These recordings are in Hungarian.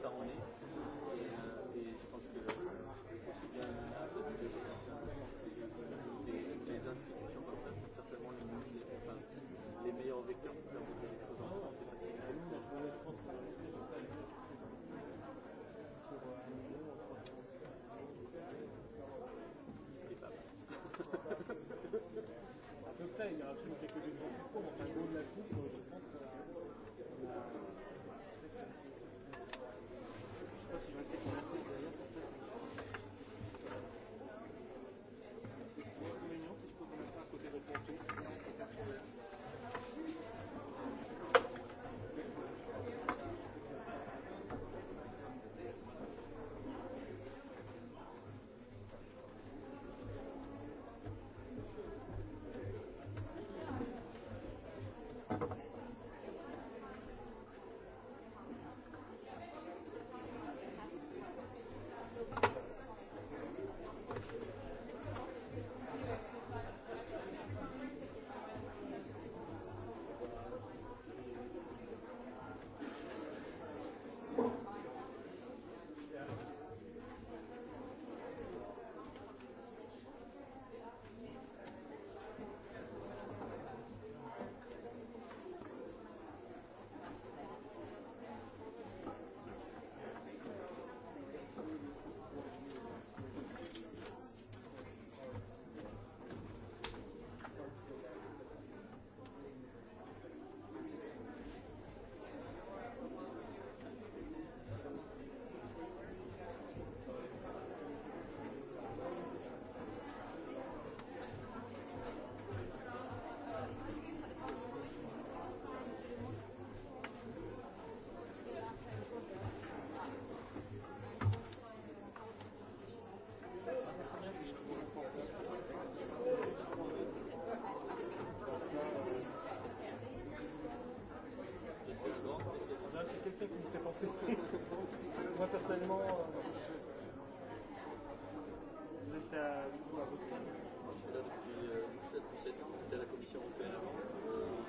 Ferroné. truc qui me fait penser. Moi personnellement, euh... vous êtes à, du coup, à Bruxelles Moi je suis là depuis euh, 7 ou 7 ans, j'étais à la commission européenne avant. Euh,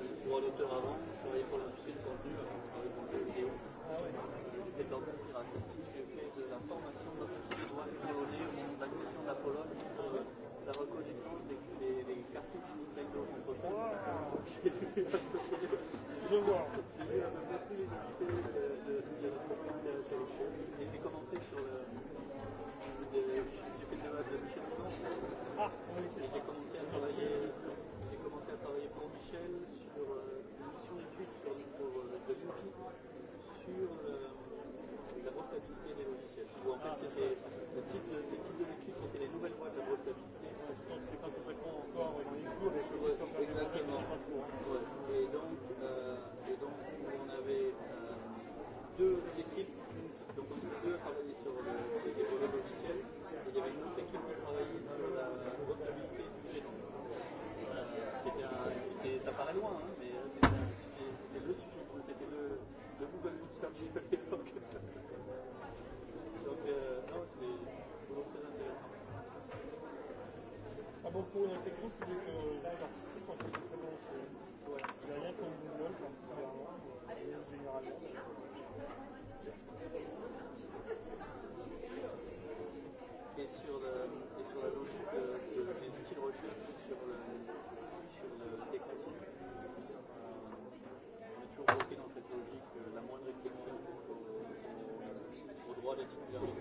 j'étais droit d'auteur avant, je travaillais pour l'industrie du contenu, avant je travaillais pour le jeu vidéo. Ah ouais. euh, j'ai fait de l'anti artistique, j'ai fait de la formation de l'officier des droits néonés au moment de l'accession de la Pologne sur euh, la reconnaissance des, des, des cartouches Nintendo contre J'ai vu un peu Je vois. J'ai commencé sur le. J'ai fait le débat de Michel Blanc. Ah, oui, c'est ça. J'ai commencé à travailler. J'ai commencé à travailler pour Michel sur euh, une mission d'études sur le pour, euh, de l'UPI sur euh, la rentabilité des logiciels. Où en fait, ah, c'était le titre de, le titre de l'étude, c'était les nouvelles voies de la rentabilité. Je pense que c'est pas complètement encore les cours et les Exactement. Ouais. question, c'est que l'âge artistique, on fait très bon Il n'y a rien comme gouvernement, mais généralement. Et sur, le, et sur la logique de, de, des outils de recherche sur le, sur le décompte, euh, on est toujours bloqué dans cette logique, euh, la moindre exception au, au, au droit d'être gouvernement.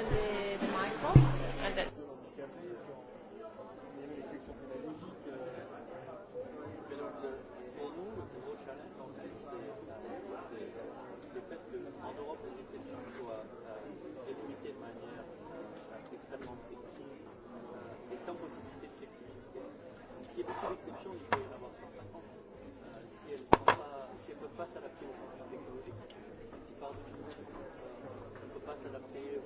open the, the micro and then le fait que en a technologique, euh, si par définition on ne peut pas s'adapter euh,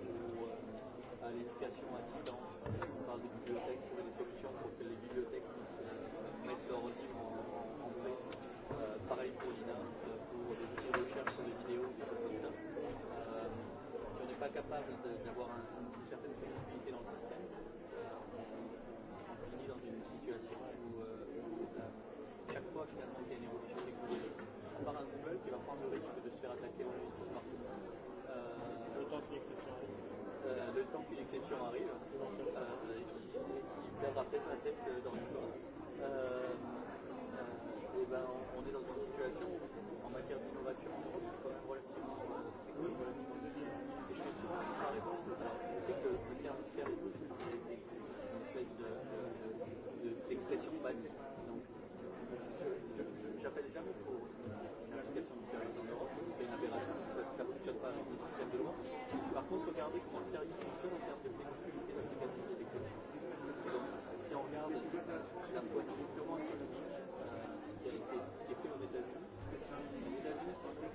à l'éducation à distance, on parle des bibliothèques, trouver des solutions pour que les bibliothèques puissent euh, mettre leurs livres en, en, en vrai. Euh, pareil pour l'INA, euh, pour les outils de recherche sur les vidéos, des choses comme ça. Euh, si on n'est pas capable d'avoir un, une certaine flexibilité dans le système, euh, on finit dans une situation où, euh, où euh, chaque fois finalement il y a une évolution technologique par un Google qui va prendre le risque de se faire attaquer en justice partout. Euh, le temps finit que c'est euh, le temps qu'une exception arrive, euh, qui, qui perdra peut-être la tête euh, dans l'histoire, euh, euh, et ben on, on est dans une situation en matière d'innovation en Europe qui est quand même relativement, euh, c'est quand même relativement difficile. Et je fais souvent une comparaison, alors je sais que le terme faire les bouches, c'est une espèce de, de, de, de cette expression bannie. Donc j'appelle jamais pour l'application du service en Europe, c'est une aberration, ça ne fonctionne pas avec le système de loi. Par contre, regardez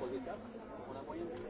positive, on a moyenne.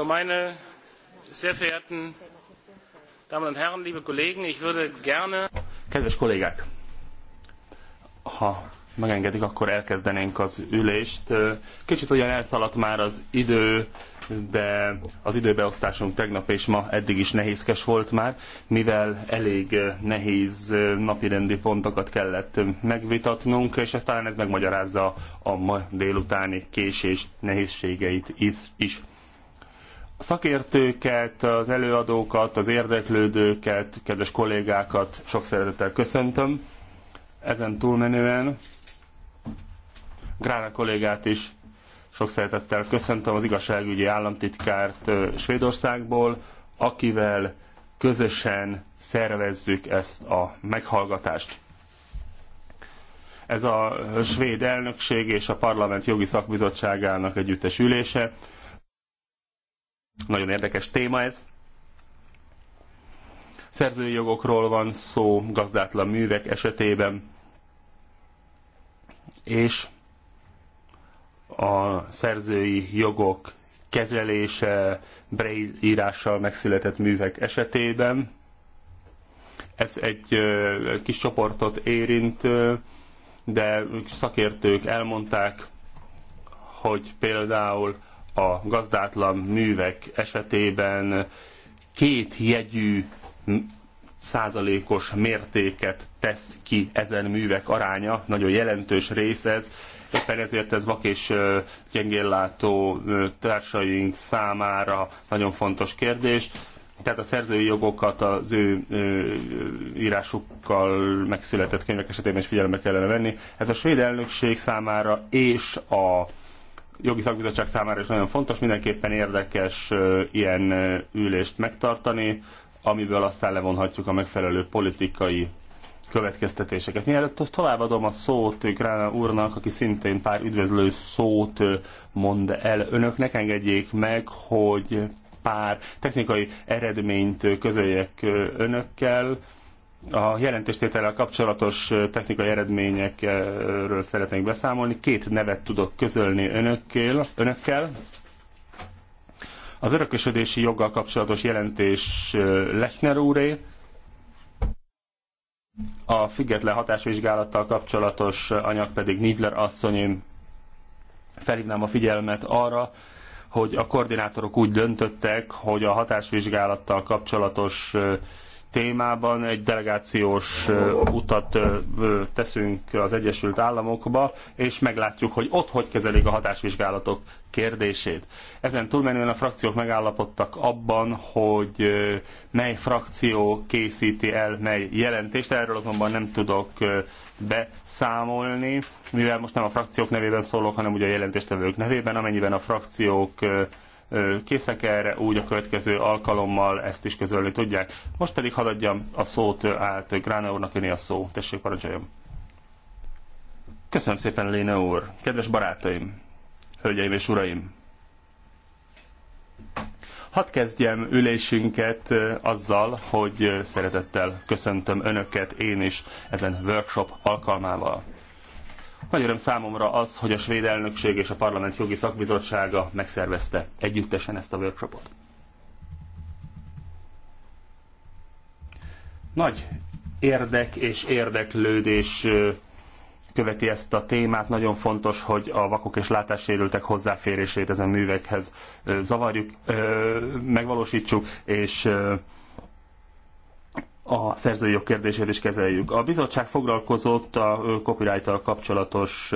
meine sehr verehrten Damen und Herren, liebe Kollegen, ich würde gerne... Kedves kollégák! Ha megengedik, akkor elkezdenénk az ülést. Kicsit ugyan elszaladt már az idő, de az időbeosztásunk tegnap és ma eddig is nehézkes volt már, mivel elég nehéz napirendi pontokat kellett megvitatnunk, és ez talán ez megmagyarázza a ma délutáni késés nehézségeit is. is a szakértőket, az előadókat, az érdeklődőket, kedves kollégákat sok szeretettel köszöntöm. Ezen túlmenően Grána kollégát is sok szeretettel köszöntöm, az igazságügyi államtitkárt Svédországból, akivel közösen szervezzük ezt a meghallgatást. Ez a svéd elnökség és a parlament jogi szakbizottságának együttes ülése nagyon érdekes téma ez. Szerzői jogokról van szó gazdátlan művek esetében, és a szerzői jogok kezelése braille írással megszületett művek esetében. Ez egy kis csoportot érint, de szakértők elmondták, hogy például a gazdátlan művek esetében két jegyű százalékos mértéket tesz ki ezen művek aránya, nagyon jelentős rész ez, éppen ezért ez vak és gyengéllátó társaink számára nagyon fontos kérdés. Tehát a szerzői jogokat az ő írásukkal megszületett könyvek esetében is figyelembe kellene venni. Ez hát a svéd elnökség számára és a jogi szakbizottság számára is nagyon fontos, mindenképpen érdekes ilyen ülést megtartani, amiből aztán levonhatjuk a megfelelő politikai következtetéseket. Mielőtt továbbadom a szót Krána úrnak, aki szintén pár üdvözlő szót mond el önöknek, engedjék meg, hogy pár technikai eredményt közöljek önökkel a jelentéstétellel kapcsolatos technikai eredményekről szeretnék beszámolni. Két nevet tudok közölni önökkel. önökkel. Az örökösödési joggal kapcsolatos jelentés Lechner úré, a független hatásvizsgálattal kapcsolatos anyag pedig Nibler asszonyén. Felhívnám a figyelmet arra, hogy a koordinátorok úgy döntöttek, hogy a hatásvizsgálattal kapcsolatos témában egy delegációs utat teszünk az Egyesült Államokba, és meglátjuk, hogy ott hogy kezelik a hatásvizsgálatok kérdését. Ezen túlmenően a frakciók megállapodtak abban, hogy mely frakció készíti el mely jelentést, erről azonban nem tudok beszámolni, mivel most nem a frakciók nevében szólok, hanem ugye a jelentéstevők nevében, amennyiben a frakciók készek erre, úgy a következő alkalommal ezt is közölni tudják. Most pedig haladjam a szót át, Gráne úrnak jönni a szó. Tessék, parancsoljam. Köszönöm szépen, Léne úr. Kedves barátaim, hölgyeim és uraim. Hadd kezdjem ülésünket azzal, hogy szeretettel köszöntöm Önöket én is ezen workshop alkalmával. Nagy öröm számomra az, hogy a svéd elnökség és a parlament jogi szakbizottsága megszervezte együttesen ezt a workshopot. Nagy érdek és érdeklődés követi ezt a témát. Nagyon fontos, hogy a vakok és látássérültek hozzáférését ezen művekhez zavarjuk, megvalósítsuk, és a szerzői jog kérdését is kezeljük. A bizottság foglalkozott a copyright kapcsolatos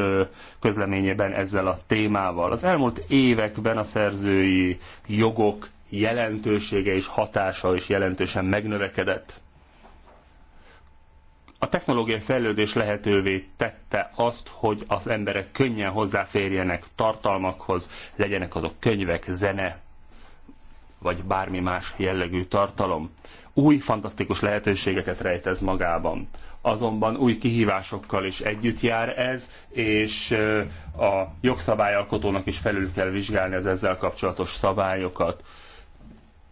közleményében ezzel a témával. Az elmúlt években a szerzői jogok jelentősége és hatása is jelentősen megnövekedett. A technológiai fejlődés lehetővé tette azt, hogy az emberek könnyen hozzáférjenek tartalmakhoz, legyenek azok könyvek, zene, vagy bármi más jellegű tartalom új fantasztikus lehetőségeket rejtez magában. Azonban új kihívásokkal is együtt jár ez, és a jogszabályalkotónak is felül kell vizsgálni az ezzel kapcsolatos szabályokat.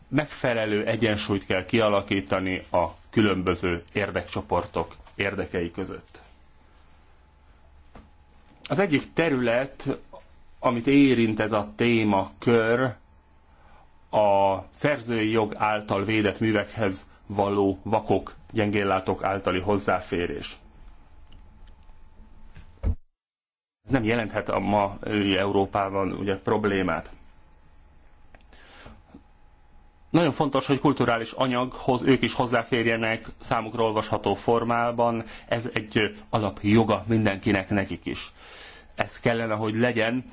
Megfelelő egyensúlyt kell kialakítani a különböző érdekcsoportok érdekei között. Az egyik terület, amit érint ez a témakör, a szerzői jog által védett művekhez való vakok, gyengéllátók általi hozzáférés. Ez nem jelenthet a ma Európában ugye problémát. Nagyon fontos, hogy kulturális anyaghoz ők is hozzáférjenek számukra olvasható formában. Ez egy alapjoga mindenkinek, nekik is. Ez kellene, hogy legyen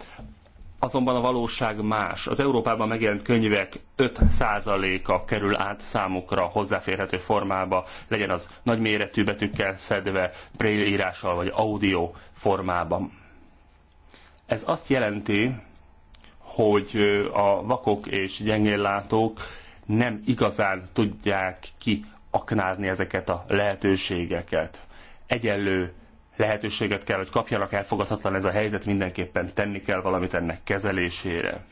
Azonban a valóság más. Az Európában megjelent könyvek 5%-a kerül át számukra hozzáférhető formába, legyen az nagyméretű betűkkel szedve, braille írással vagy audio formában. Ez azt jelenti, hogy a vakok és gyengéllátók nem igazán tudják kiaknázni ezeket a lehetőségeket. Egyenlő lehetőséget kell, hogy kapjanak, elfogadhatatlan ez a helyzet, mindenképpen tenni kell valamit ennek kezelésére.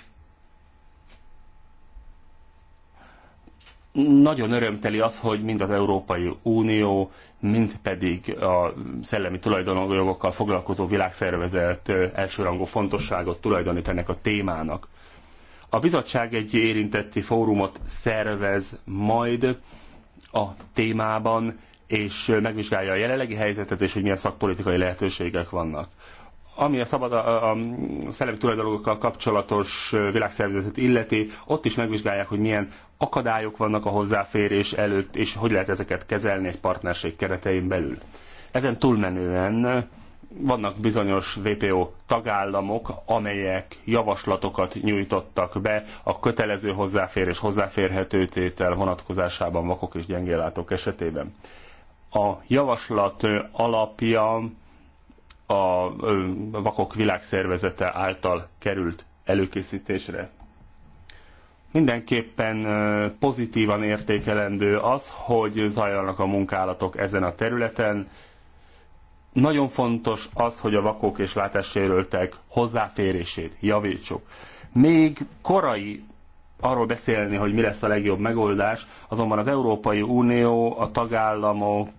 Nagyon örömteli az, hogy mind az Európai Unió, mind pedig a szellemi tulajdonjogokkal foglalkozó világszervezet elsőrangú fontosságot tulajdonít ennek a témának. A bizottság egy érintetti fórumot szervez majd a témában, és megvizsgálja a jelenlegi helyzetet, és hogy milyen szakpolitikai lehetőségek vannak. Ami a, szabad, a, a szellemi tulajdonokkal kapcsolatos világszervezetet illeti, ott is megvizsgálják, hogy milyen akadályok vannak a hozzáférés előtt, és hogy lehet ezeket kezelni egy partnerség keretein belül. Ezen túlmenően vannak bizonyos VPO tagállamok, amelyek javaslatokat nyújtottak be a kötelező hozzáférés, hozzáférhető tétel vonatkozásában vakok és gyengéllátók esetében. A javaslat alapja a Vakok Világszervezete által került előkészítésre. Mindenképpen pozitívan értékelendő az, hogy zajlanak a munkálatok ezen a területen. Nagyon fontos az, hogy a vakok és látássérültek hozzáférését javítsuk. Még korai arról beszélni, hogy mi lesz a legjobb megoldás, azonban az Európai Unió, a tagállamok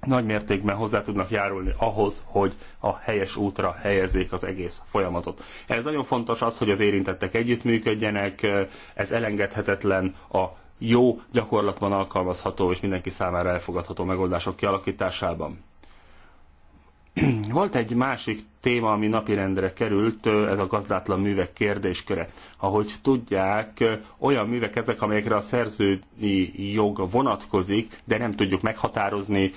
nagy mértékben hozzá tudnak járulni ahhoz, hogy a helyes útra helyezzék az egész folyamatot. Ez nagyon fontos az, hogy az érintettek együttműködjenek, ez elengedhetetlen a jó, gyakorlatban alkalmazható és mindenki számára elfogadható megoldások kialakításában. Volt egy másik téma, ami napirendre került, ez a gazdátlan művek kérdésköre. Ahogy tudják, olyan művek ezek, amelyekre a szerzői jog vonatkozik, de nem tudjuk meghatározni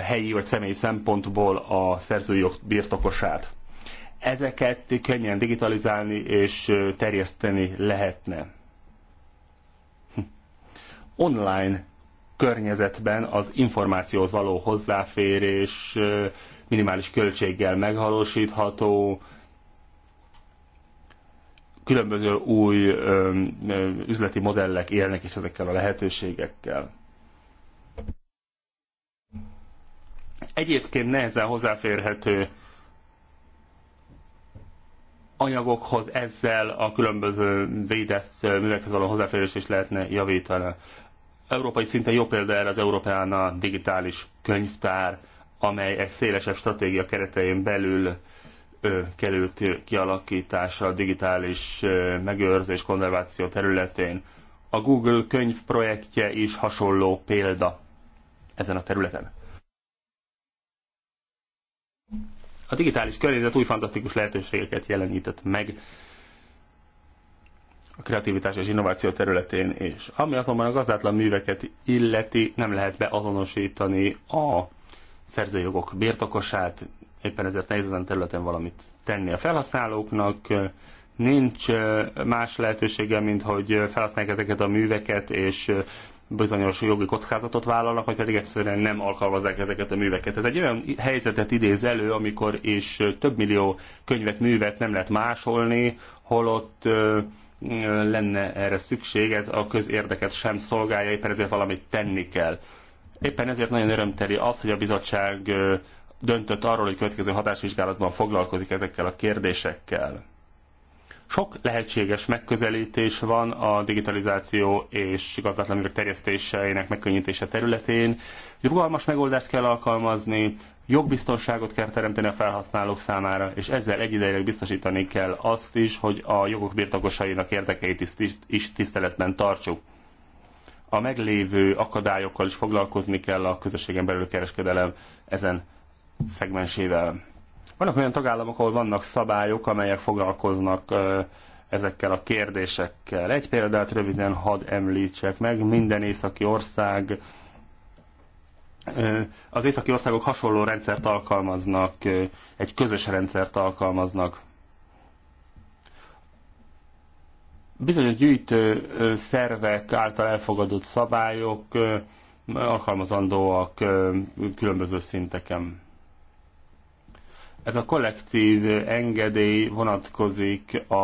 helyi vagy személyi szempontból a szerzői jog birtokosát. Ezeket könnyen digitalizálni és terjeszteni lehetne. Hm. Online környezetben az információhoz való hozzáférés minimális költséggel megvalósítható, különböző új ö, ö, üzleti modellek élnek is ezekkel a lehetőségekkel. Egyébként nehezen hozzáférhető anyagokhoz ezzel a különböző védett művekhez való hozzáférés is lehetne javítani. Európai szinten jó példa erre az Európán a digitális könyvtár, amely egy szélesebb stratégia keretein belül került kialakítása a digitális megőrzés, konzerváció területén. A Google könyv projektje is hasonló példa ezen a területen. A digitális környezet új fantasztikus lehetőségeket jelenített meg a kreativitás és innováció területén és Ami azonban a gazdátlan műveket illeti, nem lehet beazonosítani a szerzőjogok birtokosát, éppen ezért nehéz ezen területen valamit tenni a felhasználóknak, nincs más lehetősége, mint hogy felhasználják ezeket a műveket, és bizonyos jogi kockázatot vállalnak, vagy pedig egyszerűen nem alkalmazzák ezeket a műveket. Ez egy olyan helyzetet idéz elő, amikor is több millió könyvet, művet nem lehet másolni, holott lenne erre szükség, ez a közérdeket sem szolgálja, éppen ezért valamit tenni kell. Éppen ezért nagyon örömteli az, hogy a bizottság döntött arról, hogy következő hatásvizsgálatban foglalkozik ezekkel a kérdésekkel. Sok lehetséges megközelítés van a digitalizáció és gazdátlanüveg terjesztéseinek megkönnyítése területén. Rugalmas megoldást kell alkalmazni, jogbiztonságot kell teremteni a felhasználók számára, és ezzel egyidejűleg biztosítani kell azt is, hogy a jogok birtokosainak érdekeit is tiszteletben tartsuk a meglévő akadályokkal is foglalkozni kell a közösségen belül kereskedelem ezen szegmensével. Vannak olyan tagállamok, ahol vannak szabályok, amelyek foglalkoznak ezekkel a kérdésekkel. Egy példát röviden hadd említsek meg, minden északi ország az északi országok hasonló rendszert alkalmaznak, egy közös rendszert alkalmaznak. Bizonyos gyűjtő szervek által elfogadott szabályok alkalmazandóak különböző szinteken. Ez a kollektív engedély vonatkozik a,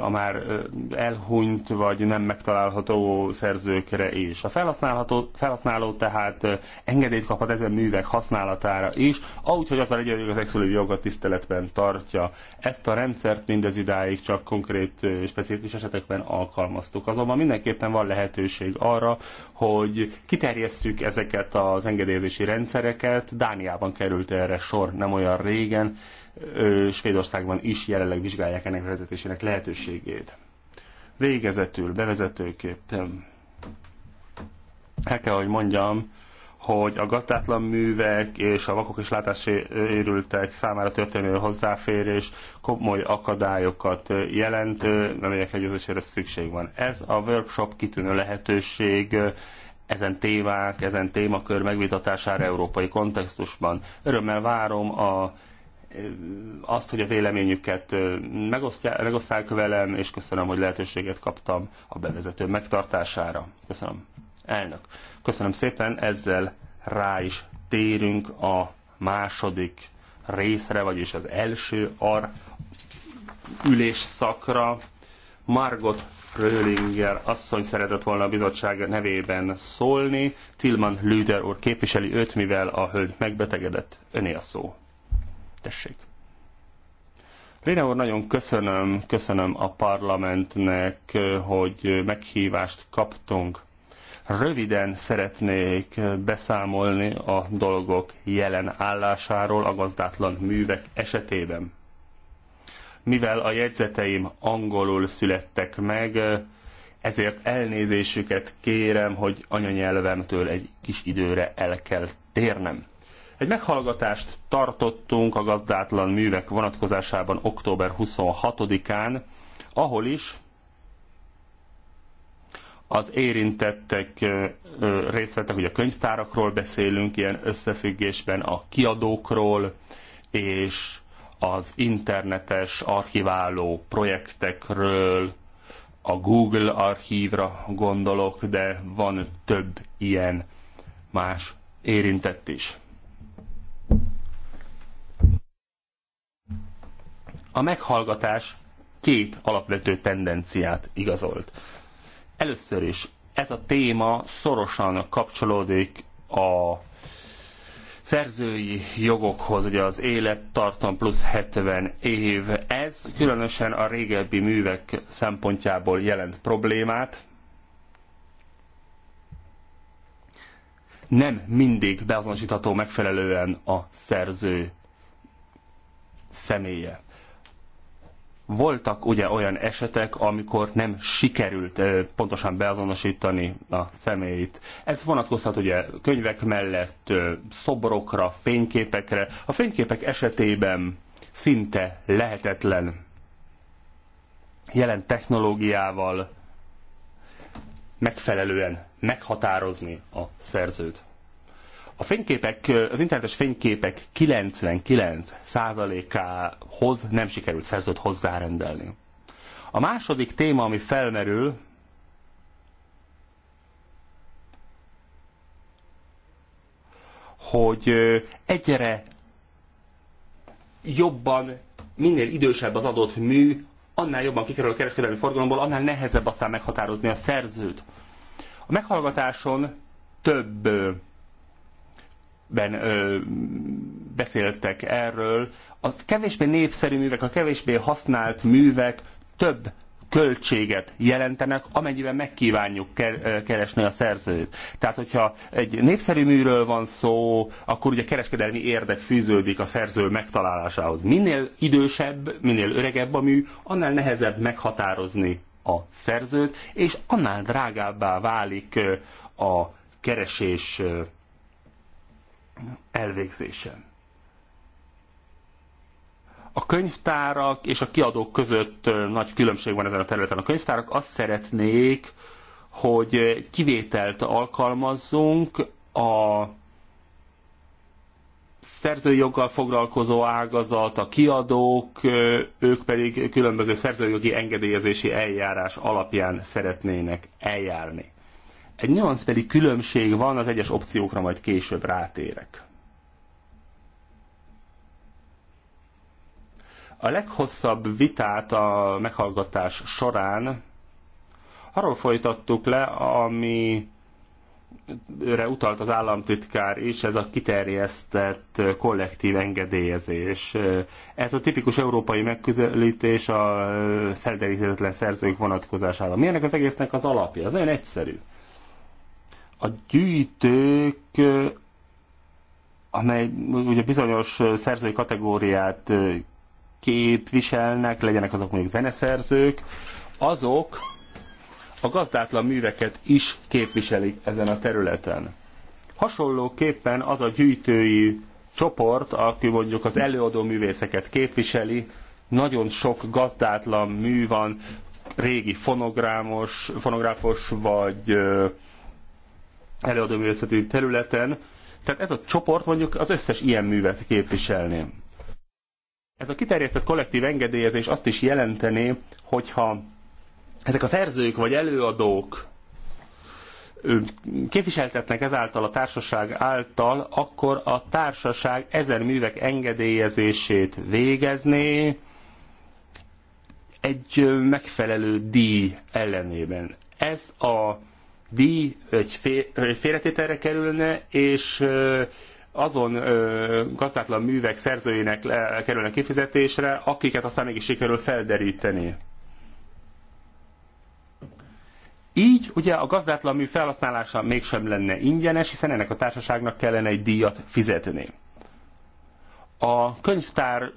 a már elhunyt vagy nem megtalálható szerzőkre is. A felhasználható, felhasználó tehát engedélyt kaphat ezen művek használatára is, ahogy, hogy azzal hogy az exkluzív jogot tiszteletben tartja. Ezt a rendszert mindez idáig csak konkrét, specifikus esetekben alkalmaztuk. Azonban mindenképpen van lehetőség arra, hogy kiterjesztjük ezeket az engedélyezési rendszereket. Dániában került erre sor nem olyan rég, régen, Svédországban is jelenleg vizsgálják ennek vezetésének lehetőségét. Végezetül, bevezetőképpen el kell, hogy mondjam, hogy a gazdátlan művek és a vakok és látásérültek számára történő hozzáférés komoly akadályokat jelent, amelyek legyőzésére szükség van. Ez a workshop kitűnő lehetőség ezen témák, ezen témakör megvitatására európai kontextusban. Örömmel várom a azt, hogy a véleményüket megosztják velem, és köszönöm, hogy lehetőséget kaptam a bevezető megtartására. Köszönöm. Elnök. Köszönöm szépen, ezzel rá is térünk a második részre, vagyis az első ar ülésszakra. Margot Frölinger asszony szeretett volna a bizottság nevében szólni. Tilman Lüder úr képviseli őt, mivel a hölgy megbetegedett. Öné a szó. Tessék. Léna úr, nagyon köszönöm, köszönöm a parlamentnek, hogy meghívást kaptunk. Röviden szeretnék beszámolni a dolgok jelen állásáról a gazdátlan művek esetében. Mivel a jegyzeteim angolul születtek meg, ezért elnézésüket kérem, hogy anyanyelvemtől egy kis időre el kell térnem. Egy meghallgatást tartottunk a gazdátlan művek vonatkozásában október 26-án, ahol is az érintettek részt vettek, hogy a könyvtárakról beszélünk ilyen összefüggésben, a kiadókról, és az internetes archiváló projektekről, a Google archívra gondolok, de van több ilyen más érintett is. A meghallgatás két alapvető tendenciát igazolt. Először is ez a téma szorosan kapcsolódik a szerzői jogokhoz, ugye az élettartam plusz 70 év. Ez különösen a régebbi művek szempontjából jelent problémát. Nem mindig beazonosítható megfelelően a szerző személye. Voltak ugye olyan esetek, amikor nem sikerült pontosan beazonosítani a személyt. Ez vonatkozhat ugye könyvek mellett, szobrokra, fényképekre. A fényképek esetében szinte lehetetlen jelen technológiával megfelelően meghatározni a szerzőt. A fényképek, az internetes fényképek 99%-ához nem sikerült szerzőt hozzárendelni. A második téma, ami felmerül, hogy egyre jobban, minél idősebb az adott mű, annál jobban kikerül a kereskedelmi forgalomból, annál nehezebb aztán meghatározni a szerzőt. A meghallgatáson több ben ö, beszéltek erről, a kevésbé népszerű művek, a kevésbé használt művek több költséget jelentenek, amennyiben megkívánjuk keresni a szerzőt. Tehát, hogyha egy népszerű műről van szó, akkor ugye kereskedelmi érdek fűződik a szerző megtalálásához. Minél idősebb, minél öregebb a mű, annál nehezebb meghatározni a szerzőt, és annál drágábbá válik a keresés elvégzésen. A könyvtárak és a kiadók között nagy különbség van ezen a területen. A könyvtárak azt szeretnék, hogy kivételt alkalmazzunk a szerzőjoggal foglalkozó ágazat, a kiadók, ők pedig különböző szerzőjogi engedélyezési eljárás alapján szeretnének eljárni. Egy nüanszbeli különbség van, az egyes opciókra majd később rátérek. A leghosszabb vitát a meghallgatás során arról folytattuk le, ami re utalt az államtitkár is, ez a kiterjesztett kollektív engedélyezés. Ez a tipikus európai megközelítés a felderítetlen szerzők vonatkozására. Milyenek az egésznek az alapja? Ez nagyon egyszerű a gyűjtők, amely ugye bizonyos szerzői kategóriát képviselnek, legyenek azok mondjuk zeneszerzők, azok a gazdátlan műveket is képviselik ezen a területen. Hasonlóképpen az a gyűjtői csoport, aki mondjuk az előadó művészeket képviseli, nagyon sok gazdátlan mű van, régi fonográfos vagy előadóművészeti területen. Tehát ez a csoport mondjuk az összes ilyen művet képviselné. Ez a kiterjesztett kollektív engedélyezés azt is jelenteni, hogyha ezek a szerzők vagy előadók képviseltetnek ezáltal a társaság által, akkor a társaság ezer művek engedélyezését végezné egy megfelelő díj ellenében. Ez a díj egy félretételre kerülne, és azon gazdátlan művek szerzőinek kerülne kifizetésre, akiket aztán mégis sikerül felderíteni. Így ugye a gazdátlan mű felhasználása mégsem lenne ingyenes, hiszen ennek a társaságnak kellene egy díjat fizetni. A könyvtár,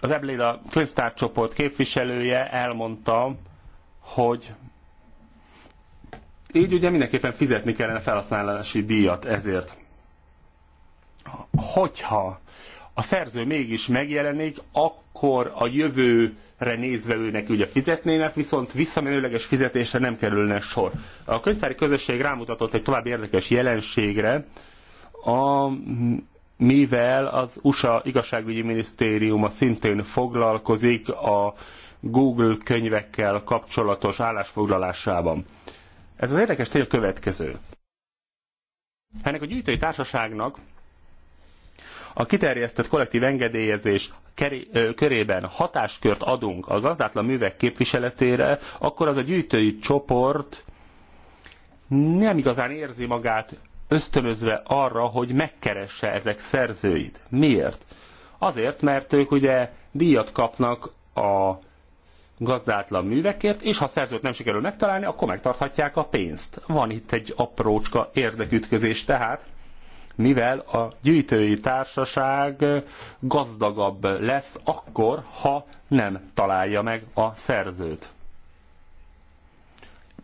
az Ebléda könyvtárcsoport képviselője elmondta, hogy így ugye mindenképpen fizetni kellene felhasználási díjat ezért. Hogyha a szerző mégis megjelenik, akkor a jövőre nézve őnek ugye fizetnének, viszont visszamenőleges fizetésre nem kerülne sor. A könyvtári közösség rámutatott egy további érdekes jelenségre, a, mivel az USA igazságügyi minisztériuma szintén foglalkozik a Google könyvekkel kapcsolatos állásfoglalásában. Ez az érdekes tény a következő. Ennek a gyűjtői társaságnak a kiterjesztett kollektív engedélyezés körében hatáskört adunk a gazdátlan művek képviseletére, akkor az a gyűjtői csoport nem igazán érzi magát ösztönözve arra, hogy megkeresse ezek szerzőit. Miért? Azért, mert ők ugye díjat kapnak a gazdátlan művekért, és ha szerzőt nem sikerül megtalálni, akkor megtarthatják a pénzt. Van itt egy aprócska érdekütközés tehát, mivel a gyűjtői társaság gazdagabb lesz akkor, ha nem találja meg a szerzőt.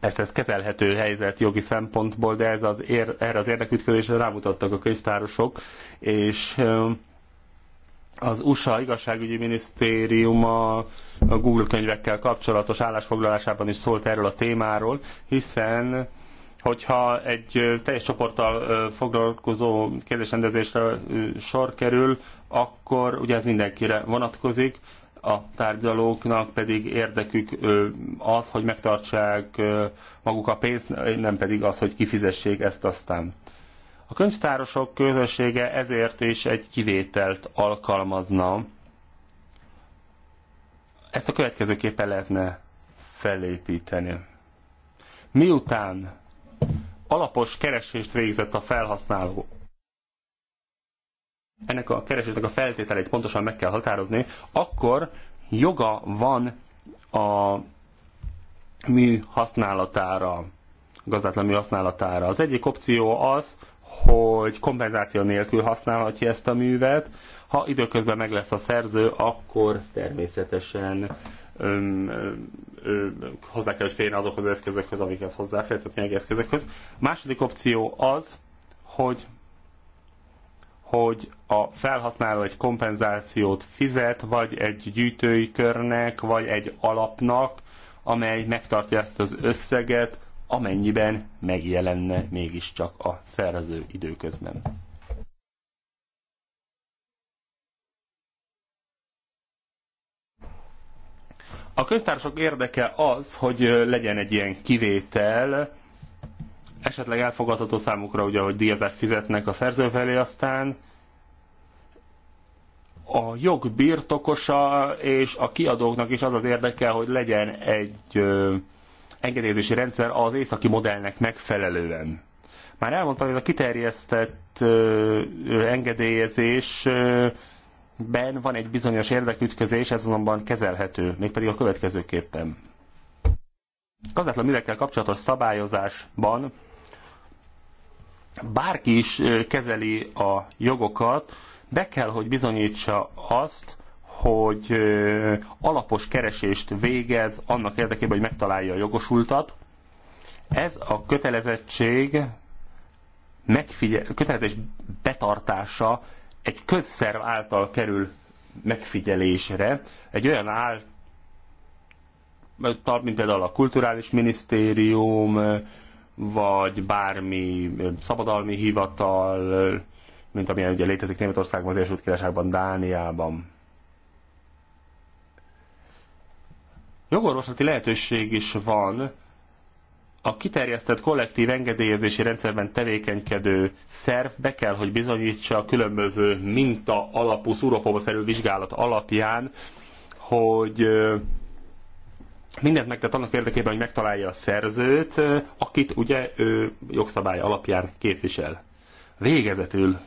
Persze ez kezelhető helyzet jogi szempontból, de ez az ér, erre az érdekütközésre rámutattak a könyvtárosok, és az USA igazságügyi minisztériuma a Google könyvekkel kapcsolatos állásfoglalásában is szólt erről a témáról, hiszen hogyha egy teljes csoporttal foglalkozó kérdésrendezésre sor kerül, akkor ugye ez mindenkire vonatkozik, a tárgyalóknak pedig érdekük az, hogy megtartsák maguk a pénzt, nem pedig az, hogy kifizessék ezt aztán. A könyvtárosok közössége ezért is egy kivételt alkalmazna. Ezt a következőképpen lehetne felépíteni. Miután alapos keresést végzett a felhasználó, ennek a keresésnek a feltételeit pontosan meg kell határozni, akkor joga van a mű használatára, gazdátlan mű használatára. Az egyik opció az, hogy kompenzáció nélkül használhatja ezt a művet. Ha időközben meg lesz a szerző, akkor természetesen öm, öm, hozzá kell, hogy férjen azokhoz az eszközökhöz, amikhez hozzáfér, tehát nyelvi eszközökhöz. A második opció az, hogy hogy a felhasználó egy kompenzációt fizet, vagy egy gyűjtői körnek, vagy egy alapnak, amely megtartja ezt az összeget amennyiben megjelenne mégiscsak a szerző időközben. A könyvtársak érdeke az, hogy legyen egy ilyen kivétel, esetleg elfogadható számukra, ugye, hogy díjazást fizetnek a szerző felé, aztán a jog birtokosa és a kiadóknak is az az érdeke, hogy legyen egy engedélyezési rendszer az északi modellnek megfelelően. Már elmondtam, hogy ez a kiterjesztett ö, engedélyezés ö, ben van egy bizonyos érdekütközés, ez azonban kezelhető, mégpedig a következőképpen. Gazdátlan művekkel kapcsolatos szabályozásban bárki is kezeli a jogokat, be kell, hogy bizonyítsa azt, hogy alapos keresést végez annak érdekében, hogy megtalálja a jogosultat. Ez a kötelezettség megfigyel, kötelezés betartása egy közszerv által kerül megfigyelésre, egy olyan által, mint például a Kulturális Minisztérium, vagy bármi szabadalmi hivatal, mint amilyen ugye létezik Németországban, az Egyesült Királyságban, Dániában. Jogorvoslati lehetőség is van a kiterjesztett kollektív engedélyezési rendszerben tevékenykedő szerv be kell, hogy bizonyítsa a különböző minta alapú szúrópróbaszerű vizsgálat alapján, hogy mindent megtett annak érdekében, hogy megtalálja a szerzőt, akit ugye ő jogszabály alapján képvisel. Végezetül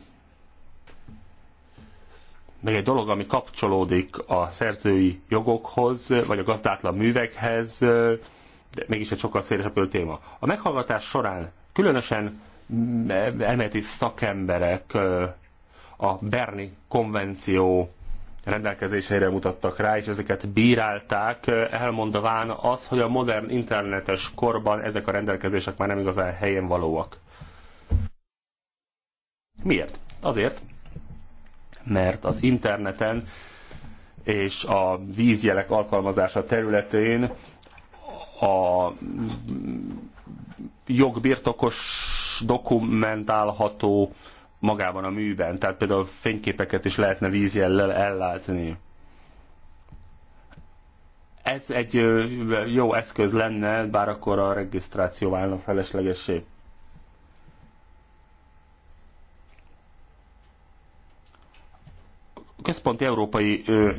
meg egy dolog, ami kapcsolódik a szerzői jogokhoz, vagy a gazdátlan művekhez, de mégis egy sokkal szélesebb téma. A meghallgatás során különösen elméleti szakemberek a Berni konvenció rendelkezéseire mutattak rá, és ezeket bírálták, elmondván az, hogy a modern internetes korban ezek a rendelkezések már nem igazán helyen valóak. Miért? Azért, mert az interneten és a vízjelek alkalmazása területén a jogbirtokos dokumentálható magában a műben, tehát például fényképeket is lehetne vízjellel ellátni. Ez egy jó eszköz lenne, bár akkor a regisztráció válna feleslegessé. központi európai ö,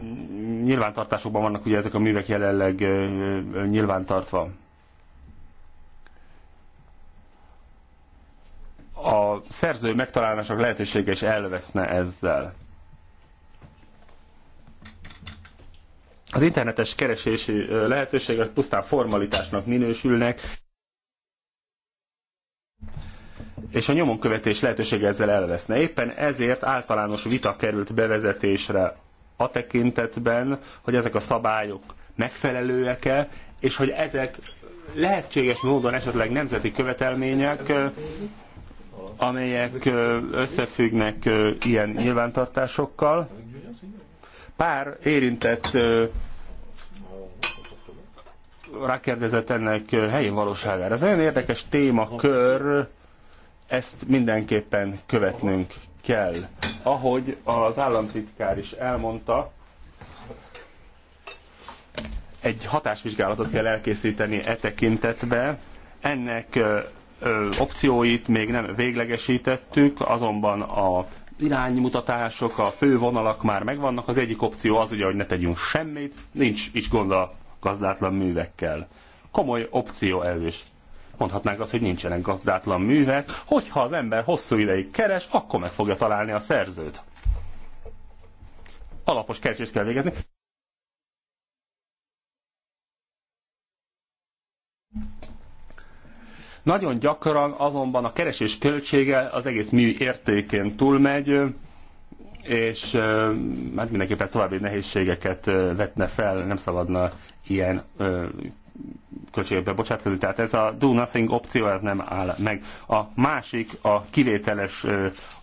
nyilvántartásokban vannak ugye ezek a művek jelenleg ö, ö, nyilvántartva. A szerző megtalálásak lehetősége is elveszne ezzel. Az internetes keresési lehetőségek pusztán formalitásnak minősülnek, és a nyomon követés lehetősége ezzel elveszne. Éppen ezért általános vita került bevezetésre a tekintetben, hogy ezek a szabályok megfelelőek-e, és hogy ezek lehetséges módon esetleg nemzeti követelmények, amelyek összefüggnek ilyen nyilvántartásokkal. Pár érintett rákérdezett ennek helyén valóságára. Ez nagyon érdekes témakör, ezt mindenképpen követnünk kell. Ahogy az államtitkár is elmondta, egy hatásvizsgálatot kell elkészíteni e tekintetbe. Ennek opcióit még nem véglegesítettük, azonban a iránymutatások, a fő vonalak már megvannak. Az egyik opció az ugye, hogy ne tegyünk semmit, nincs is gond a gazdátlan művekkel. Komoly opció ez is. Mondhatnánk azt, hogy nincsenek gazdátlan művek, hogyha az ember hosszú ideig keres, akkor meg fogja találni a szerzőt. Alapos kercsést kell végezni. Nagyon gyakran azonban a keresés költsége az egész mű értékén túlmegy, és hát mindenképpen ez további nehézségeket vetne fel, nem szabadna ilyen költségekbe bocsátkozik. Tehát ez a do nothing opció, ez nem áll meg. A másik, a kivételes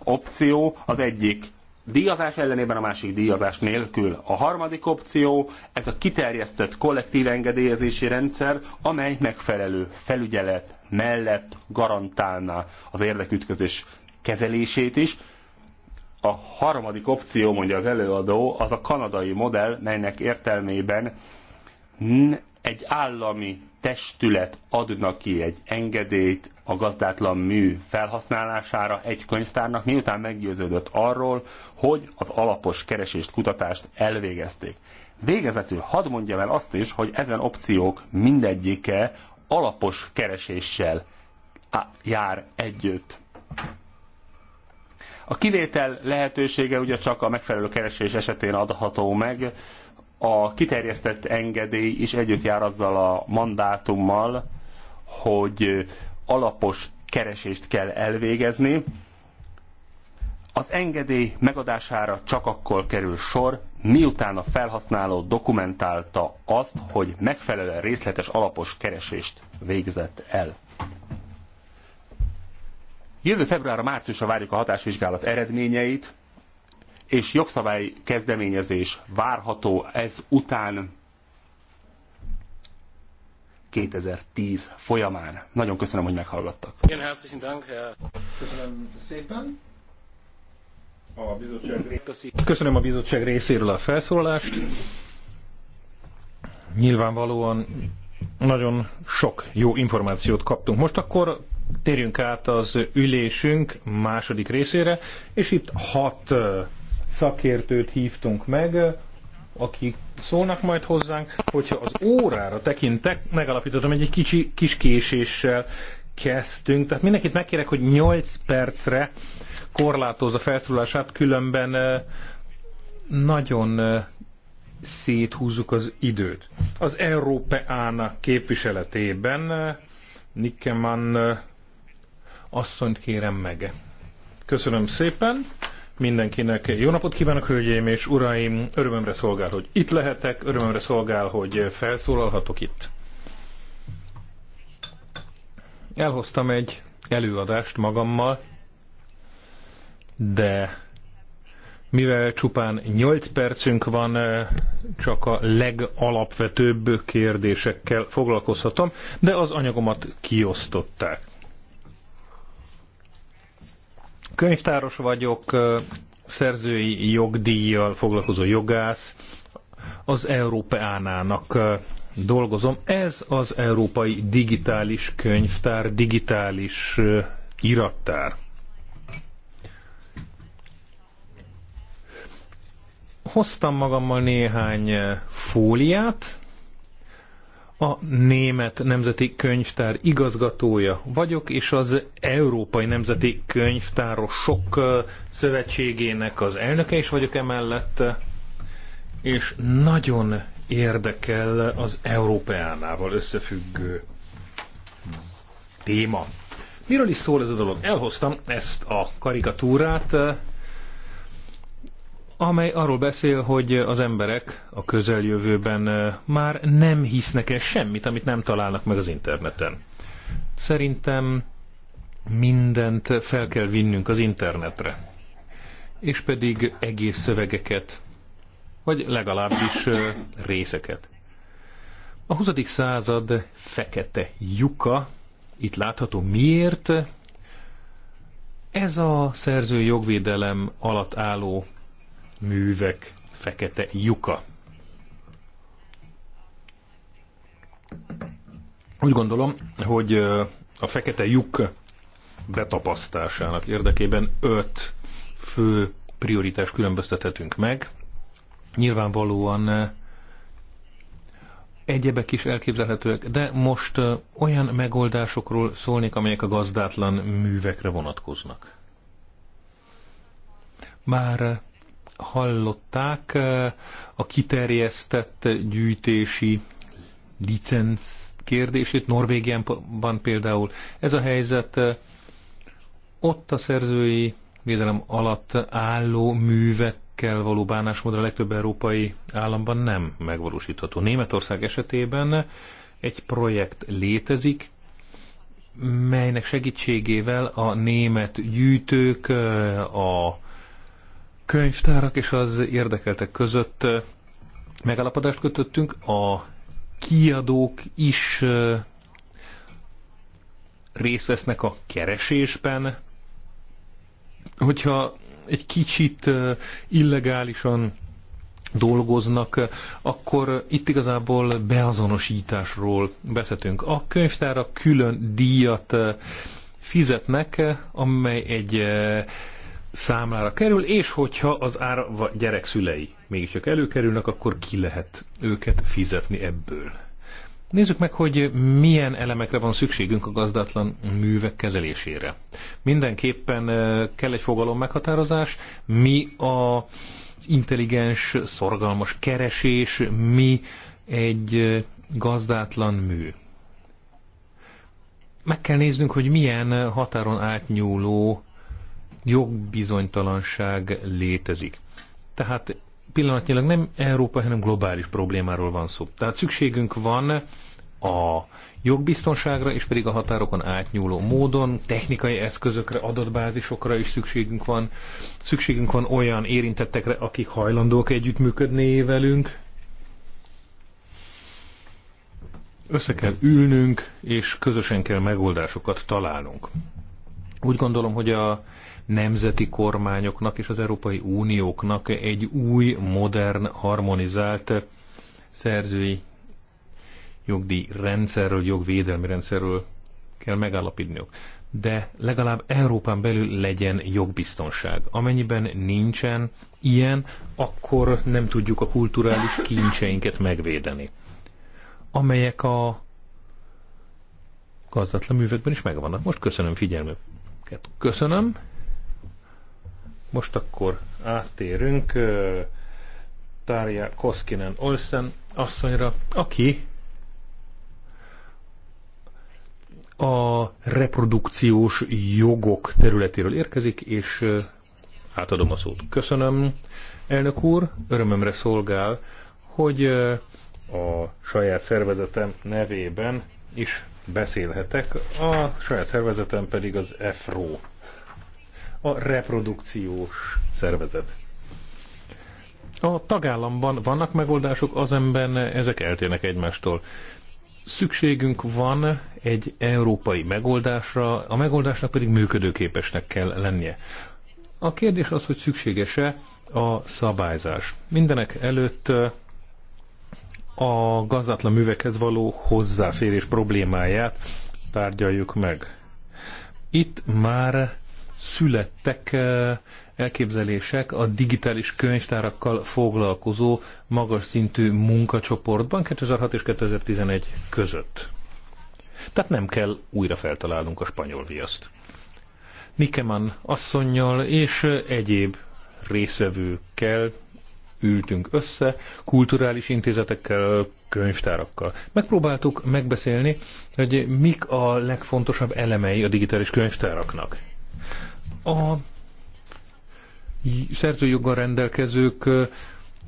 opció, az egyik díjazás ellenében, a másik díjazás nélkül. A harmadik opció, ez a kiterjesztett kollektív engedélyezési rendszer, amely megfelelő felügyelet mellett garantálná az érdekütközés kezelését is. A harmadik opció, mondja az előadó, az a kanadai modell, melynek értelmében egy állami testület ad ki egy engedélyt a gazdátlan mű felhasználására egy könyvtárnak, miután meggyőződött arról, hogy az alapos keresést, kutatást elvégezték. Végezetül hadd mondjam el azt is, hogy ezen opciók mindegyike alapos kereséssel jár együtt. A kivétel lehetősége ugye csak a megfelelő keresés esetén adható meg, a kiterjesztett engedély is együtt jár azzal a mandátummal, hogy alapos keresést kell elvégezni. Az engedély megadására csak akkor kerül sor, miután a felhasználó dokumentálta azt, hogy megfelelően részletes alapos keresést végzett el. Jövő február márciusra várjuk a hatásvizsgálat eredményeit, és jogszabály kezdeményezés várható ez után 2010 folyamán. Nagyon köszönöm, hogy meghallgattak. Köszönöm szépen. A bizottság... Köszönöm a bizottság részéről a felszólalást. Nyilvánvalóan nagyon sok jó információt kaptunk. Most akkor térjünk át az ülésünk második részére, és itt hat szakértőt hívtunk meg, akik szólnak majd hozzánk, hogyha az órára tekintek, megalapítottam, hogy egy kicsi kis késéssel kezdtünk, tehát mindenkit megkérek, hogy 8 percre korlátozza felszólását, különben nagyon széthúzzuk az időt. Az Európeána képviseletében Nikkeman asszonyt kérem meg. Köszönöm szépen! mindenkinek. Jó napot kívánok, hölgyeim és uraim! Örömömre szolgál, hogy itt lehetek, örömömre szolgál, hogy felszólalhatok itt. Elhoztam egy előadást magammal, de mivel csupán 8 percünk van, csak a legalapvetőbb kérdésekkel foglalkozhatom, de az anyagomat kiosztották. Könyvtáros vagyok, szerzői jogdíjjal foglalkozó jogász, az Európeánának dolgozom. Ez az Európai Digitális Könyvtár, digitális irattár. Hoztam magammal néhány fóliát, a Német Nemzeti Könyvtár igazgatója vagyok, és az Európai Nemzeti Könyvtárosok Szövetségének az elnöke is vagyok emellett, és nagyon érdekel az Európeánával összefüggő téma. Miről is szól ez a dolog? Elhoztam ezt a karikatúrát, amely arról beszél, hogy az emberek a közeljövőben eh, már nem hisznek el semmit, amit nem találnak meg az interneten. Szerintem mindent fel kell vinnünk az internetre. És pedig egész szövegeket, vagy legalábbis eh, részeket. A 20. század fekete lyuka, itt látható miért, ez a szerző jogvédelem alatt álló művek fekete lyuka. Úgy gondolom, hogy a fekete lyuk betapasztásának érdekében öt fő prioritás különböztethetünk meg. Nyilvánvalóan egyebek is elképzelhetőek, de most olyan megoldásokról szólnék, amelyek a gazdátlan művekre vonatkoznak. Már hallották, eh, a kiterjesztett gyűjtési licenc kérdését, Norvégiában például ez a helyzet, eh, ott a szerzői védelem alatt álló művekkel való bánásmód a legtöbb európai államban nem megvalósítható. Németország esetében egy projekt létezik, melynek segítségével a német gyűjtők, eh, a könyvtárak és az érdekeltek között megállapodást kötöttünk. A kiadók is részt vesznek a keresésben, hogyha egy kicsit illegálisan dolgoznak, akkor itt igazából beazonosításról beszélünk. A könyvtárak külön díjat fizetnek, amely egy számlára kerül, és hogyha az árva gyerek szülei mégiscsak előkerülnek, akkor ki lehet őket fizetni ebből. Nézzük meg, hogy milyen elemekre van szükségünk a gazdatlan művek kezelésére. Mindenképpen eh, kell egy fogalom meghatározás, mi a intelligens, szorgalmas keresés, mi egy eh, gazdátlan mű. Meg kell néznünk, hogy milyen határon átnyúló jogbizonytalanság létezik. Tehát pillanatnyilag nem Európa, hanem globális problémáról van szó. Tehát szükségünk van a jogbiztonságra, és pedig a határokon átnyúló módon, technikai eszközökre, adatbázisokra is szükségünk van. Szükségünk van olyan érintettekre, akik hajlandók együttműködni velünk. Össze kell ülnünk, és közösen kell megoldásokat találnunk. Úgy gondolom, hogy a nemzeti kormányoknak és az Európai Unióknak egy új, modern, harmonizált szerzői jogdíj rendszerről, jogvédelmi rendszerről kell megállapítniuk. De legalább Európán belül legyen jogbiztonság. Amennyiben nincsen ilyen, akkor nem tudjuk a kulturális kincseinket megvédeni, amelyek a gazdatlan művekben is megvannak. Most köszönöm figyelmüket. Köszönöm, most akkor áttérünk Tárja Koskinen Olsen asszonyra, aki a reprodukciós jogok területéről érkezik, és átadom a szót. Köszönöm, elnök úr, örömömre szolgál, hogy a saját szervezetem nevében is beszélhetek, a saját szervezetem pedig az EFRO a reprodukciós szervezet. A tagállamban vannak megoldások, azonban ezek eltérnek egymástól. Szükségünk van egy európai megoldásra, a megoldásnak pedig működőképesnek kell lennie. A kérdés az, hogy szükséges-e a szabályzás. Mindenek előtt a gazdatlan művekhez való hozzáférés problémáját tárgyaljuk meg. Itt már születtek eh, elképzelések a digitális könyvtárakkal foglalkozó magas szintű munkacsoportban 2006 és 2011 között. Tehát nem kell újra feltalálnunk a spanyol viaszt. Nikeman asszonynal és eh, egyéb részvevőkkel ültünk össze, kulturális intézetekkel, könyvtárakkal. Megpróbáltuk megbeszélni, hogy mik a legfontosabb elemei a digitális könyvtáraknak a szerzőjoggal rendelkezők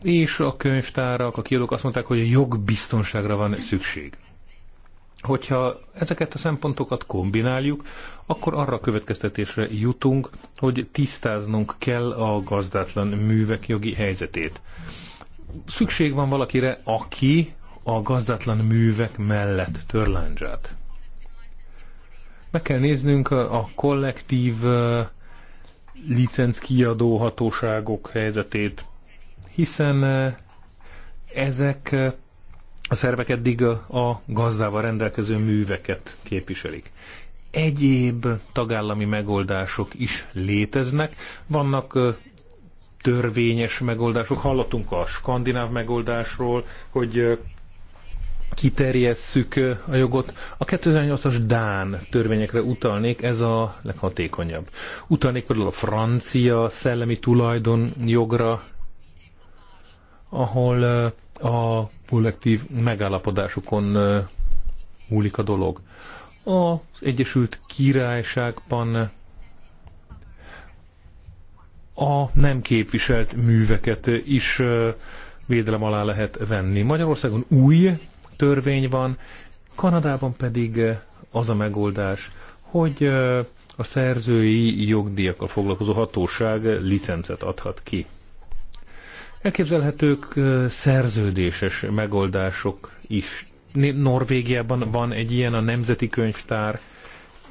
és a könyvtárak, a kiadók azt mondták, hogy a jogbiztonságra van szükség. Hogyha ezeket a szempontokat kombináljuk, akkor arra a következtetésre jutunk, hogy tisztáznunk kell a gazdátlan művek jogi helyzetét. Szükség van valakire, aki a gazdátlan művek mellett törláncsát. Meg kell néznünk a kollektív uh, licenckiadó hatóságok helyzetét, hiszen eh, ezek eh, a szervek eddig eh, a gazdával rendelkező műveket képviselik. Egyéb tagállami megoldások is léteznek, vannak törvényes megoldások. Hallottunk a skandináv megoldásról, hogy kiterjesszük a jogot. A 2008-as Dán törvényekre utalnék, ez a leghatékonyabb. Utalnék például a francia szellemi tulajdon jogra, ahol a kollektív megállapodásukon múlik a dolog. Az Egyesült Királyságban a nem képviselt műveket is védelem alá lehet venni. Magyarországon új törvény van, Kanadában pedig az a megoldás, hogy a szerzői jogdíjakkal foglalkozó hatóság licencet adhat ki. Elképzelhetők szerződéses megoldások is. Norvégiában van egy ilyen a Nemzeti Könyvtár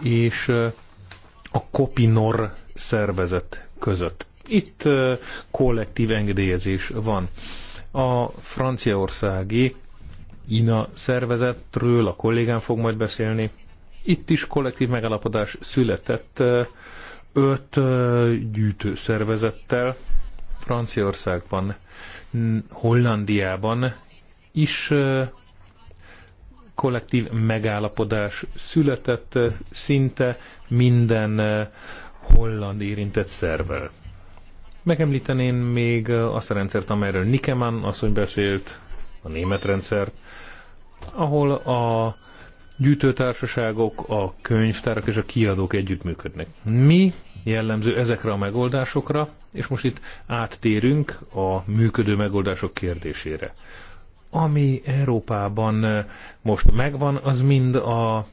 és a Kopinor szervezet között. Itt kollektív engedélyezés van. A franciaországi INA szervezetről, a kollégám fog majd beszélni. Itt is kollektív megállapodás született öt gyűjtőszervezettel Franciaországban, Hollandiában is kollektív megállapodás született szinte minden holland érintett szervel. Megemlíteném még azt a rendszert, amelyről Nikeman asszony beszélt, a német rendszert, ahol a gyűjtőtársaságok, a könyvtárak és a kiadók együttműködnek. Mi jellemző ezekre a megoldásokra, és most itt áttérünk a működő megoldások kérdésére. Ami Európában most megvan, az mind a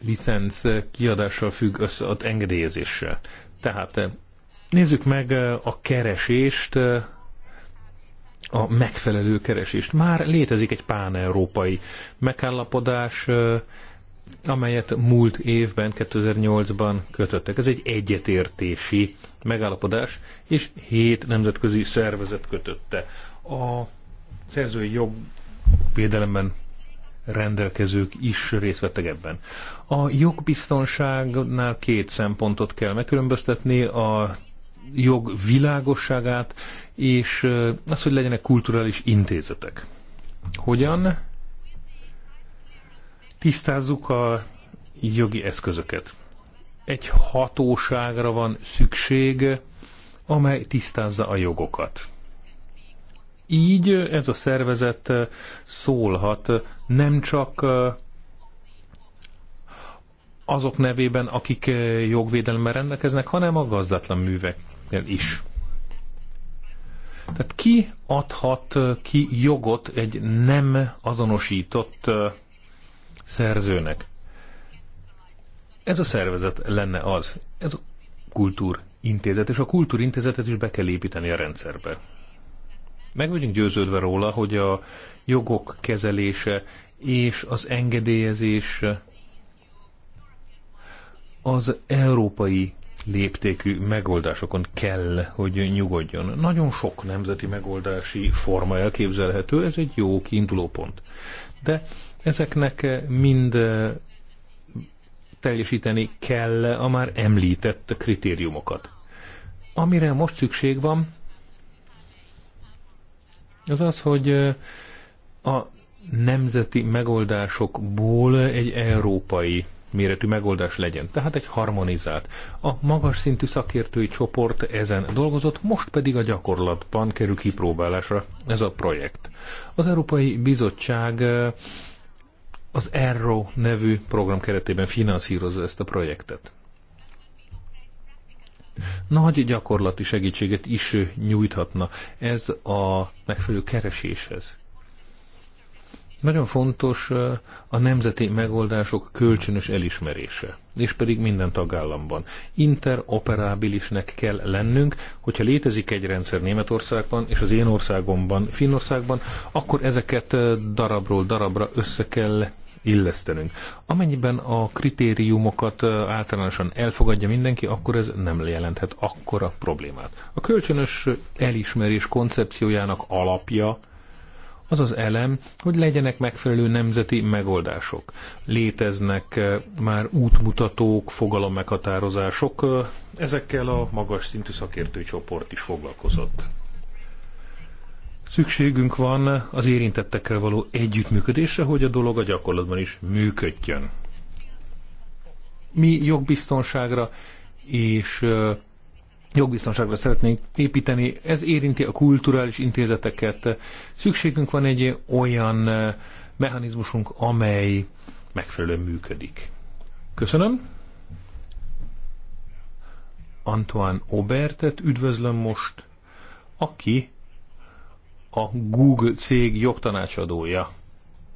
licenc kiadással függ össze, az engedélyezéssel. Tehát nézzük meg a keresést a megfelelő keresést. Már létezik egy pán-európai megállapodás, amelyet múlt évben, 2008-ban kötöttek. Ez egy egyetértési megállapodás, és hét nemzetközi szervezet kötötte. A szerzői jogvédelemben rendelkezők is részt vettek ebben. A jogbiztonságnál két szempontot kell megkülönböztetni, a jog világosságát és az, hogy legyenek kulturális intézetek. Hogyan? Tisztázzuk a jogi eszközöket. Egy hatóságra van szükség, amely tisztázza a jogokat. Így ez a szervezet szólhat nem csak azok nevében, akik jogvédelemmel rendelkeznek, hanem a gazdatlan művek is. Tehát ki adhat ki jogot egy nem azonosított szerzőnek? Ez a szervezet lenne az. Ez a kultúrintézet, és a kultúrintézetet is be kell építeni a rendszerbe. Meg vagyunk győződve róla, hogy a jogok kezelése és az engedélyezés az európai léptékű megoldásokon kell, hogy nyugodjon. Nagyon sok nemzeti megoldási forma elképzelhető, ez egy jó kiinduló pont. De ezeknek mind eh, teljesíteni kell a már említett kritériumokat. Amire most szükség van, az az, hogy eh, a nemzeti megoldásokból egy európai méretű megoldás legyen, tehát egy harmonizált. A magas szintű szakértői csoport ezen dolgozott, most pedig a gyakorlatban kerül kipróbálásra ez a projekt. Az Európai Bizottság eh, az ERRO nevű program keretében finanszírozza ezt a projektet. Nagy gyakorlati segítséget is nyújthatna ez a megfelelő kereséshez. Nagyon fontos a nemzeti megoldások kölcsönös elismerése, és pedig minden tagállamban. Interoperábilisnek kell lennünk, hogyha létezik egy rendszer Németországban és az én országomban, Finnországban, akkor ezeket darabról darabra össze kell illesztenünk. Amennyiben a kritériumokat általánosan elfogadja mindenki, akkor ez nem jelenthet akkora problémát. A kölcsönös elismerés koncepciójának alapja az az elem, hogy legyenek megfelelő nemzeti megoldások. Léteznek eh, már útmutatók, fogalommeghatározások, eh, ezekkel a magas szintű szakértői csoport is foglalkozott. Szükségünk van az érintettekkel való együttműködésre, hogy a dolog a gyakorlatban is működjön. Mi jogbiztonságra és eh, jogbiztonságra szeretnénk építeni. Ez érinti a kulturális intézeteket. Szükségünk van egy olyan eh, mechanizmusunk, amely megfelelően működik. Köszönöm. Antoine Obertet üdvözlöm most, aki a Google cég jogtanácsadója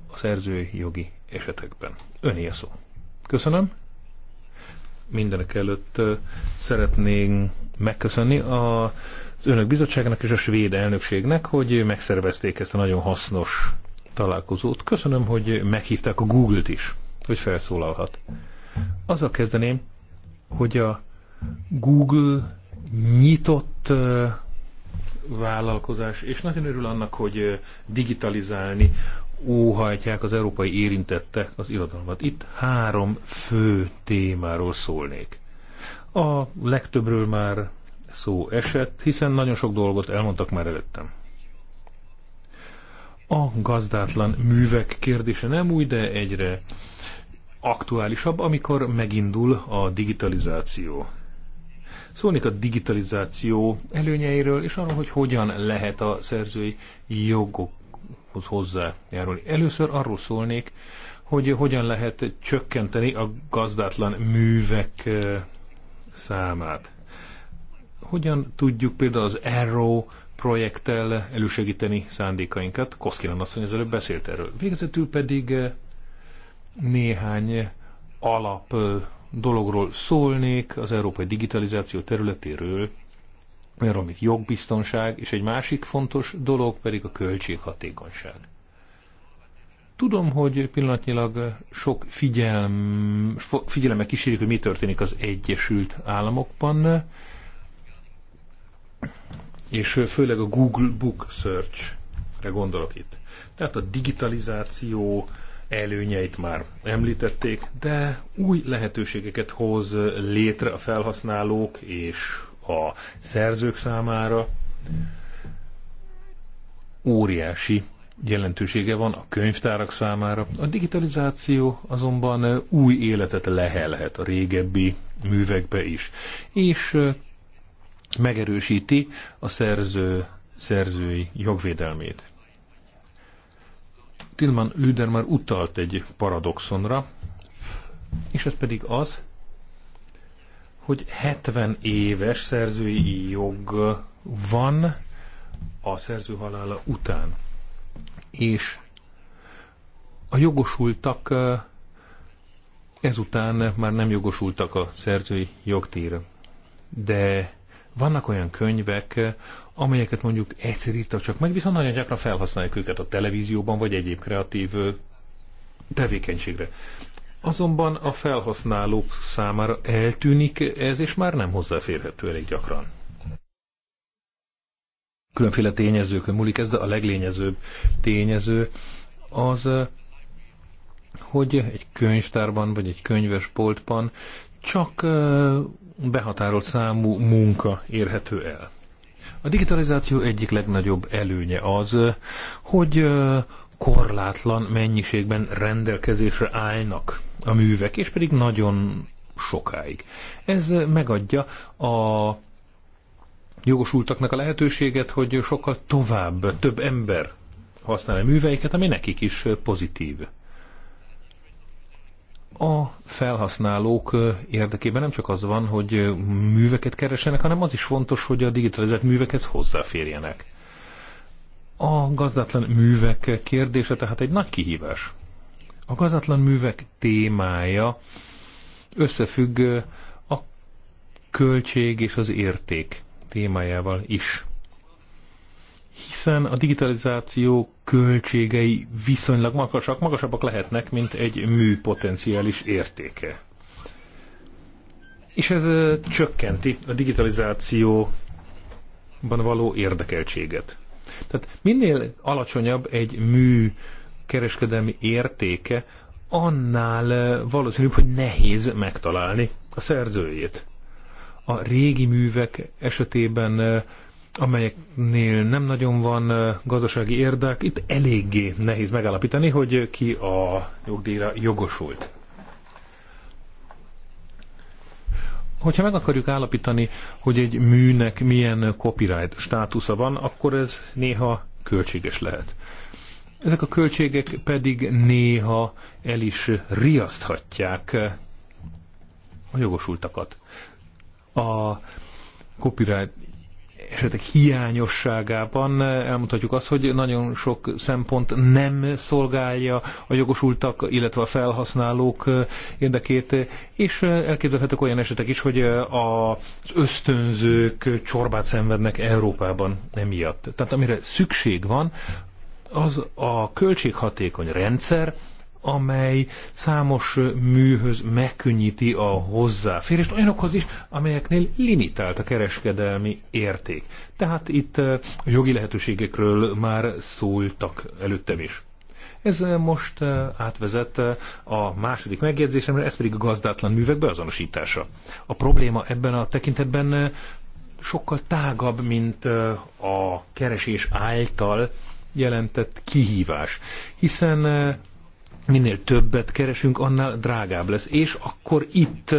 a szerzői jogi esetekben. Öné szó. Köszönöm. Mindenek előtt eh, szeretnénk megköszönni a az önök bizottságnak és a svéd elnökségnek, hogy megszervezték ezt a nagyon hasznos találkozót. Köszönöm, hogy meghívták a Google-t is, hogy felszólalhat. Azzal kezdeném, hogy a Google nyitott vállalkozás, és nagyon örül annak, hogy digitalizálni óhajtják az európai érintettek az irodalmat. Itt három fő témáról szólnék. A legtöbbről már szó esett, hiszen nagyon sok dolgot elmondtak már előttem. A gazdátlan művek kérdése nem új, de egyre aktuálisabb, amikor megindul a digitalizáció. Szólnék a digitalizáció előnyeiről, és arról, hogy hogyan lehet a szerzői jogokhoz hozzájárulni. Először arról szólnék, hogy hogyan lehet csökkenteni a gazdátlan művek eh, számát. Hogyan tudjuk például az Arrow projekttel elősegíteni szándékainkat? Koszkilan asszony az előbb beszélt erről. Végezetül pedig eh, néhány alap eh, dologról szólnék az európai digitalizáció területéről, olyanról, amit jogbiztonság, és egy másik fontos dolog pedig a költséghatékonyság. Tudom, hogy pillanatnyilag sok figyelm, figyelemek kísérik, hogy mi történik az Egyesült Államokban, és főleg a Google Book Search-re gondolok itt. Tehát a digitalizáció előnyeit már említették, de új lehetőségeket hoz létre a felhasználók és a szerzők számára. Óriási jelentősége van a könyvtárak számára. A digitalizáció azonban új életet lehelhet a régebbi művekbe is, és megerősíti a szerző, szerzői jogvédelmét. Tilman Lüder már utalt egy paradoxonra, és ez pedig az, hogy 70 éves szerzői jog van a szerző halála után és a jogosultak ezután már nem jogosultak a szerzői jogtír. De vannak olyan könyvek, amelyeket mondjuk egyszer írtak csak meg, viszont nagyon gyakran felhasználják őket a televízióban, vagy egyéb kreatív tevékenységre. Azonban a felhasználók számára eltűnik ez, és már nem hozzáférhető elég gyakran különféle tényezőkön múlik ez, de a leglényezőbb tényező az, hogy egy könyvtárban vagy egy könyvesboltban csak behatárolt számú munka érhető el. A digitalizáció egyik legnagyobb előnye az, hogy korlátlan mennyiségben rendelkezésre állnak a művek, és pedig nagyon sokáig. Ez megadja a jogosultaknak a lehetőséget, hogy sokkal tovább, több ember használja műveiket, ami nekik is pozitív. A felhasználók érdekében nem csak az van, hogy műveket keresenek, hanem az is fontos, hogy a digitalizált művekhez hozzáférjenek. A gazdátlan művek kérdése tehát egy nagy kihívás. A gazdátlan művek témája összefügg a költség és az érték témájával is. Hiszen a digitalizáció költségei viszonylag magasak, magasabbak lehetnek, mint egy mű potenciális értéke. És ez csökkenti a digitalizációban való érdekeltséget. Tehát minél alacsonyabb egy mű kereskedelmi értéke, annál valószínűbb, hogy nehéz megtalálni a szerzőjét a régi művek esetében, eh, amelyeknél nem nagyon van eh, gazdasági érdek, itt eléggé nehéz megállapítani, hogy ki a jogdíjra jogosult. Hogyha meg akarjuk állapítani, hogy egy műnek milyen copyright státusza van, akkor ez néha költséges lehet. Ezek a költségek pedig néha el is riaszthatják a jogosultakat a copyright esetek hiányosságában elmondhatjuk azt, hogy nagyon sok szempont nem szolgálja a jogosultak, illetve a felhasználók érdekét, és elképzelhetek olyan esetek is, hogy az ösztönzők csorbát szenvednek Európában emiatt. Tehát amire szükség van, az a költséghatékony rendszer, amely számos műhöz megkönnyíti a hozzáférést olyanokhoz is, amelyeknél limitált a kereskedelmi érték. Tehát itt eh, a jogi lehetőségekről már szóltak előttem is. Ez eh, most eh, átvezet a második megjegyzésemre, ez pedig a gazdátlan művek beazonosítása. A probléma ebben a tekintetben sokkal tágabb, mint a keresés által jelentett kihívás, hiszen minél többet keresünk, annál drágább lesz. És akkor itt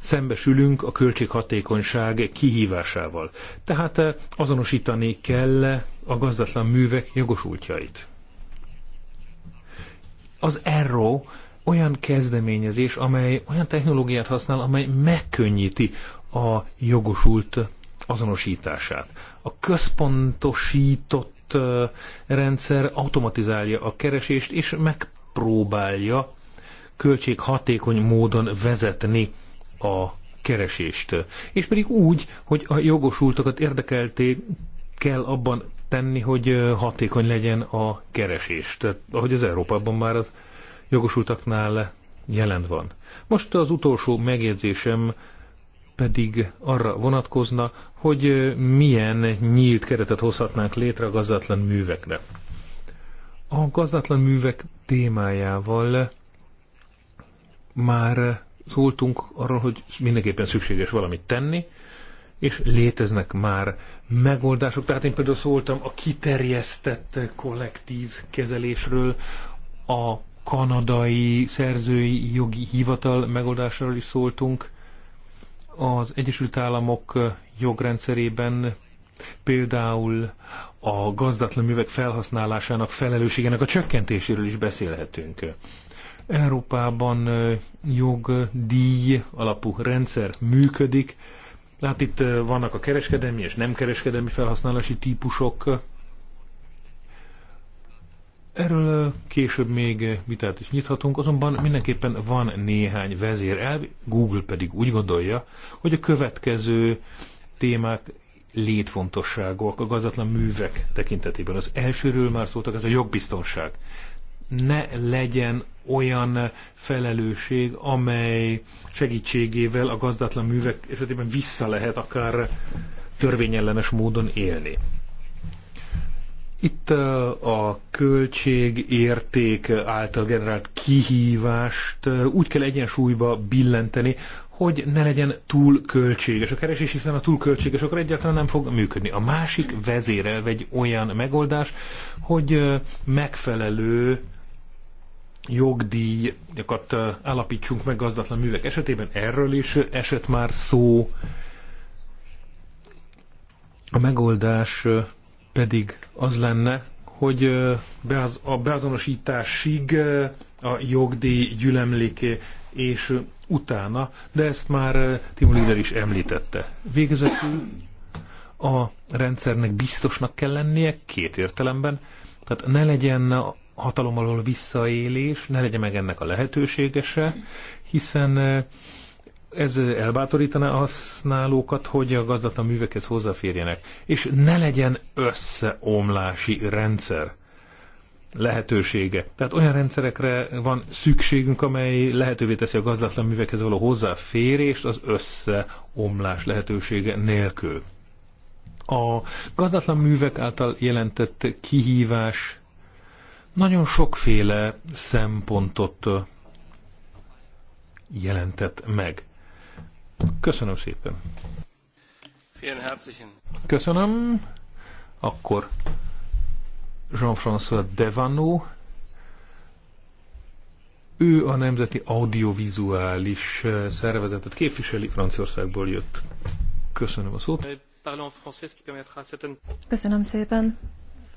szembesülünk a költséghatékonyság kihívásával. Tehát azonosítani kell a gazdatlan művek jogosultjait. Az ERRO olyan kezdeményezés, amely olyan technológiát használ, amely megkönnyíti a jogosult azonosítását. A központosított rendszer automatizálja a keresést, és meg próbálja költséghatékony módon vezetni a keresést. És pedig úgy, hogy a jogosultakat érdekelté kell abban tenni, hogy hatékony legyen a keresés. Tehát ahogy az Európában már az jogosultaknál jelent van. Most az utolsó megjegyzésem pedig arra vonatkozna, hogy milyen nyílt keretet hozhatnánk létre a gazdatlan művekre. A gazdátlan művek témájával már szóltunk arról, hogy mindenképpen szükséges valamit tenni, és léteznek már megoldások. Tehát én például szóltam a kiterjesztett kollektív kezelésről, a kanadai szerzői jogi hivatal megoldásáról is szóltunk. Az Egyesült Államok jogrendszerében Például a gazdatlan művek felhasználásának felelősségének a csökkentéséről is beszélhetünk. Európában jogdíj alapú rendszer működik, hát itt vannak a kereskedelmi és nem kereskedelmi felhasználási típusok. Erről később még vitát is nyithatunk, azonban mindenképpen van néhány vezérelv, Google pedig úgy gondolja, hogy a következő témák létfontosságúak a gazdatlan művek tekintetében. Az elsőről már szóltak, ez a jogbiztonság. Ne legyen olyan felelősség, amely segítségével a gazdatlan művek esetében vissza lehet akár törvényellenes módon élni. Itt uh, a költség, érték által generált kihívást uh, úgy kell egyensúlyba billenteni, hogy ne legyen túl költséges a keresés, hiszen a túl költséges akkor egyáltalán nem fog működni. A másik vezérel egy olyan megoldás, hogy megfelelő jogdíjakat alapítsunk meg gazdatlan művek esetében. Erről is esett már szó. A megoldás pedig az lenne, hogy a beazonosításig a jogdíj gyülemléké és utána, de ezt már Timo Lider is említette. Végezetül a rendszernek biztosnak kell lennie két értelemben, tehát ne legyen hatalom alól visszaélés, ne legyen meg ennek a lehetőségese, hiszen ez elbátorítaná a használókat, hogy a gazdatlan művekhez hozzáférjenek, és ne legyen összeomlási rendszer lehetősége. Tehát olyan rendszerekre van szükségünk, amely lehetővé teszi a gazdatlan művekhez való hozzáférést az összeomlás lehetősége nélkül. A gazdatlan művek által jelentett kihívás nagyon sokféle szempontot jelentett meg. Köszönöm szépen. Köszönöm. Akkor Jean-François Devano, ő a Nemzeti Audiovizuális eh, Szervezetet képviseli, Franciaországból jött. Köszönöm a szót. Köszönöm szépen.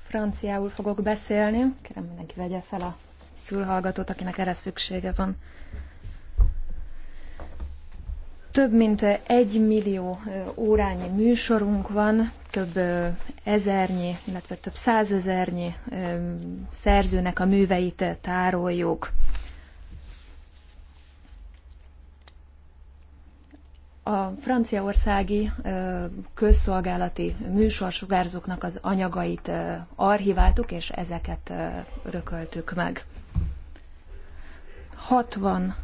Franciául fogok beszélni. Kérem mindenki vegye fel a fülhallgatót, akinek erre szüksége van. Több mint egy millió órányi műsorunk van, több ezernyi, illetve több százezernyi szerzőnek a műveit tároljuk. A franciaországi közszolgálati műsorsugárzóknak az anyagait archiváltuk, és ezeket rököltük meg. 60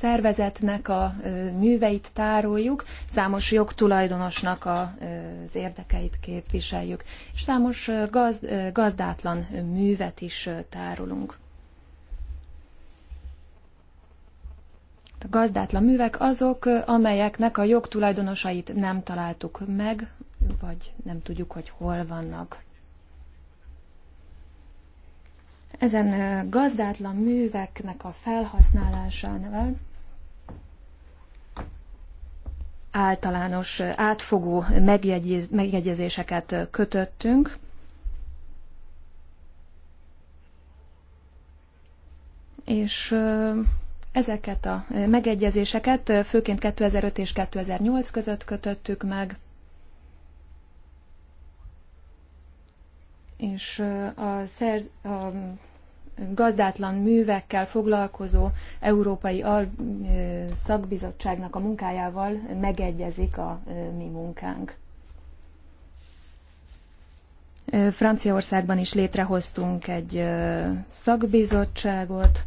szervezetnek a műveit tároljuk, számos jogtulajdonosnak az érdekeit képviseljük, és számos gazd, gazdátlan művet is tárolunk. A gazdátlan művek azok, amelyeknek a jogtulajdonosait nem találtuk meg, vagy nem tudjuk, hogy hol vannak. Ezen gazdátlan műveknek a felhasználásánál általános, átfogó megjegyez, megjegyezéseket kötöttünk. És ezeket a megegyezéseket főként 2005 és 2008 között kötöttük meg. és a, szerz, a gazdátlan művekkel foglalkozó Európai Al- Szakbizottságnak a munkájával megegyezik a mi munkánk. Franciaországban is létrehoztunk egy szakbizottságot,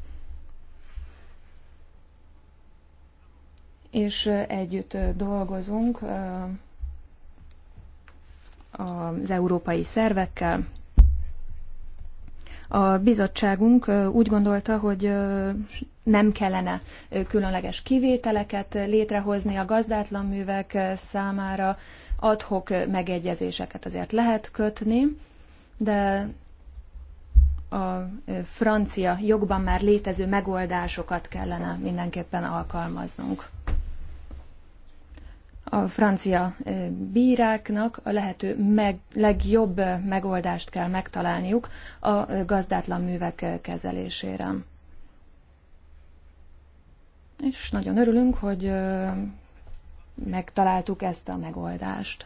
és együtt dolgozunk az európai szervekkel, a bizottságunk úgy gondolta, hogy nem kellene különleges kivételeket létrehozni a gazdátlan művek számára, adhok megegyezéseket azért lehet kötni, de a francia jogban már létező megoldásokat kellene mindenképpen alkalmaznunk a francia bíráknak a lehető meg, legjobb megoldást kell megtalálniuk a gazdátlan művek kezelésére. És nagyon örülünk, hogy megtaláltuk ezt a megoldást.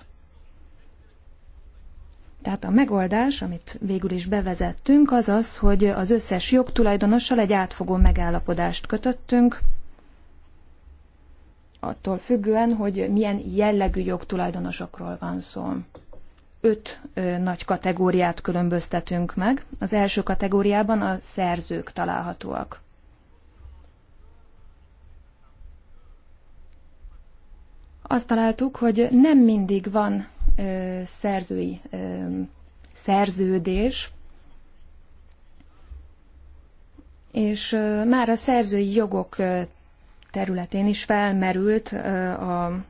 Tehát a megoldás, amit végül is bevezettünk, az az, hogy az összes jogtulajdonossal egy átfogó megállapodást kötöttünk, attól függően, hogy milyen jellegű jogtulajdonosokról van szó. Öt ö, nagy kategóriát különböztetünk meg. Az első kategóriában a szerzők találhatóak. Azt találtuk, hogy nem mindig van ö, szerzői ö, szerződés, és már a szerzői jogok területén is felmerült a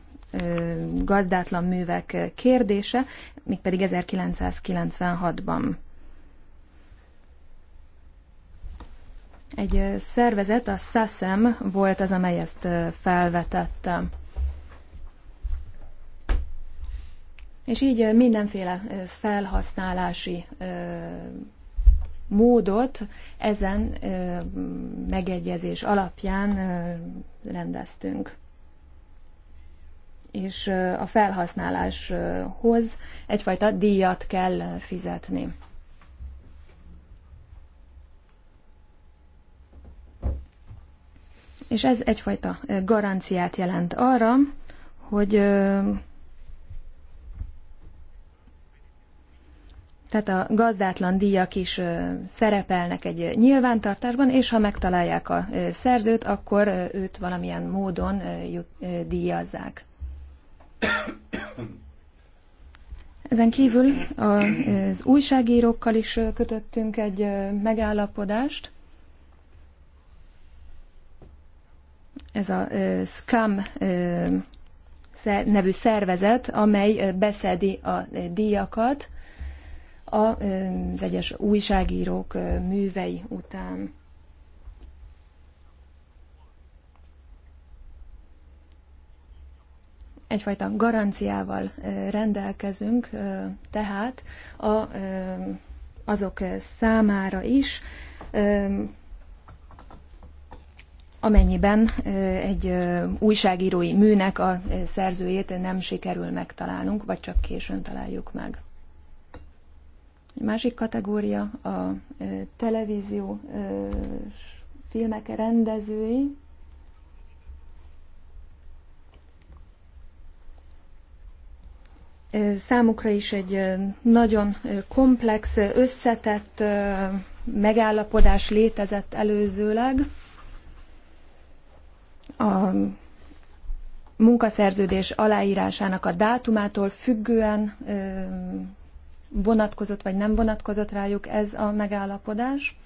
gazdátlan művek kérdése, mégpedig 1996-ban. Egy szervezet, a SASEM volt az, amely ezt felvetette. És így mindenféle felhasználási módot ezen megegyezés alapján rendeztünk. És a felhasználáshoz egyfajta díjat kell fizetni. És ez egyfajta garanciát jelent arra, hogy tehát a gazdátlan díjak is szerepelnek egy nyilvántartásban, és ha megtalálják a szerzőt, akkor őt valamilyen módon díjazzák. Ezen kívül az újságírókkal is kötöttünk egy megállapodást. Ez a SCAM nevű szervezet, amely beszedi a díjakat, az egyes újságírók művei után. Egyfajta garanciával rendelkezünk, tehát a, azok számára is, amennyiben egy újságírói műnek a szerzőjét nem sikerül megtalálnunk, vagy csak későn találjuk meg másik kategória a televízió filmek rendezői. Számukra is egy nagyon komplex, összetett megállapodás létezett előzőleg. A munkaszerződés aláírásának a dátumától függően vonatkozott vagy nem vonatkozott rájuk ez a megállapodás.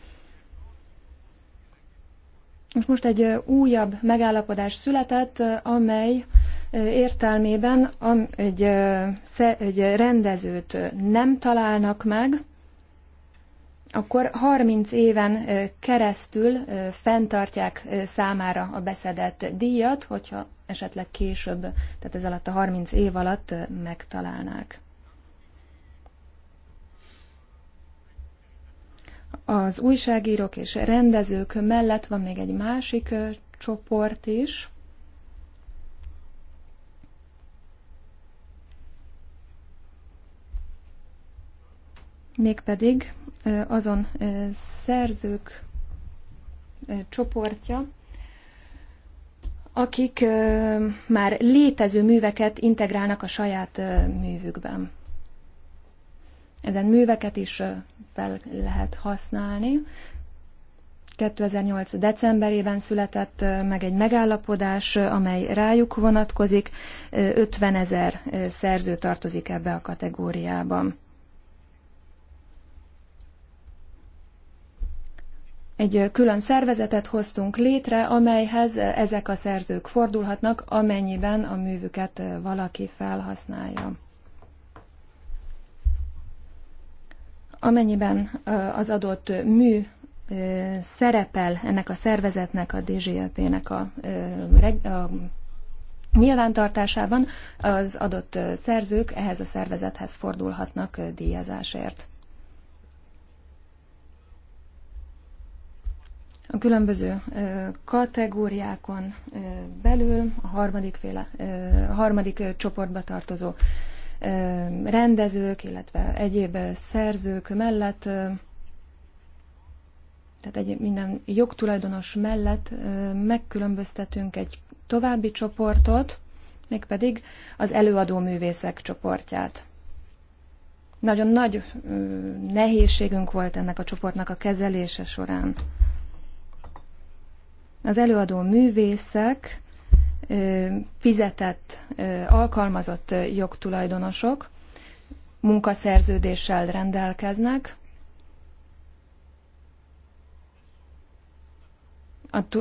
És most egy újabb megállapodás született, amely értelmében egy, egy rendezőt nem találnak meg, akkor 30 éven keresztül fenntartják számára a beszedett díjat, hogyha esetleg később, tehát ez alatt a 30 év alatt megtalálnák. az újságírók és rendezők mellett van még egy másik csoport is. Mégpedig azon szerzők csoportja, akik már létező műveket integrálnak a saját művükben. Ezen műveket is fel lehet használni. 2008. decemberében született meg egy megállapodás, amely rájuk vonatkozik. 50 ezer szerző tartozik ebbe a kategóriában. Egy külön szervezetet hoztunk létre, amelyhez ezek a szerzők fordulhatnak, amennyiben a művüket valaki felhasználja. Amennyiben az adott mű szerepel ennek a szervezetnek, a DGLP-nek a, a nyilvántartásában, az adott szerzők ehhez a szervezethez fordulhatnak díjazásért. A különböző kategóriákon belül a harmadik, féle, a harmadik csoportba tartozó rendezők, illetve egyéb szerzők mellett, tehát egy minden jogtulajdonos mellett megkülönböztetünk egy további csoportot, mégpedig az előadó művészek csoportját. Nagyon nagy nehézségünk volt ennek a csoportnak a kezelése során. Az előadó művészek fizetett, alkalmazott jogtulajdonosok munkaszerződéssel rendelkeznek,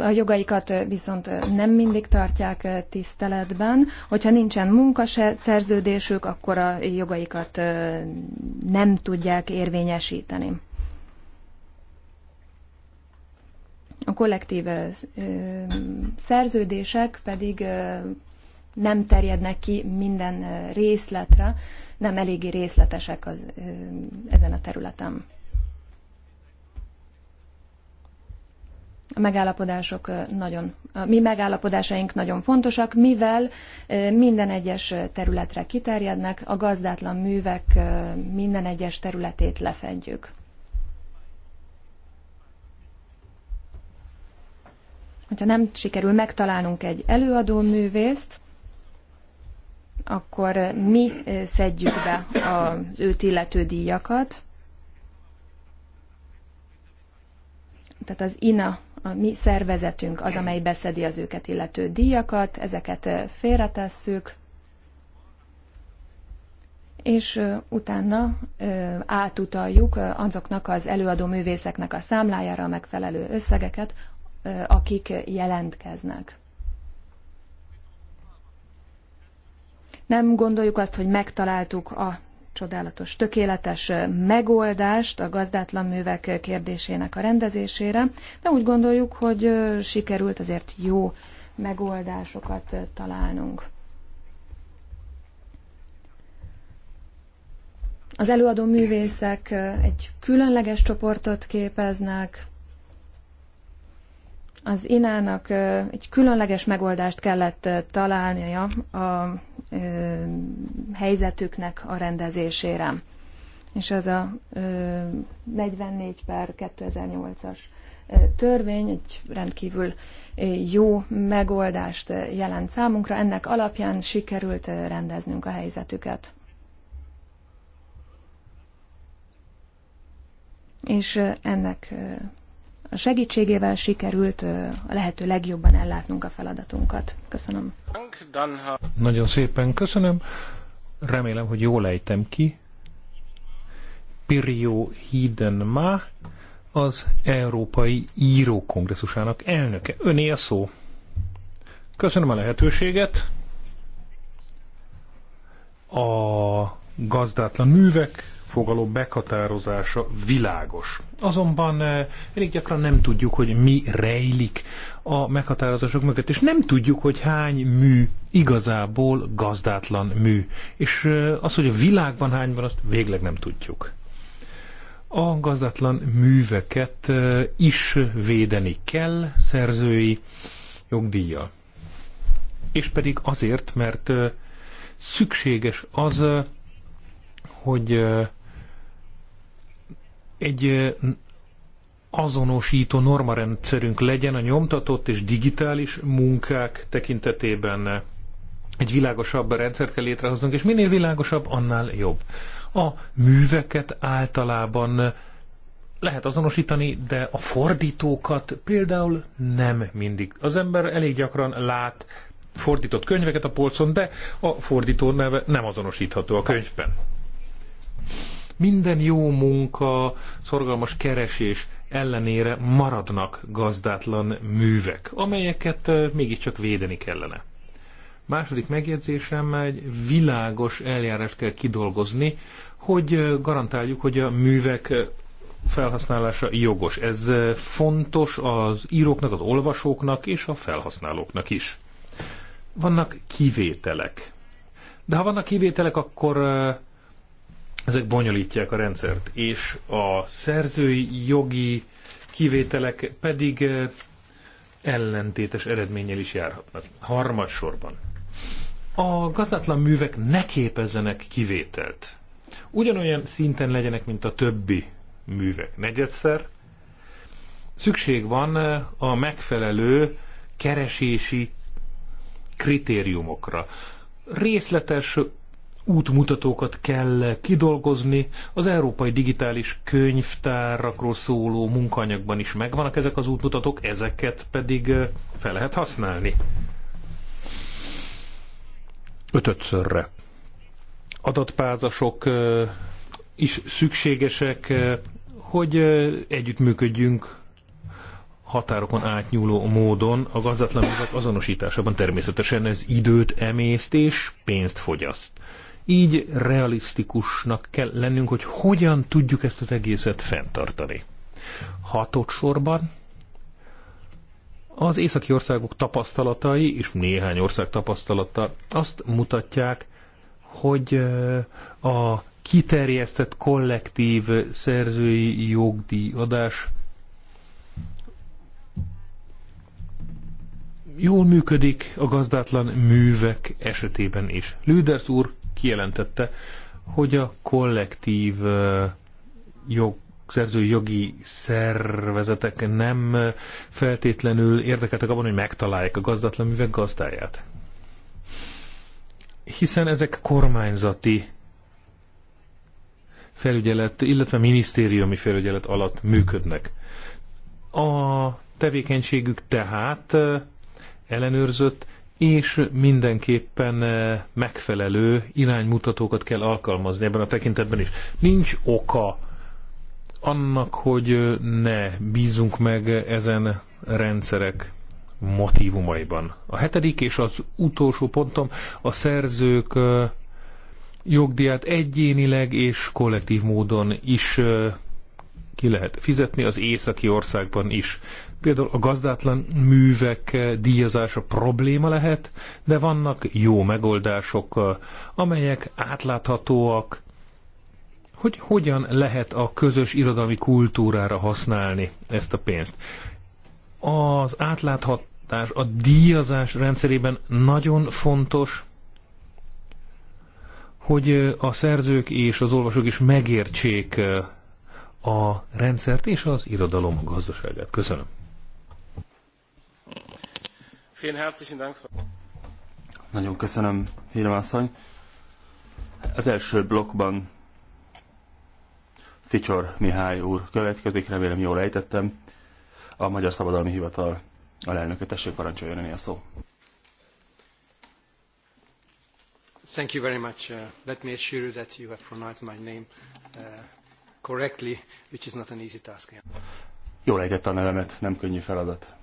a jogaikat viszont nem mindig tartják tiszteletben. Hogyha nincsen munkaszerződésük, akkor a jogaikat nem tudják érvényesíteni. A kollektív szerződések pedig nem terjednek ki minden részletre, nem eléggé részletesek az, ezen a területen. A megállapodások nagyon, a mi megállapodásaink nagyon fontosak, mivel minden egyes területre kiterjednek, a gazdátlan művek minden egyes területét lefedjük. hogyha nem sikerül megtalálnunk egy előadó művészt, akkor mi szedjük be az őt illető díjakat. Tehát az INA, a mi szervezetünk az, amely beszedi az őket illető díjakat, ezeket félretesszük, és utána átutaljuk azoknak az előadó művészeknek a számlájára a megfelelő összegeket, akik jelentkeznek. Nem gondoljuk azt, hogy megtaláltuk a csodálatos, tökéletes megoldást a gazdátlan művek kérdésének a rendezésére, de úgy gondoljuk, hogy sikerült azért jó megoldásokat találnunk. Az előadó művészek egy különleges csoportot képeznek, az Inának egy különleges megoldást kellett találnia a helyzetüknek a rendezésére. És ez a 44 per 2008-as törvény egy rendkívül jó megoldást jelent számunkra. Ennek alapján sikerült rendeznünk a helyzetüket. És ennek segítségével sikerült a lehető legjobban ellátnunk a feladatunkat. Köszönöm. Nagyon szépen köszönöm. Remélem, hogy jól ejtem ki. Pirjo Hidenma az Európai Írókongresszusának elnöke. Öné a szó. Köszönöm a lehetőséget. A gazdátlan művek fogalom meghatározása világos. Azonban eh, elég gyakran nem tudjuk, hogy mi rejlik a meghatározások mögött, és nem tudjuk, hogy hány mű igazából gazdátlan mű. És eh, az, hogy a világban hány van, azt végleg nem tudjuk. A gazdátlan műveket eh, is védeni kell szerzői jogdíjjal. És pedig azért, mert szükséges az, hogy egy azonosító normarendszerünk legyen a nyomtatott és digitális munkák tekintetében. Egy világosabb rendszert kell létrehoznunk, és minél világosabb, annál jobb. A műveket általában lehet azonosítani, de a fordítókat például nem mindig. Az ember elég gyakran lát fordított könyveket a polcon, de a fordító neve nem azonosítható a könyvben minden jó munka, szorgalmas keresés ellenére maradnak gazdátlan művek, amelyeket mégiscsak védeni kellene. Második megjegyzésem, egy világos eljárást kell kidolgozni, hogy garantáljuk, hogy a művek felhasználása jogos. Ez fontos az íróknak, az olvasóknak és a felhasználóknak is. Vannak kivételek. De ha vannak kivételek, akkor ezek bonyolítják a rendszert, és a szerzői jogi kivételek pedig eh, ellentétes eredménnyel is járhatnak. Harmadsorban. A gazdátlan művek ne képezzenek kivételt. Ugyanolyan szinten legyenek, mint a többi művek. Negyedszer. Szükség van eh, a megfelelő keresési kritériumokra. Részletes útmutatókat kell kidolgozni. Az Európai Digitális Könyvtárakról szóló munkanyagban is megvannak ezek az útmutatók, ezeket pedig fel lehet használni. Ötötszörre. Adatpázasok is szükségesek, hogy együttműködjünk határokon átnyúló módon a gazdatlan azonosításában természetesen ez időt emészt és pénzt fogyaszt. Így realisztikusnak kell lennünk, hogy hogyan tudjuk ezt az egészet fenntartani. Hatott sorban az északi országok tapasztalatai, és néhány ország tapasztalata azt mutatják, hogy a kiterjesztett kollektív szerzői jogdíjadás jól működik a gazdátlan művek esetében is. Lüders úr kijelentette, hogy a kollektív jog szerzői jogi szervezetek nem feltétlenül érdekeltek abban, hogy megtalálják a gazdatlan művek gazdáját. Hiszen ezek kormányzati felügyelet, illetve minisztériumi felügyelet alatt működnek. A tevékenységük tehát ellenőrzött, és mindenképpen eh, megfelelő iránymutatókat kell alkalmazni ebben a tekintetben is. Nincs oka annak, hogy eh, ne bízunk meg ezen rendszerek motivumaiban. A hetedik és az utolsó pontom a szerzők eh, jogdíját egyénileg és kollektív módon is ki lehet fizetni az északi országban is. Például a gazdátlan művek díjazása probléma lehet, de vannak jó megoldások, amelyek átláthatóak, hogy hogyan lehet a közös irodalmi kultúrára használni ezt a pénzt. Az átláthatás a díjazás rendszerében nagyon fontos, hogy a szerzők és az olvasók is megértsék a rendszert és az irodalom gazdaságát. Köszönöm. Nagyon köszönöm, Hírvászony. Az első blokkban Ficsor Mihály úr következik, remélem jól ejtettem. A Magyar Szabadalmi Hivatal alelnöke, tessék parancsoljon a szó. Thank you very much. Uh, let me assure you that you have pronounced my name uh, correctly, which is not an easy task. Jól ejtette a nevemet, nem könnyű feladat.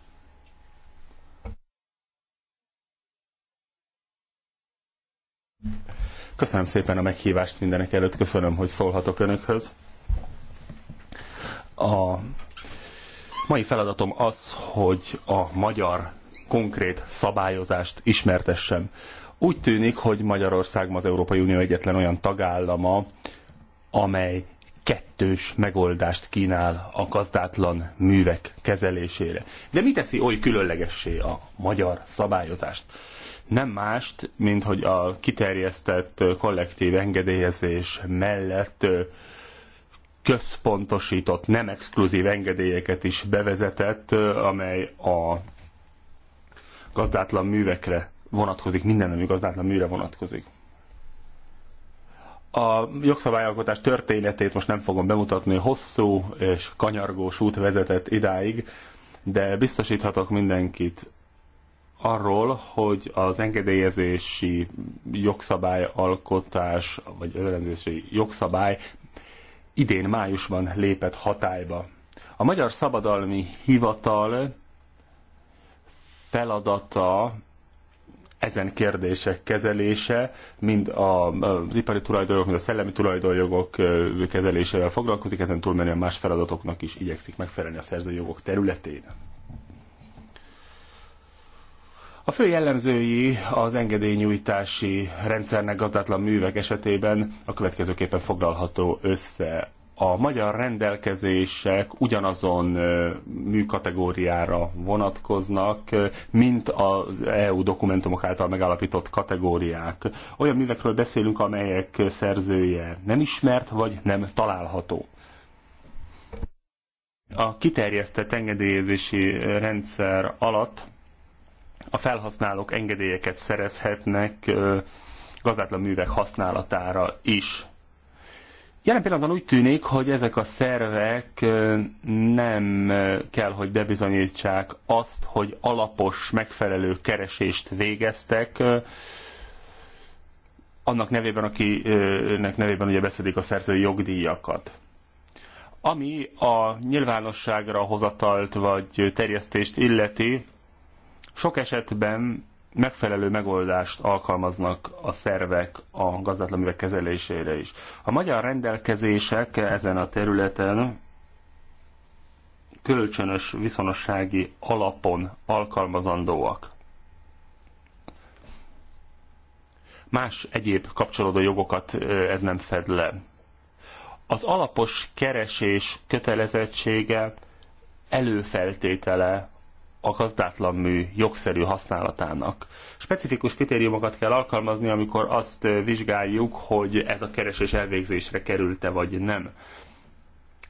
Köszönöm szépen a meghívást mindenek előtt, köszönöm, hogy szólhatok önökhöz. A mai feladatom az, hogy a magyar konkrét szabályozást ismertessem. Úgy tűnik, hogy Magyarország ma az Európai Unió egyetlen olyan tagállama, amely kettős megoldást kínál a gazdátlan művek kezelésére. De mi teszi oly különlegessé a magyar szabályozást? nem mást, mint hogy a kiterjesztett kollektív engedélyezés mellett központosított, nem exkluzív engedélyeket is bevezetett, amely a gazdátlan művekre vonatkozik, minden nemű gazdátlan műre vonatkozik. A jogszabályalkotás történetét most nem fogom bemutatni, hosszú és kanyargós út vezetett idáig, de biztosíthatok mindenkit arról, hogy az engedélyezési jogszabály alkotás vagy ellenzési jogszabály idén májusban lépett hatályba. A Magyar Szabadalmi Hivatal feladata ezen kérdések kezelése, mind az ipari tulajdonjogok, mind a szellemi tulajdonjogok kezelésével foglalkozik, ezen túlmenően más feladatoknak is igyekszik megfelelni a szerzői jogok területén. A fő jellemzői az engedélynyújtási rendszernek gazdátlan művek esetében a következőképpen foglalható össze. A magyar rendelkezések ugyanazon műkategóriára vonatkoznak, mint az EU dokumentumok által megállapított kategóriák. Olyan művekről beszélünk, amelyek szerzője nem ismert vagy nem található. A kiterjesztett engedélyezési rendszer alatt a felhasználók engedélyeket szerezhetnek gazdátlan művek használatára is. Jelen pillanatban úgy tűnik, hogy ezek a szervek nem kell, hogy bebizonyítsák azt, hogy alapos, megfelelő keresést végeztek, annak nevében, akinek nevében ugye beszedik a szerzői jogdíjakat. Ami a nyilvánosságra hozatalt vagy terjesztést illeti, sok esetben megfelelő megoldást alkalmaznak a szervek a gazdátlan művek kezelésére is. A magyar rendelkezések ezen a területen kölcsönös viszonossági alapon alkalmazandóak. Más egyéb kapcsolódó jogokat ez nem fed le. Az alapos keresés kötelezettsége előfeltétele a gazdátlan mű jogszerű használatának. Specifikus kritériumokat kell alkalmazni, amikor azt vizsgáljuk, hogy ez a keresés elvégzésre került-e vagy nem.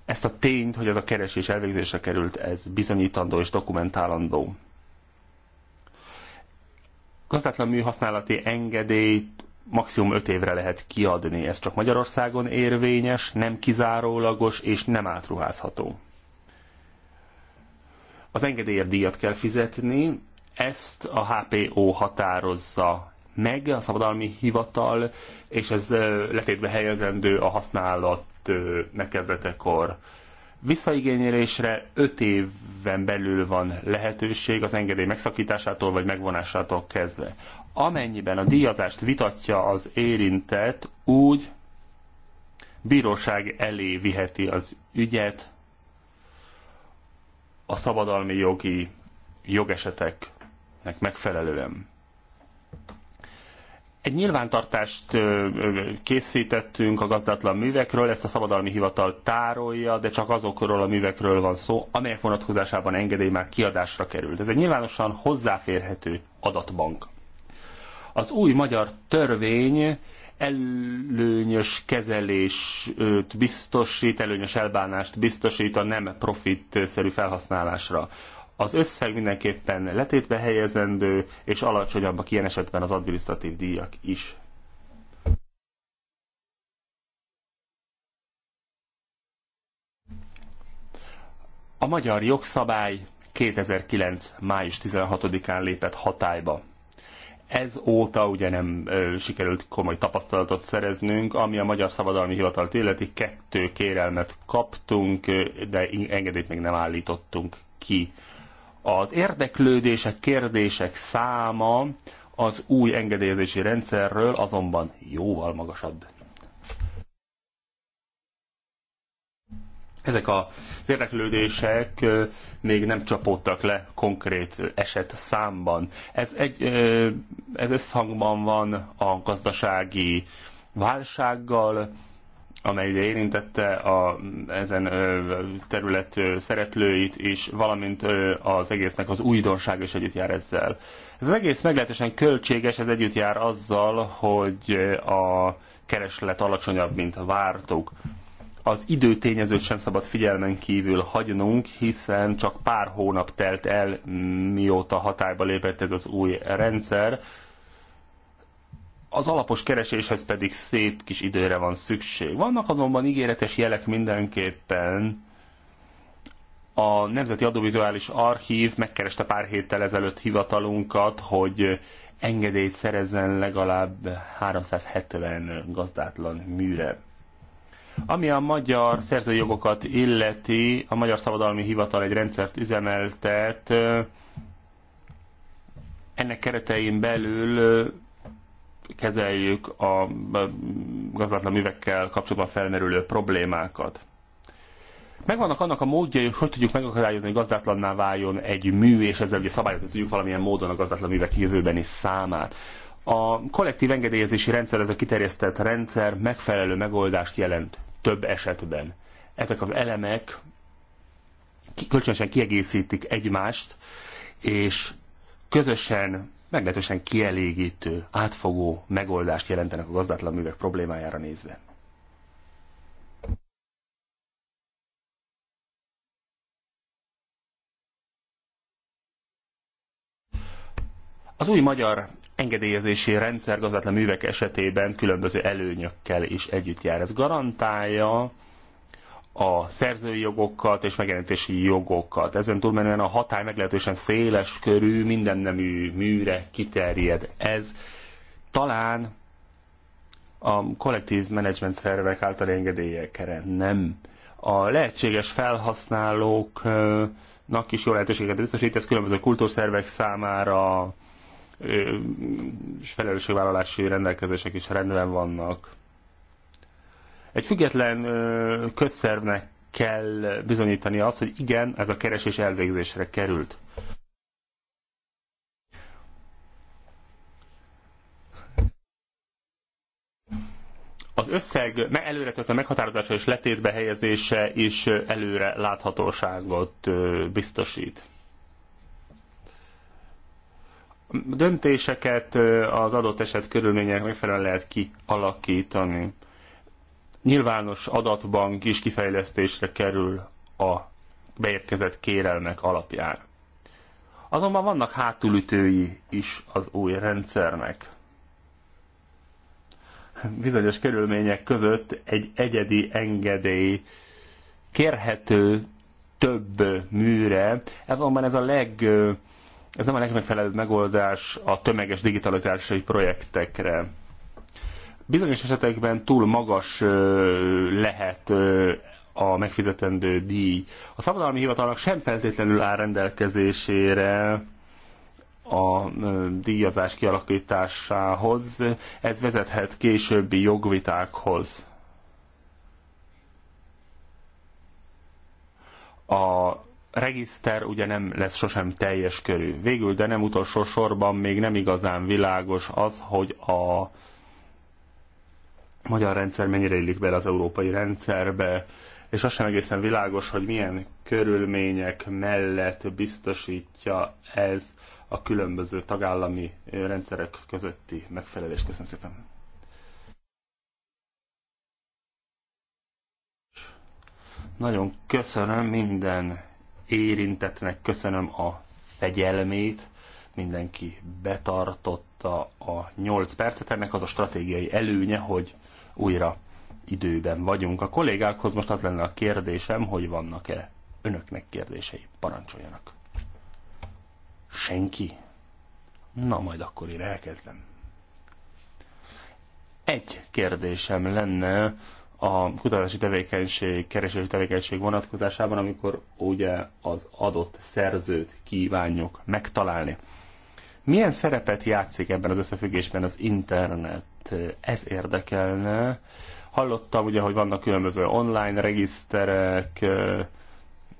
Ezt a tényt, hogy ez a keresés elvégzésre került, ez bizonyítandó és dokumentálandó. Gazdátlan mű használati engedélyt maximum 5 évre lehet kiadni. Ez csak Magyarországon érvényes, nem kizárólagos és nem átruházható az engedélyért díjat kell fizetni, ezt a HPO határozza meg, a szabadalmi hivatal, és ez letétbe helyezendő a használat megkezdetekor. Visszaigényelésre 5 éven belül van lehetőség az engedély megszakításától vagy megvonásától kezdve. Amennyiben a díjazást vitatja az érintett, úgy bíróság elé viheti az ügyet, a szabadalmi jogi jogeseteknek megfelelően. Egy nyilvántartást készítettünk a gazdátlan művekről, ezt a szabadalmi hivatal tárolja, de csak azokról a művekről van szó, amelyek vonatkozásában engedély már kiadásra került. Ez egy nyilvánosan hozzáférhető adatbank. Az új magyar törvény előnyös kezelést biztosít, előnyös elbánást biztosít a nem profitszerű felhasználásra. Az összeg mindenképpen letétbe helyezendő, és alacsonyabbak ilyen esetben az adminisztratív díjak is. A magyar jogszabály 2009. május 16-án lépett hatályba ez óta ugye nem ö, sikerült komoly tapasztalatot szereznünk, ami a Magyar Szabadalmi Hivatalt illeti, kettő kérelmet kaptunk, de engedélyt még nem állítottunk ki. Az érdeklődések, kérdések száma az új engedélyezési rendszerről azonban jóval magasabb ezek az érdeklődések még nem csapódtak le konkrét eset számban. Ez, egy, ez összhangban van a gazdasági válsággal, amely ugye érintette a, ezen ö, terület ö, szereplőit is, valamint ö, az egésznek az újdonság is együtt jár ezzel. Ez az egész meglehetősen költséges, ez együtt jár azzal, hogy a kereslet alacsonyabb, mint vártuk az időtényezőt sem szabad figyelmen kívül hagynunk, hiszen csak pár hónap telt el, mióta hatályba lépett ez az új rendszer. Az alapos kereséshez pedig szép kis időre van szükség. Vannak azonban ígéretes jelek mindenképpen. A Nemzeti Adóvizuális Archív megkereste pár héttel ezelőtt hivatalunkat, hogy engedélyt szerezzen legalább 370 gazdátlan műre. Ami a magyar szerzői jogokat illeti, a Magyar Szabadalmi Hivatal egy rendszert üzemeltet. Ennek keretein belül kezeljük a gazdatlan művekkel kapcsolatban felmerülő problémákat. Megvannak annak a módjai, hogy hogy tudjuk megakadályozni, hogy gazdátlanná váljon egy mű, és ezzel ugye szabályozni tudjuk valamilyen módon a gazdátlan művek jövőbeni számát. A kollektív engedélyezési rendszer, ez a kiterjesztett rendszer megfelelő megoldást jelent több esetben. Ezek az elemek kölcsönösen kiegészítik egymást, és közösen meglehetősen kielégítő, átfogó megoldást jelentenek a gazdátlan művek problémájára nézve. Az új magyar engedélyezési rendszer gazdátlan művek esetében különböző előnyökkel is együtt jár. Ez garantálja a szerzői jogokat és megjelenítési jogokat. Ezen túlmenően a hatály meglehetősen széles körű, minden nemű műre kiterjed. Ez talán a kollektív menedzsment szervek által engedélyekre nem. A lehetséges felhasználóknak is jó lehetőséget biztosít, ez különböző kultúrszervek számára, és felelősségvállalási rendelkezések is rendben vannak. Egy független közszervnek kell bizonyítani azt, hogy igen, ez a keresés elvégzésre került. Az összeg me előre történő meghatározása és letétbe helyezése is előre láthatóságot biztosít döntéseket az adott eset körülmények megfelelően lehet kialakítani. Nyilvános adatbank is kifejlesztésre kerül a beérkezett kérelmek alapján. Azonban vannak hátulütői is az új rendszernek. Bizonyos körülmények között egy egyedi engedély kérhető több műre, ez ez a leg ez nem a legmegfelelőbb megoldás a tömeges digitalizációs projektekre. Bizonyos esetekben túl magas lehet a megfizetendő díj. A szabadalmi hivatalnak sem feltétlenül áll rendelkezésére a díjazás kialakításához, ez vezethet későbbi jogvitákhoz. A regiszter ugye nem lesz sosem teljes körű. Végül, de nem utolsó sorban még nem igazán világos az, hogy a magyar rendszer mennyire illik bele az európai rendszerbe, és az sem egészen világos, hogy milyen körülmények mellett biztosítja ez a különböző tagállami rendszerek közötti megfelelést. Köszönöm szépen! Nagyon köszönöm minden érintetnek köszönöm a fegyelmét, mindenki betartotta a 8 percet, ennek az a stratégiai előnye, hogy újra időben vagyunk. A kollégákhoz most az lenne a kérdésem, hogy vannak-e önöknek kérdései. Parancsoljanak. Senki? Na, majd akkor én elkezdem. Egy kérdésem lenne, a kutatási tevékenység, keresési tevékenység vonatkozásában, amikor ugye az adott szerzőt kívánjuk megtalálni. Milyen szerepet játszik ebben az összefüggésben az internet? Ez érdekelne. Hallottam ugye, hogy vannak különböző online regiszterek,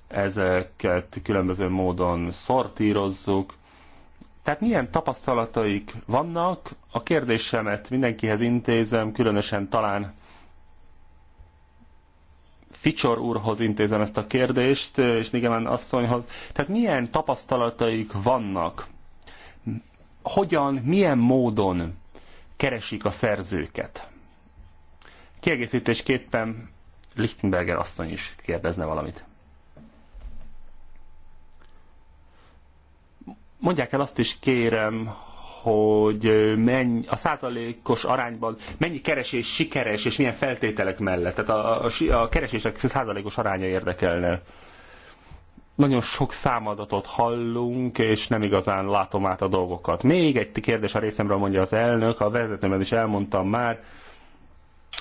ezeket különböző módon szortírozzuk. Tehát milyen tapasztalataik vannak? A kérdésemet mindenkihez intézem, különösen talán Ficsor úrhoz intézem ezt a kérdést, és Nigemen asszonyhoz. Tehát milyen tapasztalataik vannak? Hogyan, milyen módon keresik a szerzőket? Kiegészítésképpen Lichtenberger asszony is kérdezne valamit. Mondják el azt is kérem, hogy menny a százalékos arányban mennyi keresés sikeres, és milyen feltételek mellett. Tehát a, a, a keresések százalékos aránya érdekelne. Nagyon sok számadatot hallunk, és nem igazán látom át a dolgokat. Még egy kérdés a részemről mondja az elnök, a vezetőmben is elmondtam már.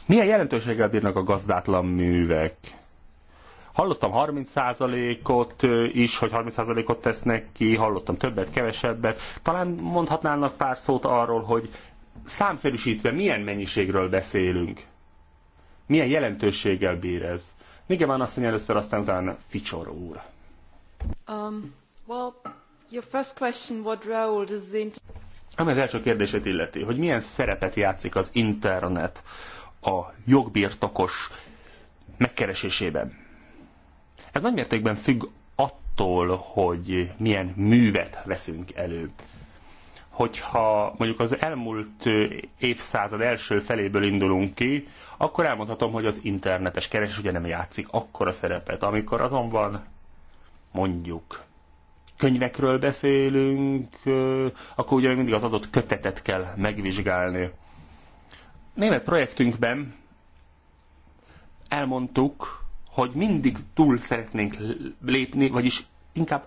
Milyen jelentőséggel bírnak a gazdátlan művek? Hallottam 30%-ot is, hogy 30%-ot tesznek ki, hallottam többet, kevesebbet. Talán mondhatnának pár szót arról, hogy számszerűsítve milyen mennyiségről beszélünk? Milyen jelentőséggel bír ez? Még van azt mondja először, aztán utána Ficsor úr. Um, well, your first question, what role does the ami az első kérdését illeti, hogy milyen szerepet játszik az internet a jogbirtokos megkeresésében. Ez nagy mértékben függ attól, hogy milyen művet veszünk elő. Hogyha mondjuk az elmúlt évszázad első feléből indulunk ki, akkor elmondhatom, hogy az internetes keresés ugye nem játszik akkora szerepet. Amikor azonban mondjuk könyvekről beszélünk, akkor ugye mindig az adott kötetet kell megvizsgálni. Német projektünkben elmondtuk, hogy mindig túl szeretnénk lépni, vagyis inkább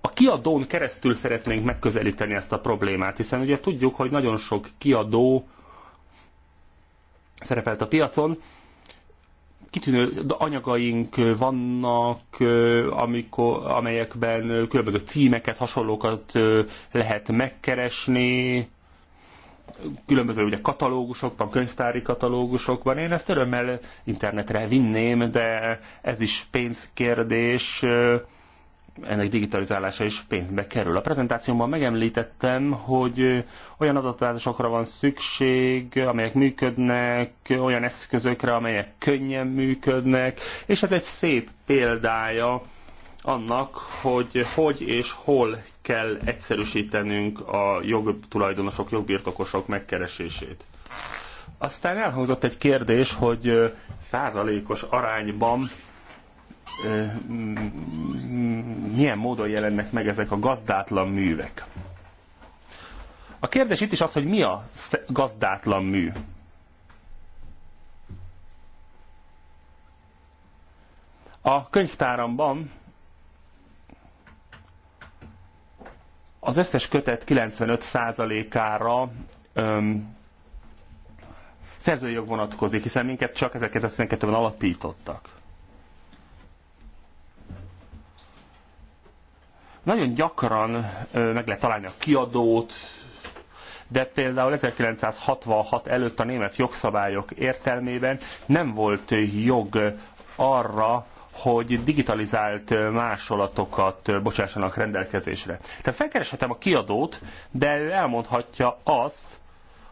a kiadón keresztül szeretnénk megközelíteni ezt a problémát, hiszen ugye tudjuk, hogy nagyon sok kiadó szerepelt a piacon, kitűnő anyagaink vannak, amikor, amelyekben különböző címeket, hasonlókat lehet megkeresni, különböző ugye katalógusokban, könyvtári katalógusokban. Én ezt örömmel internetre vinném, de ez is pénzkérdés, ennek digitalizálása is pénzbe kerül. A prezentációmban megemlítettem, hogy olyan adatbázisokra van szükség, amelyek működnek, olyan eszközökre, amelyek könnyen működnek, és ez egy szép példája annak, hogy hogy és hol kell egyszerűsítenünk a jogtulajdonosok, jogbirtokosok megkeresését. Aztán elhangzott egy kérdés, hogy százalékos arányban milyen módon jelennek meg ezek a gazdátlan művek. A kérdés itt is az, hogy mi a gazdátlan mű. A könyvtáramban Az összes kötet 95%-ára szerzői jog vonatkozik, hiszen minket csak 1992-ben alapítottak. Nagyon gyakran ö, meg lehet találni a kiadót, de például 1966 előtt a német jogszabályok értelmében nem volt jog arra, hogy digitalizált másolatokat bocsássanak rendelkezésre. Tehát felkereshetem a kiadót, de ő elmondhatja azt,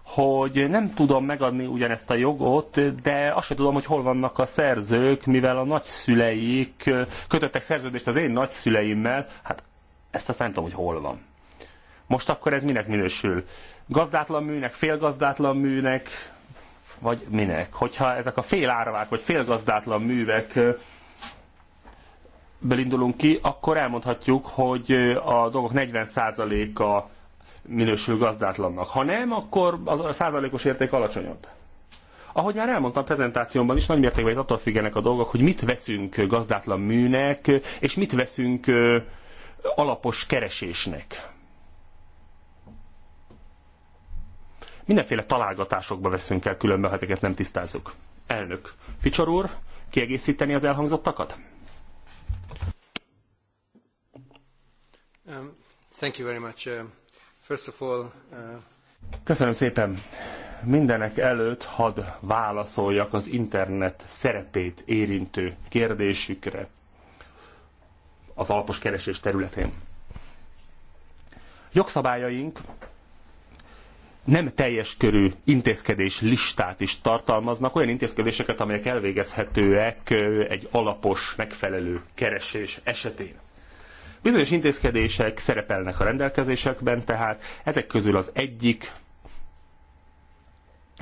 hogy nem tudom megadni ugyanezt a jogot, de azt sem tudom, hogy hol vannak a szerzők, mivel a nagyszüleik kötöttek szerződést az én nagyszüleimmel, hát ezt azt nem tudom, hogy hol van. Most akkor ez minek minősül? Gazdátlan műnek, félgazdátlan műnek, vagy minek? Hogyha ezek a fél árvák, vagy félgazdátlan művek Belindulunk indulunk ki, akkor elmondhatjuk, hogy a dolgok 40%-a minősül gazdátlannak. Ha nem, akkor a százalékos érték alacsonyabb. Ahogy már elmondtam a prezentációmban is, nagy mértékben attól függenek a dolgok, hogy mit veszünk gazdátlan műnek, és mit veszünk alapos keresésnek. Mindenféle találgatásokba veszünk el különben, ha ezeket nem tisztázzuk. Elnök, Ficsor úr, kiegészíteni az elhangzottakat? Um, thank you very much. Uh, first of all, uh... Köszönöm szépen. Mindenek előtt hadd válaszoljak az internet szerepét érintő kérdésükre az alapos keresés területén. Jogszabályaink nem teljes körű intézkedés listát is tartalmaznak, olyan intézkedéseket, amelyek elvégezhetőek egy alapos, megfelelő keresés esetén. Bizonyos intézkedések szerepelnek a rendelkezésekben, tehát ezek közül az egyik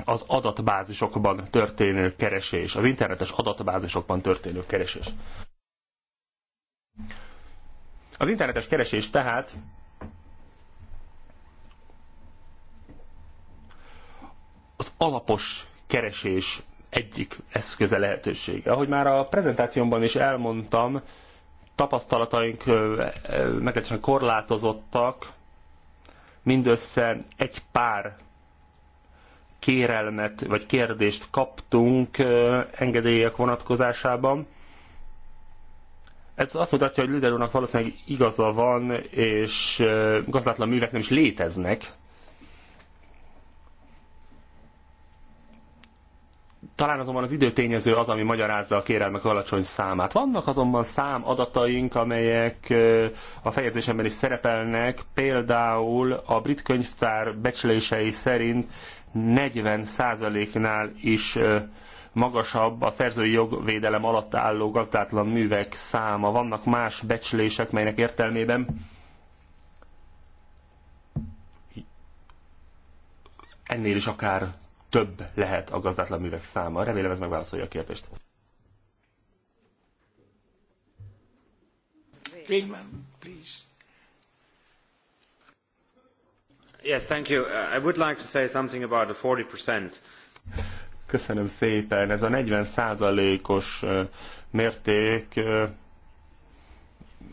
az adatbázisokban történő keresés, az internetes adatbázisokban történő keresés. Az internetes keresés tehát az alapos keresés egyik eszköze lehetősége. Ahogy már a prezentációmban is elmondtam, tapasztalataink meglehetősen korlátozottak, mindössze egy pár kérelmet vagy kérdést kaptunk engedélyek vonatkozásában. Ez azt mutatja, hogy Lüder úrnak valószínűleg igaza van, és gazdátlan művek nem is léteznek. Talán azonban az időtényező az, ami magyarázza a kérelmek alacsony számát. Vannak azonban szám adataink, amelyek a fejezésemben is szerepelnek, például a brit könyvtár becslései szerint 40%-nál is magasabb a szerzői jogvédelem alatt álló gazdátlan művek száma. Vannak más becslések, melynek értelmében ennél is akár több lehet a gazdátlan művek száma. Remélem ez megválaszolja a kérdést. Kriegman, please. Yes, thank you. I would like to say something about the 40%. Köszönöm szépen. Ez a 40 százalékos mérték,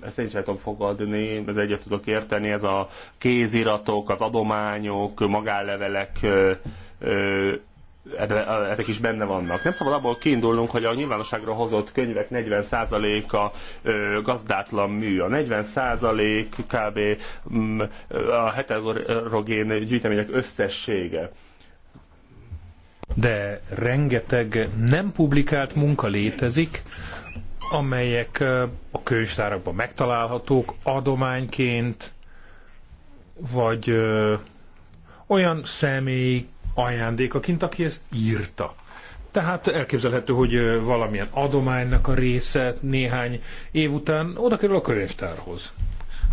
ezt én sem tudom fogadni, ez egyet tudok érteni, ez a kéziratok, az adományok, magánlevelek ezek is benne vannak. Nem szabad abból kiindulnunk, hogy a nyilvánosságra hozott könyvek 40%-a gazdátlan mű, a 40% kb. Mm, a heterogén gyűjtemények összessége. De rengeteg nem publikált munka létezik, amelyek a könyvtárakban megtalálhatók adományként, vagy olyan személy ajándékaként, aki ezt írta. Tehát elképzelhető, hogy valamilyen adománynak a része néhány év után oda kerül a könyvtárhoz.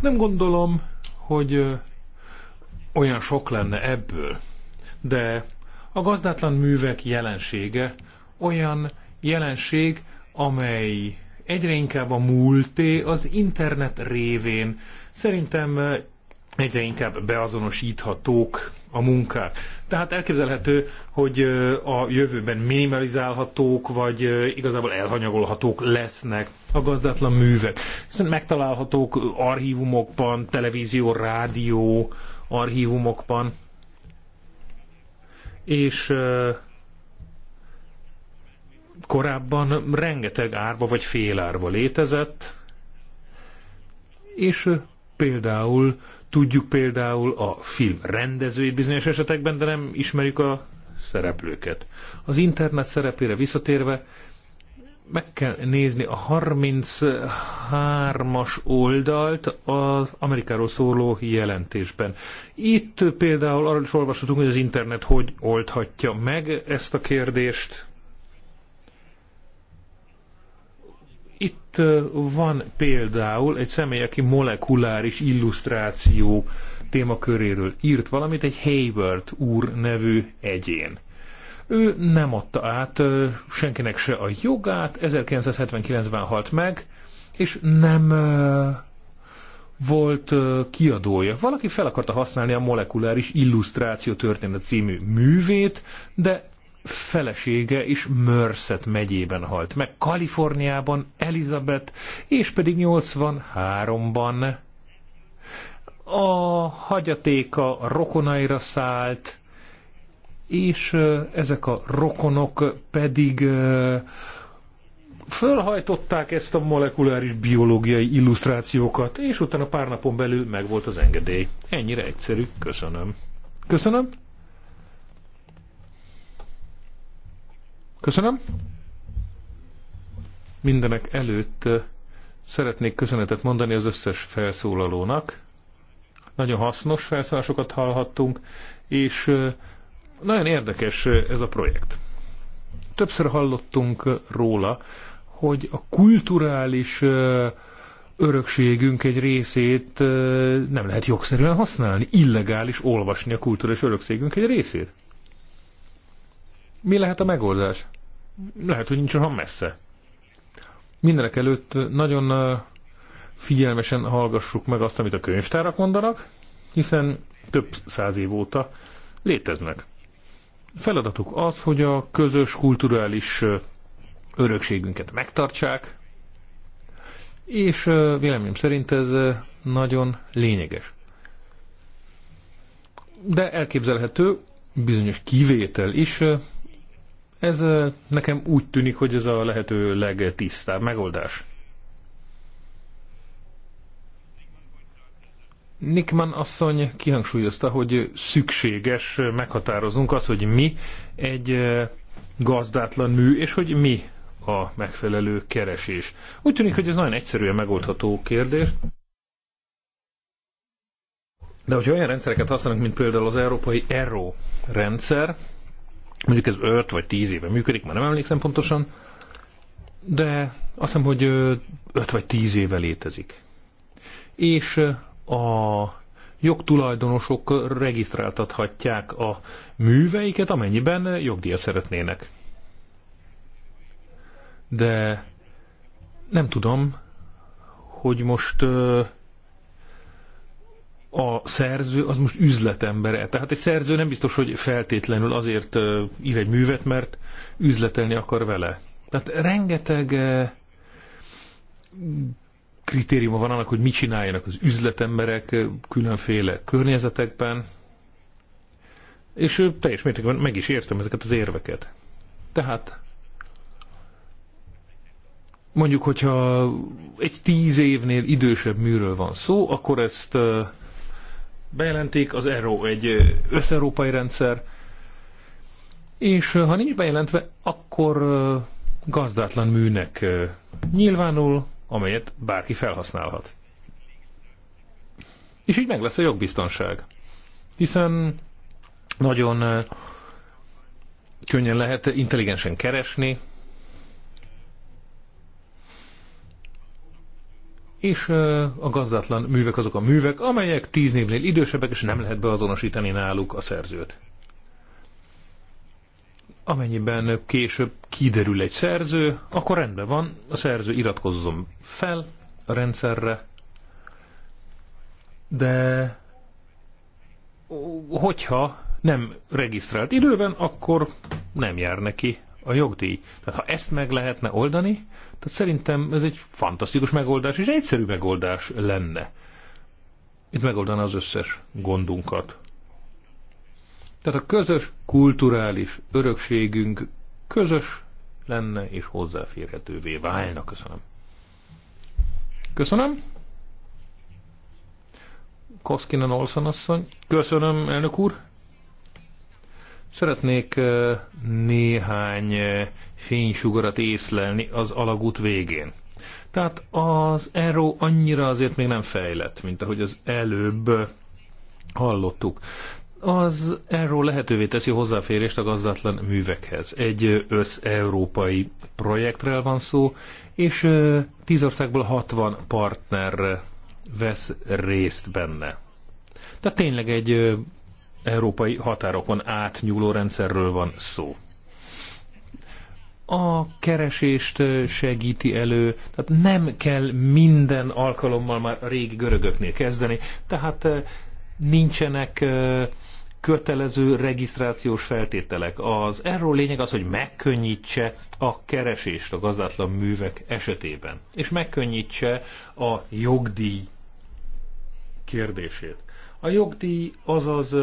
Nem gondolom, hogy olyan sok lenne ebből, de a gazdátlan művek jelensége olyan jelenség, amely egyre inkább a múlté az internet révén szerintem egyre inkább beazonosíthatók a munkák. Tehát elképzelhető, hogy a jövőben minimalizálhatók, vagy igazából elhanyagolhatók lesznek a gazdátlan művek. Hiszen megtalálhatók archívumokban, televízió, rádió archívumokban. És korábban rengeteg árva vagy félárva létezett, és például Tudjuk például a film rendezőit bizonyos esetekben, de nem ismerjük a szereplőket. Az internet szereplére visszatérve, meg kell nézni a 33-as oldalt az Amerikáról szóló jelentésben. Itt például arról is olvashatunk, hogy az internet hogy oldhatja meg ezt a kérdést. Itt van például egy személy, aki molekuláris illusztráció témaköréről írt valamit, egy Hayward úr nevű egyén. Ő nem adta át senkinek se a jogát, 1979-ben halt meg, és nem volt kiadója. Valaki fel akarta használni a molekuláris illusztráció történet című művét, de felesége is Mörszet megyében halt meg, Kaliforniában Elizabeth, és pedig 83-ban a hagyatéka rokonaira szállt, és ezek a rokonok pedig fölhajtották ezt a molekuláris biológiai illusztrációkat, és utána pár napon belül megvolt az engedély. Ennyire egyszerű. Köszönöm. Köszönöm. Köszönöm. Mindenek előtt szeretnék köszönetet mondani az összes felszólalónak. Nagyon hasznos felszólásokat hallhattunk, és nagyon érdekes ez a projekt. Többször hallottunk róla, hogy a kulturális örökségünk egy részét nem lehet jogszerűen használni, illegális olvasni a kulturális örökségünk egy részét. Mi lehet a megoldás? lehet, hogy nincs olyan messze. Mindenek előtt nagyon figyelmesen hallgassuk meg azt, amit a könyvtárak mondanak, hiszen több száz év óta léteznek. Feladatuk az, hogy a közös kulturális örökségünket megtartsák, és véleményem szerint ez nagyon lényeges. De elképzelhető bizonyos kivétel is, ez nekem úgy tűnik, hogy ez a lehető legtisztább megoldás. Nickman asszony kihangsúlyozta, hogy szükséges meghatározunk azt, hogy mi egy gazdátlan mű, és hogy mi a megfelelő keresés. Úgy tűnik, hogy ez nagyon egyszerűen megoldható kérdés. De hogyha olyan rendszereket használunk, mint például az európai ERO rendszer, Mondjuk ez 5 vagy 10 éve működik, már nem emlékszem pontosan, de azt hiszem, hogy 5 vagy 10 éve létezik. És a jogtulajdonosok regisztráltathatják a műveiket, amennyiben jogdíjat szeretnének. De nem tudom, hogy most uh, a szerző az most üzletembere. Tehát egy szerző nem biztos, hogy feltétlenül azért ír egy művet, mert üzletelni akar vele. Tehát rengeteg kritériuma van annak, hogy mit csináljanak az üzletemberek különféle környezetekben, és teljes mértékben meg is értem ezeket az érveket. Tehát mondjuk, hogyha egy tíz évnél idősebb műről van szó, akkor ezt bejelentik, az ERO egy összeurópai rendszer, és ha nincs bejelentve, akkor gazdátlan műnek nyilvánul, amelyet bárki felhasználhat. És így meg lesz a jogbiztonság. Hiszen nagyon könnyen lehet intelligensen keresni, és a gazdátlan művek azok a művek, amelyek tíz évnél idősebbek, és nem lehet beazonosítani náluk a szerzőt. Amennyiben később kiderül egy szerző, akkor rendben van, a szerző iratkozzon fel a rendszerre, de hogyha nem regisztrált időben, akkor nem jár neki a jogdíj. Tehát ha ezt meg lehetne oldani, tehát szerintem ez egy fantasztikus megoldás, és egyszerű megoldás lenne. Itt megoldana az összes gondunkat. Tehát a közös kulturális örökségünk közös lenne és hozzáférhetővé válna. Köszönöm. Köszönöm. Koskinen Olsson asszony. Köszönöm, elnök úr. Szeretnék néhány fénysugarat észlelni az alagút végén. Tehát az Aero annyira azért még nem fejlett, mint ahogy az előbb hallottuk. Az Aero lehetővé teszi hozzáférést a gazdatlan művekhez. Egy össz-európai projektről van szó, és tíz országból 60 partner vesz részt benne. Tehát tényleg egy európai határokon átnyúló rendszerről van szó. A keresést segíti elő, tehát nem kell minden alkalommal már a régi görögöknél kezdeni, tehát nincsenek kötelező regisztrációs feltételek. Az erről lényeg az, hogy megkönnyítse a keresést a gazdátlan művek esetében, és megkönnyítse a jogdíj kérdését. A jogdíj azaz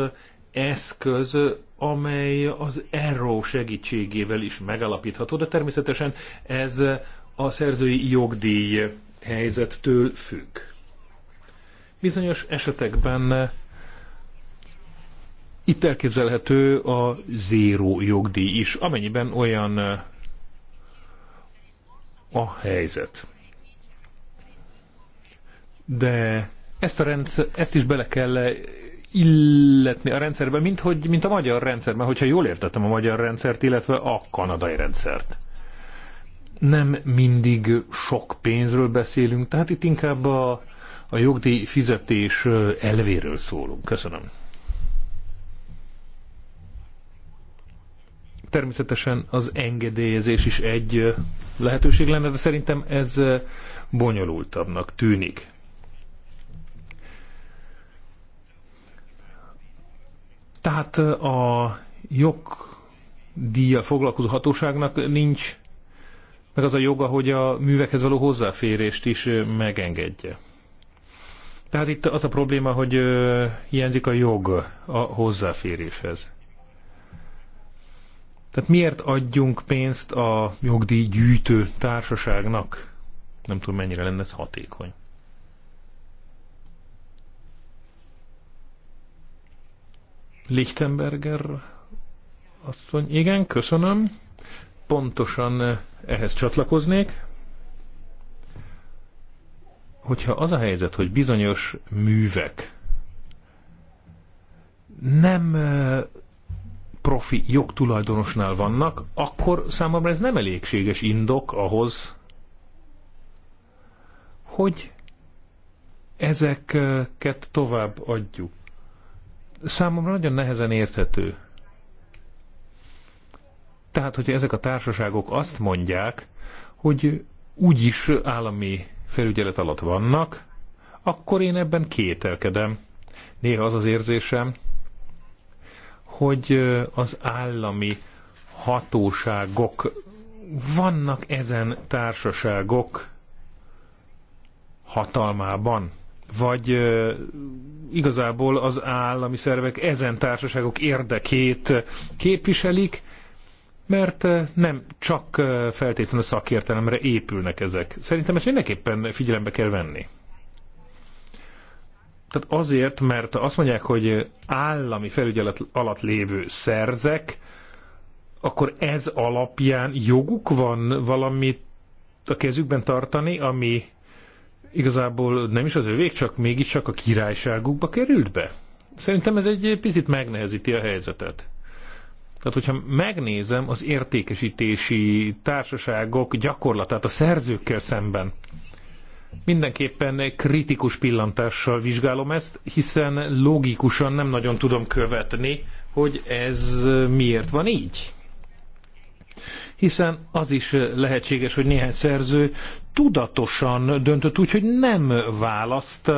eszköz, amely az erró segítségével is megalapítható, de természetesen ez a szerzői jogdíj helyzettől függ. Bizonyos esetekben itt elképzelhető a zéró jogdíj is, amennyiben olyan a helyzet. De ezt, a rendszer, ezt is bele kell illetni a rendszerbe, mint, hogy, mint a magyar rendszerben, hogyha jól értettem a magyar rendszert, illetve a kanadai rendszert. Nem mindig sok pénzről beszélünk, tehát itt inkább a, a jogdíj fizetés elvéről szólunk. Köszönöm. Természetesen az engedélyezés is egy lehetőség lenne, de szerintem ez bonyolultabbnak tűnik. Tehát a jogdíjjal foglalkozó hatóságnak nincs meg az a joga, hogy a művekhez való hozzáférést is megengedje. Tehát itt az a probléma, hogy hiányzik a jog a hozzáféréshez. Tehát miért adjunk pénzt a jogdíj gyűjtő társaságnak? Nem tudom, mennyire lenne ez hatékony. Lichtenberger asszony, igen, köszönöm. Pontosan ehhez csatlakoznék. Hogyha az a helyzet, hogy bizonyos művek nem profi jogtulajdonosnál vannak, akkor számomra ez nem elégséges indok ahhoz, hogy ezeket tovább adjuk számomra nagyon nehezen érthető. Tehát, hogyha ezek a társaságok azt mondják, hogy úgyis állami felügyelet alatt vannak, akkor én ebben kételkedem. Néha az az érzésem, hogy az állami hatóságok, vannak ezen társaságok hatalmában vagy igazából az állami szervek ezen társaságok érdekét képviselik, mert nem csak feltétlenül szakértelemre épülnek ezek. Szerintem ezt mindenképpen figyelembe kell venni. Tehát azért, mert azt mondják, hogy állami felügyelet alatt lévő szerzek, akkor ez alapján joguk van valamit a kezükben tartani, ami igazából nem is az övék, csak mégiscsak a királyságukba került be. Szerintem ez egy picit megnehezíti a helyzetet. Tehát, hogyha megnézem az értékesítési társaságok gyakorlatát a szerzőkkel szemben, mindenképpen kritikus pillantással vizsgálom ezt, hiszen logikusan nem nagyon tudom követni, hogy ez miért van így. Hiszen az is lehetséges, hogy néhány szerző tudatosan döntött úgy, hogy nem választ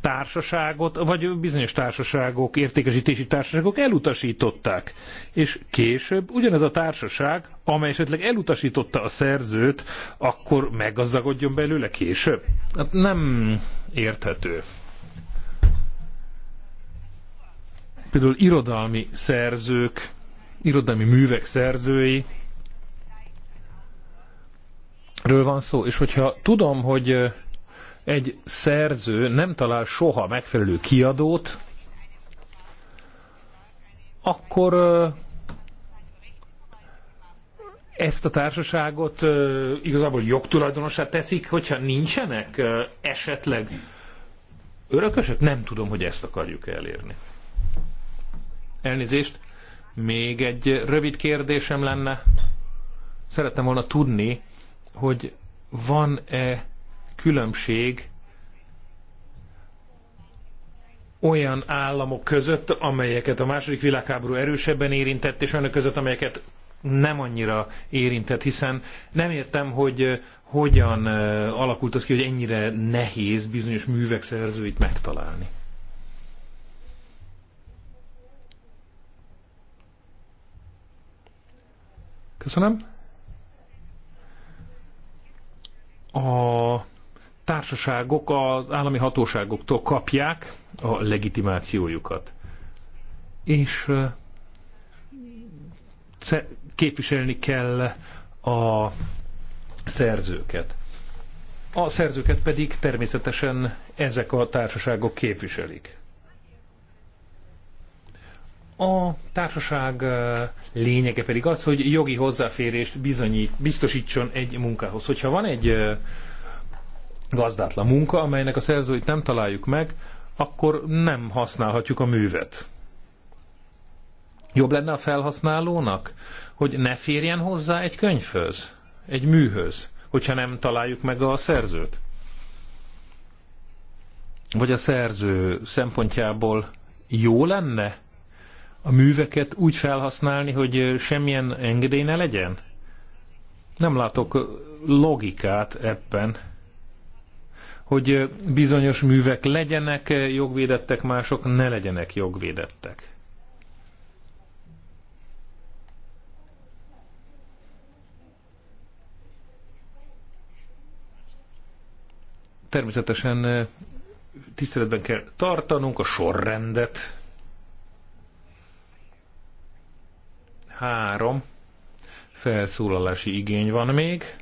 társaságot, vagy bizonyos társaságok, értékesítési társaságok elutasították. És később ugyanez a társaság, amely esetleg elutasította a szerzőt, akkor meggazdagodjon belőle később? Hát nem érthető. Például irodalmi szerzők irodalmi művek szerzői, ről van szó, és hogyha tudom, hogy egy szerző nem talál soha megfelelő kiadót, akkor ezt a társaságot igazából jogtulajdonosá teszik, hogyha nincsenek esetleg örökösök? Nem tudom, hogy ezt akarjuk elérni. Elnézést, még egy rövid kérdésem lenne. Szerettem volna tudni, hogy van-e különbség olyan államok között, amelyeket a második világháború erősebben érintett, és olyanok között, amelyeket nem annyira érintett, hiszen nem értem, hogy eh, hogyan eh, alakult az ki, hogy ennyire nehéz bizonyos művek szerzőit megtalálni. Köszönöm. A társaságok az állami hatóságoktól kapják a legitimációjukat. És képviselni kell a szerzőket. A szerzőket pedig természetesen ezek a társaságok képviselik. A társaság lényege pedig az, hogy jogi hozzáférést bizonyít, biztosítson egy munkához. Hogyha van egy gazdátlan munka, amelynek a szerzőit nem találjuk meg, akkor nem használhatjuk a művet. Jobb lenne a felhasználónak, hogy ne férjen hozzá egy könyvhöz, egy műhöz, hogyha nem találjuk meg a szerzőt. Vagy a szerző szempontjából jó lenne, a műveket úgy felhasználni, hogy semmilyen engedély ne legyen? Nem látok logikát ebben, hogy bizonyos művek legyenek jogvédettek, mások ne legyenek jogvédettek. Természetesen tiszteletben kell tartanunk a sorrendet, három felszólalási igény van még,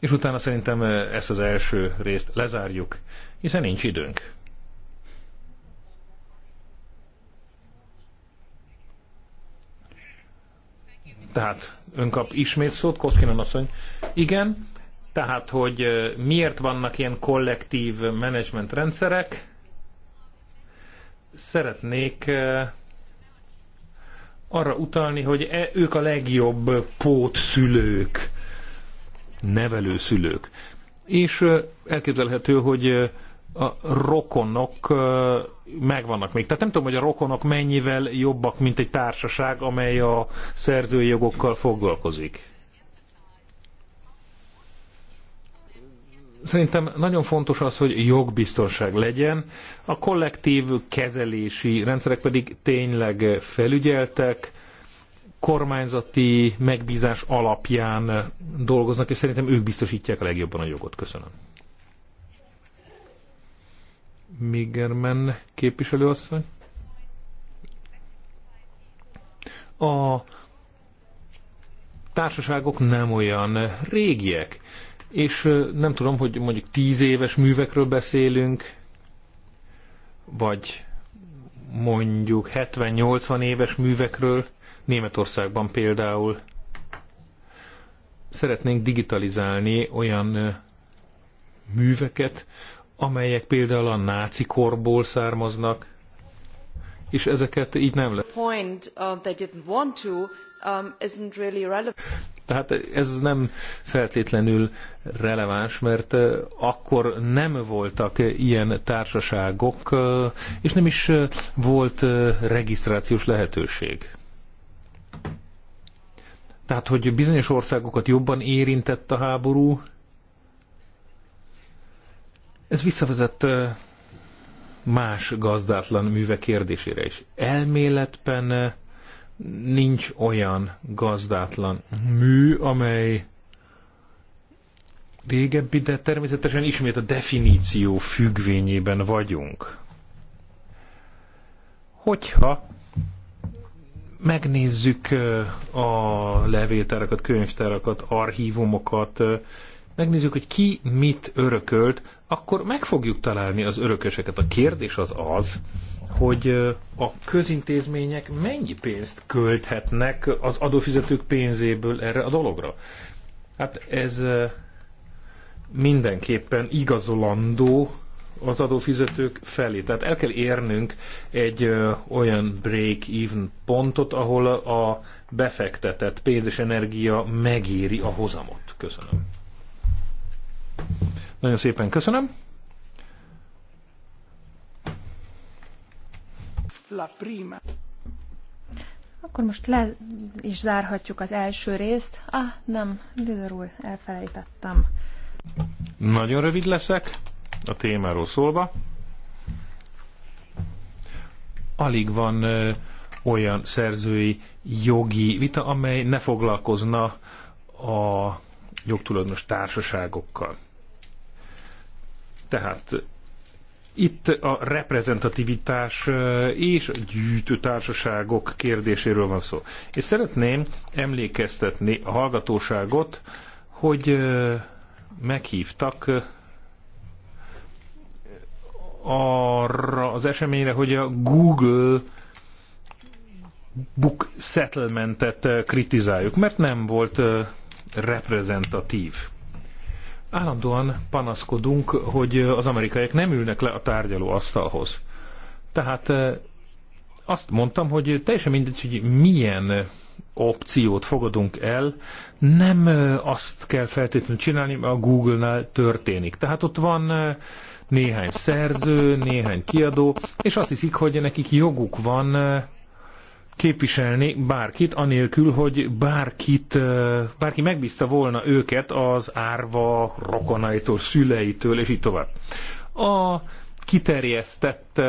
és utána szerintem eh, ezt az első részt lezárjuk, hiszen nincs időnk. Tehát önkap ismét szót, Koszkinon asszony. Igen, tehát, hogy eh, miért vannak ilyen kollektív menedzsment rendszerek, szeretnék eh, arra utalni, hogy e, ők a legjobb pótszülők, nevelőszülők. És elképzelhető, hogy a rokonok megvannak még. Tehát nem tudom, hogy a rokonok mennyivel jobbak, mint egy társaság, amely a szerzői jogokkal foglalkozik. Szerintem nagyon fontos az, hogy jogbiztonság legyen, a kollektív kezelési rendszerek pedig tényleg felügyeltek, kormányzati megbízás alapján dolgoznak, és szerintem ők biztosítják a legjobban a jogot. Köszönöm. Migermen képviselőasszony. A társaságok nem olyan régiek. És nem tudom, hogy mondjuk tíz éves művekről beszélünk, vagy mondjuk 70-80 éves művekről, Németországban például szeretnénk digitalizálni olyan műveket, amelyek például a náci korból származnak, és ezeket így nem lehet. Tehát ez nem feltétlenül releváns, mert akkor nem voltak ilyen társaságok, és nem is volt regisztrációs lehetőség. Tehát, hogy bizonyos országokat jobban érintett a háború, ez visszavezet más gazdátlan művek kérdésére is. Elméletben nincs olyan gazdátlan mű, amely régebbi, de természetesen ismét a definíció függvényében vagyunk. Hogyha megnézzük a levéltárakat, könyvtárakat, archívumokat, megnézzük, hogy ki mit örökölt, akkor meg fogjuk találni az örököseket. A kérdés az az, hogy a közintézmények mennyi pénzt költhetnek az adófizetők pénzéből erre a dologra. Hát ez mindenképpen igazolandó az adófizetők felé. Tehát el kell érnünk egy olyan break-even pontot, ahol a befektetett pénz és energia megéri a hozamot. Köszönöm. Nagyon szépen köszönöm. la prima. Akkor most le is zárhatjuk az első részt. Ah, nem, Lüder úr, elfelejtettem. Nagyon rövid leszek a témáról szólva. Alig van ö, olyan szerzői jogi vita, amely ne foglalkozna a jogtulajdonos társaságokkal. Tehát itt a reprezentativitás és gyűjtő társaságok kérdéséről van szó. És szeretném emlékeztetni a hallgatóságot, hogy meghívtak arra az eseményre, hogy a Google book settlementet kritizáljuk, mert nem volt reprezentatív. Állandóan panaszkodunk, hogy az amerikaiak nem ülnek le a tárgyaló asztalhoz. Tehát azt mondtam, hogy teljesen mindegy, hogy milyen opciót fogadunk el, nem azt kell feltétlenül csinálni, mert a Google-nál történik. Tehát ott van néhány szerző, néhány kiadó, és azt hiszik, hogy nekik joguk van képviselni bárkit, anélkül, hogy bárkit, bárki megbízta volna őket az árva rokonaitól, szüleitől, és így tovább. A kiterjesztett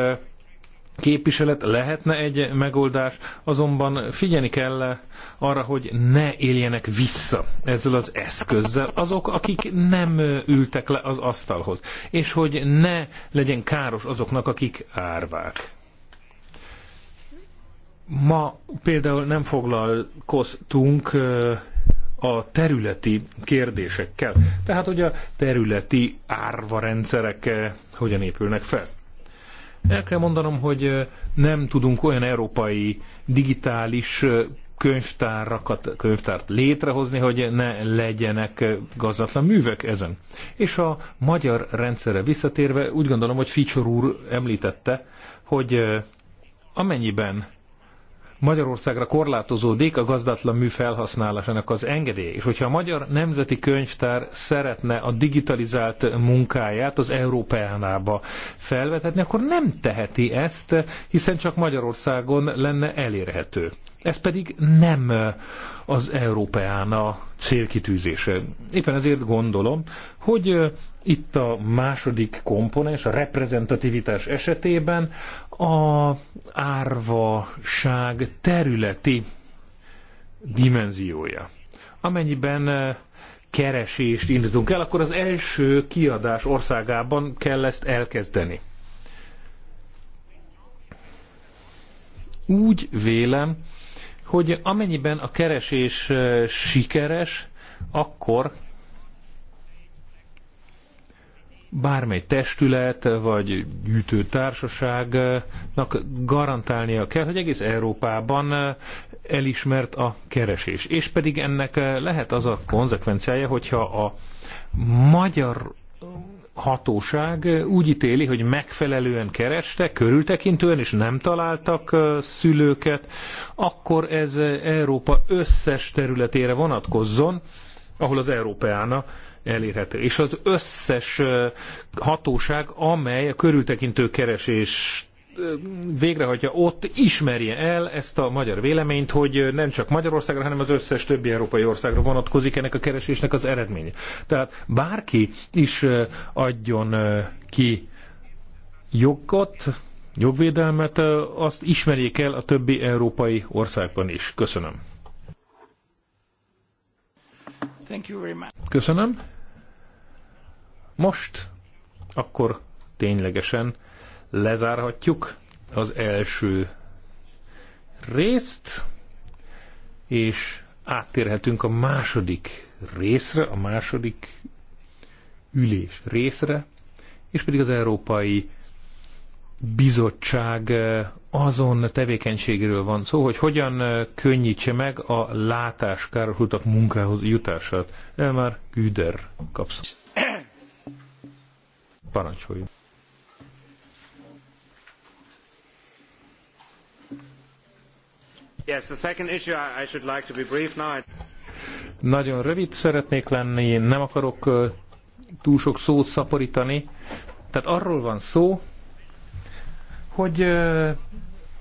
képviselet lehetne egy megoldás, azonban figyelni kell arra, hogy ne éljenek vissza ezzel az eszközzel azok, akik nem ültek le az asztalhoz, és hogy ne legyen káros azoknak, akik árvák. Ma például nem foglalkoztunk a területi kérdésekkel. Tehát, hogy a területi árvarendszerek hogyan épülnek fel. El kell mondanom, hogy nem tudunk olyan európai digitális könyvtárakat, könyvtárt létrehozni, hogy ne legyenek gazdatlan művek ezen. És a magyar rendszerre visszatérve, úgy gondolom, hogy Feature úr említette, hogy amennyiben Magyarországra korlátozódik a gazdatlan mű felhasználásának az engedélye. És hogyha a Magyar Nemzeti Könyvtár szeretne a digitalizált munkáját az Európeánába felvetetni, akkor nem teheti ezt, hiszen csak Magyarországon lenne elérhető. Ez pedig nem az Európeána célkitűzése. Éppen ezért gondolom, hogy itt a második komponens, a reprezentativitás esetében a árvaság területi dimenziója. Amennyiben keresést indítunk el, akkor az első kiadás országában kell ezt elkezdeni. Úgy vélem, hogy amennyiben a keresés sikeres, akkor bármely testület vagy gyűjtőtársaságnak garantálnia kell, hogy egész Európában elismert a keresés. És pedig ennek lehet az a konzekvenciája, hogyha a magyar hatóság úgy ítéli, hogy megfelelően kereste, körültekintően, és nem találtak szülőket, akkor ez Európa összes területére vonatkozzon, ahol az Európeána elérhető. És az összes hatóság, amely a körültekintő keresést végrehajtja ott, ismerje el ezt a magyar véleményt, hogy nem csak Magyarországra, hanem az összes többi európai országra vonatkozik ennek a keresésnek az eredménye. Tehát bárki is adjon ki jogot, jogvédelmet, azt ismerjék el a többi európai országban is. Köszönöm. Köszönöm. Most akkor ténylegesen lezárhatjuk az első részt, és áttérhetünk a második részre, a második ülés részre, és pedig az Európai Bizottság eh, azon tevékenységéről van szó, hogy hogyan eh, könnyítse meg a látáskárosultak munkához jutását. Elmár Güder kapsz. Parancsoljunk. Yes, the second issue I should like to be brief now. Nagyon rövid szeretnék lenni, nem akarok túl sok szót szaporítani. Tehát arról van szó, hogy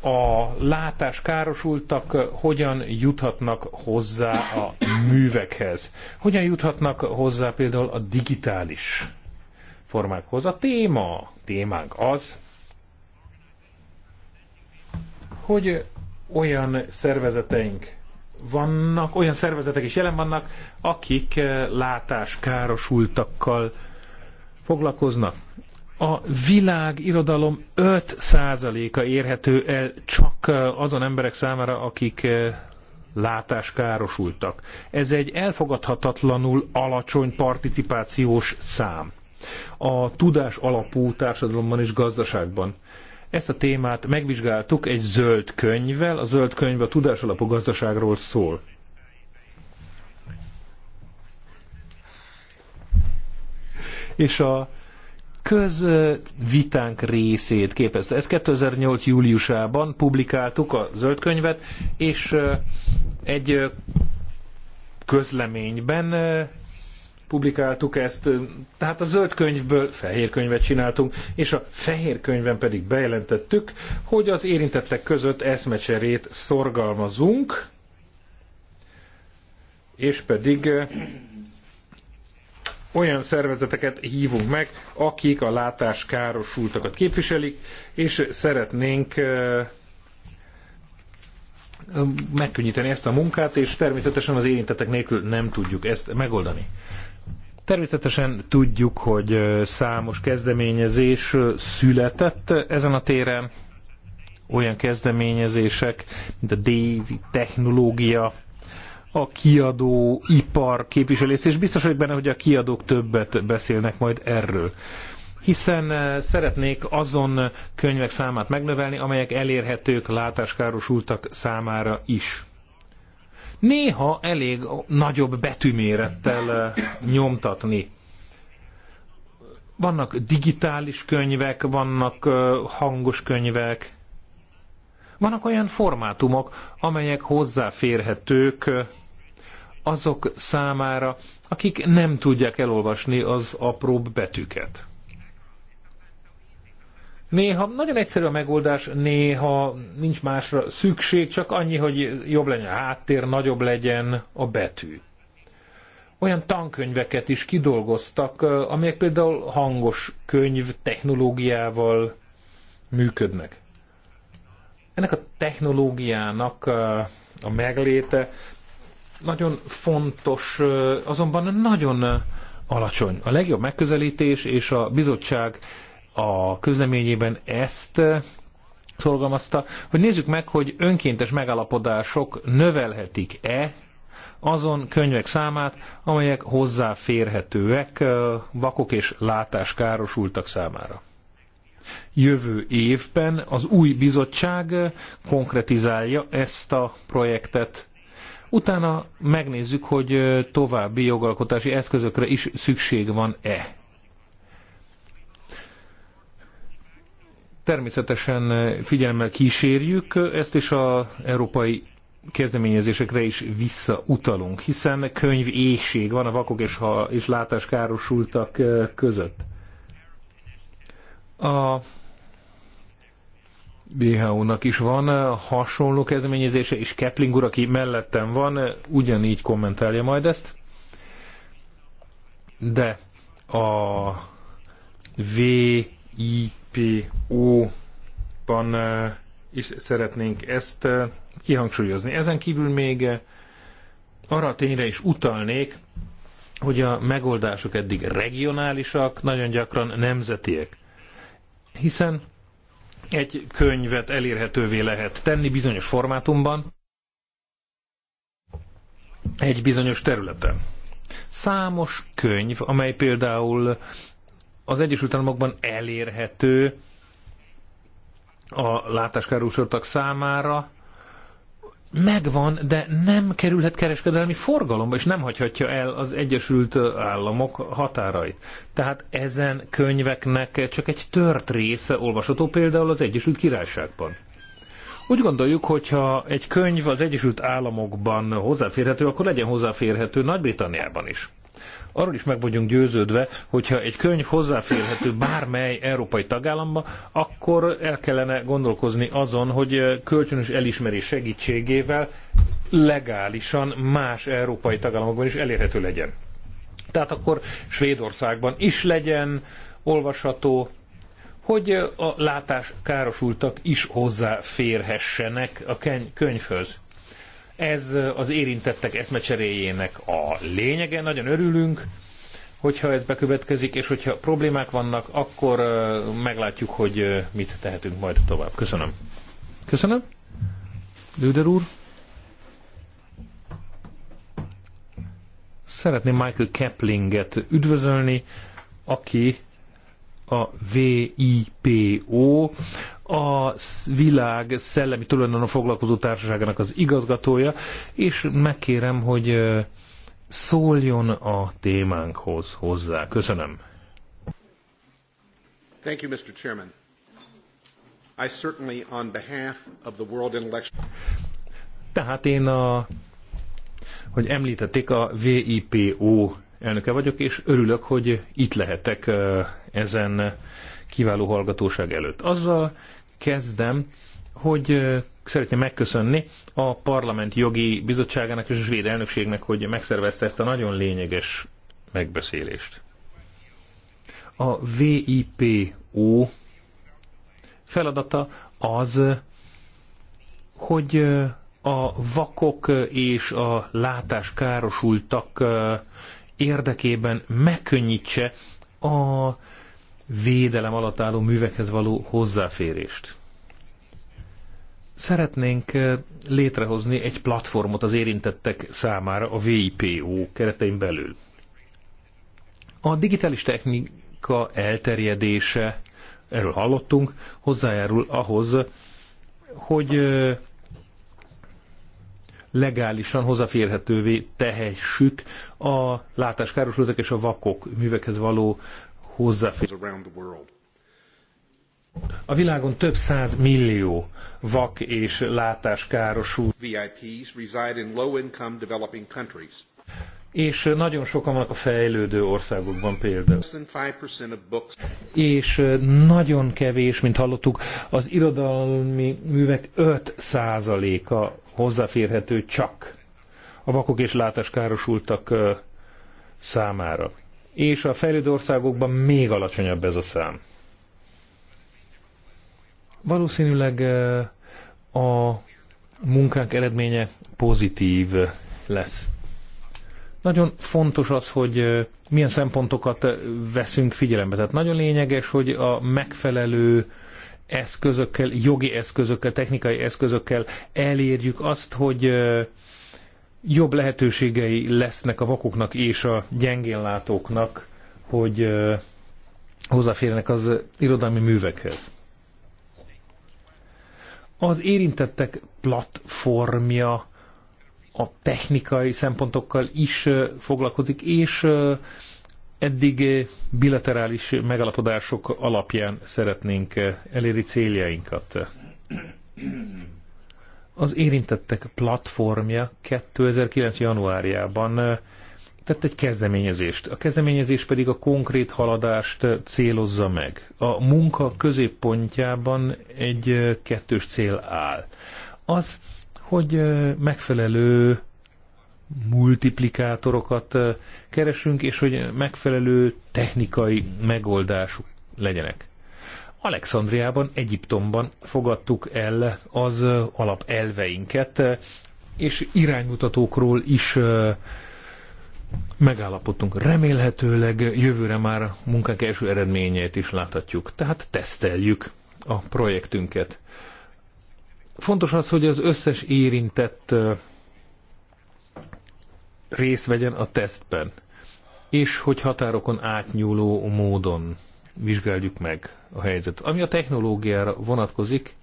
a látás károsultak hogyan juthatnak hozzá a művekhez? Hogyan juthatnak hozzá például a digitális formákhoz? A téma, témánk az, hogy olyan szervezeteink vannak, olyan szervezetek is jelen vannak, akik eh, látáskárosultakkal foglalkoznak. A világ irodalom 5%-a érhető el csak eh, azon emberek számára, akik eh, látáskárosultak. Ez egy elfogadhatatlanul alacsony participációs szám. A tudás alapú társadalomban és gazdaságban ezt a témát megvizsgáltuk egy zöld könyvvel, a zöld könyv a tudásalapú gazdaságról szól. És a közvitánk részét képezte. Ezt 2008. júliusában publikáltuk a zöld könyvet, és egy közleményben publikáltuk ezt, tehát a zöld könyvből fehér könyvet csináltunk, és a fehér könyvben pedig bejelentettük, hogy az érintettek között eszmecserét szorgalmazunk, és pedig olyan szervezeteket hívunk meg, akik a látáskárosultakat képviselik, és szeretnénk megkönnyíteni ezt a munkát, és természetesen az érintettek nélkül nem tudjuk ezt megoldani. Természetesen tudjuk, hogy számos kezdeményezés született ezen a téren, olyan kezdeményezések, mint a Daisy technológia, a kiadó ipar képviselés, és biztos vagyok benne, hogy a kiadók többet beszélnek majd erről. Hiszen szeretnék azon könyvek számát megnövelni, amelyek elérhetők látáskárosultak számára is néha elég nagyobb betűmérettel eh, nyomtatni. Vannak digitális könyvek, vannak eh, hangos könyvek, vannak olyan formátumok, amelyek hozzáférhetők eh, azok számára, akik nem tudják elolvasni az apróbb betűket. Néha nagyon egyszerű a megoldás, néha nincs másra szükség, csak annyi, hogy jobb legyen a háttér, nagyobb legyen a betű. Olyan tankönyveket is kidolgoztak, amelyek például hangos könyv technológiával működnek. Ennek a technológiának a megléte nagyon fontos, azonban nagyon alacsony. A legjobb megközelítés és a bizottság a közleményében ezt szorgalmazta, hogy nézzük meg, hogy önkéntes megállapodások növelhetik-e azon könyvek számát, amelyek hozzáférhetőek vakok és látáskárosultak számára. Jövő évben az új bizottság konkretizálja ezt a projektet, utána megnézzük, hogy további jogalkotási eszközökre is szükség van-e. Természetesen figyelemmel kísérjük ezt, és az európai kezdeményezésekre is visszautalunk, hiszen könyv éhség van a vakok és, ha, és látáskárosultak között. A WHO-nak is van hasonló kezdeményezése, és Kepling úr, aki mellettem van, ugyanígy kommentálja majd ezt. De a VI WTO-ban is szeretnénk ezt kihangsúlyozni. Ezen kívül még arra a tényre is utalnék, hogy a megoldások eddig regionálisak, nagyon gyakran nemzetiek. Hiszen egy könyvet elérhetővé lehet tenni bizonyos formátumban, egy bizonyos területen. Számos könyv, amely például az Egyesült Államokban elérhető a látáskárúsortak számára, megvan, de nem kerülhet kereskedelmi forgalomba, és nem hagyhatja el az Egyesült Államok határait. Tehát ezen könyveknek csak egy tört része olvasható például az Egyesült Királyságban. Úgy gondoljuk, hogyha egy könyv az Egyesült Államokban hozzáférhető, akkor legyen hozzáférhető Nagy-Britanniában is arról is meg vagyunk győződve, hogyha egy könyv hozzáférhető bármely európai tagállamba, akkor el kellene gondolkozni azon, hogy kölcsönös elismerés segítségével legálisan más európai tagállamokban is elérhető legyen. Tehát akkor Svédországban is legyen olvasható, hogy a látás károsultak is hozzáférhessenek a könyvhöz. Ez az érintettek eszmecseréjének a lényege, nagyon örülünk, hogyha ez bekövetkezik, és hogyha problémák vannak, akkor meglátjuk, hogy mit tehetünk majd tovább. Köszönöm. Köszönöm. Lüder úr. Szeretném Michael Keplinget üdvözölni, aki a VIPO a világ szellemi tulajdonon foglalkozó társaságának az igazgatója, és megkérem, hogy szóljon a témánkhoz hozzá. Köszönöm. Thank you, Mr. Chairman. I certainly on behalf of the World Intellectual tehát én a, hogy említették, a VIPO elnöke vagyok, és örülök, hogy itt lehetek ezen kiváló hallgatóság előtt. Azzal kezdem, hogy szeretném megköszönni a Parlament Jogi Bizottságának és a svéd elnökségnek, hogy megszervezte ezt a nagyon lényeges megbeszélést. A VIPO feladata az, hogy a vakok és a látáskárosultak érdekében megkönnyítse a védelem alatt álló művekhez való hozzáférést. Szeretnénk eh, létrehozni egy platformot az érintettek számára a VIPO keretein belül. A digitális technika elterjedése, erről hallottunk, hozzájárul ahhoz, hogy eh, legálisan hozzáférhetővé tehessük a látáskárosultak és a vakok művekhez való hozzáfér. A világon több száz millió vak és látáskárosú VIPs reside in low-income developing countries. És nagyon sokan vannak a fejlődő országokban például. És nagyon kevés, mint hallottuk, az irodalmi művek 5%-a hozzáférhető csak a vakok és látáskárosultak számára és a fejlődő országokban még alacsonyabb ez a szám. Valószínűleg a munkánk eredménye pozitív lesz. Nagyon fontos az, hogy milyen szempontokat veszünk figyelembe. Tehát nagyon lényeges, hogy a megfelelő eszközökkel, jogi eszközökkel, technikai eszközökkel elérjük azt, hogy jobb lehetőségei lesznek a vakoknak és a gyengénlátóknak, hogy hozzáférjenek az irodalmi művekhez. Az érintettek platformja a technikai szempontokkal is foglalkozik, és eddig bilaterális megalapodások alapján szeretnénk eléri céljainkat. Az érintettek platformja 2009. januárjában tett egy kezdeményezést. A kezdeményezés pedig a konkrét haladást célozza meg. A munka középpontjában egy kettős cél áll. Az, hogy megfelelő multiplikátorokat keresünk, és hogy megfelelő technikai megoldások legyenek. Alexandriában, Egyiptomban fogadtuk el az alapelveinket, és iránymutatókról is megállapodtunk. Remélhetőleg jövőre már munkánk első eredményeit is láthatjuk, tehát teszteljük a projektünket. Fontos az, hogy az összes érintett részt vegyen a tesztben, és hogy határokon átnyúló módon vizsgáljuk meg a helyzet. Ami a technológiára vonatkozik,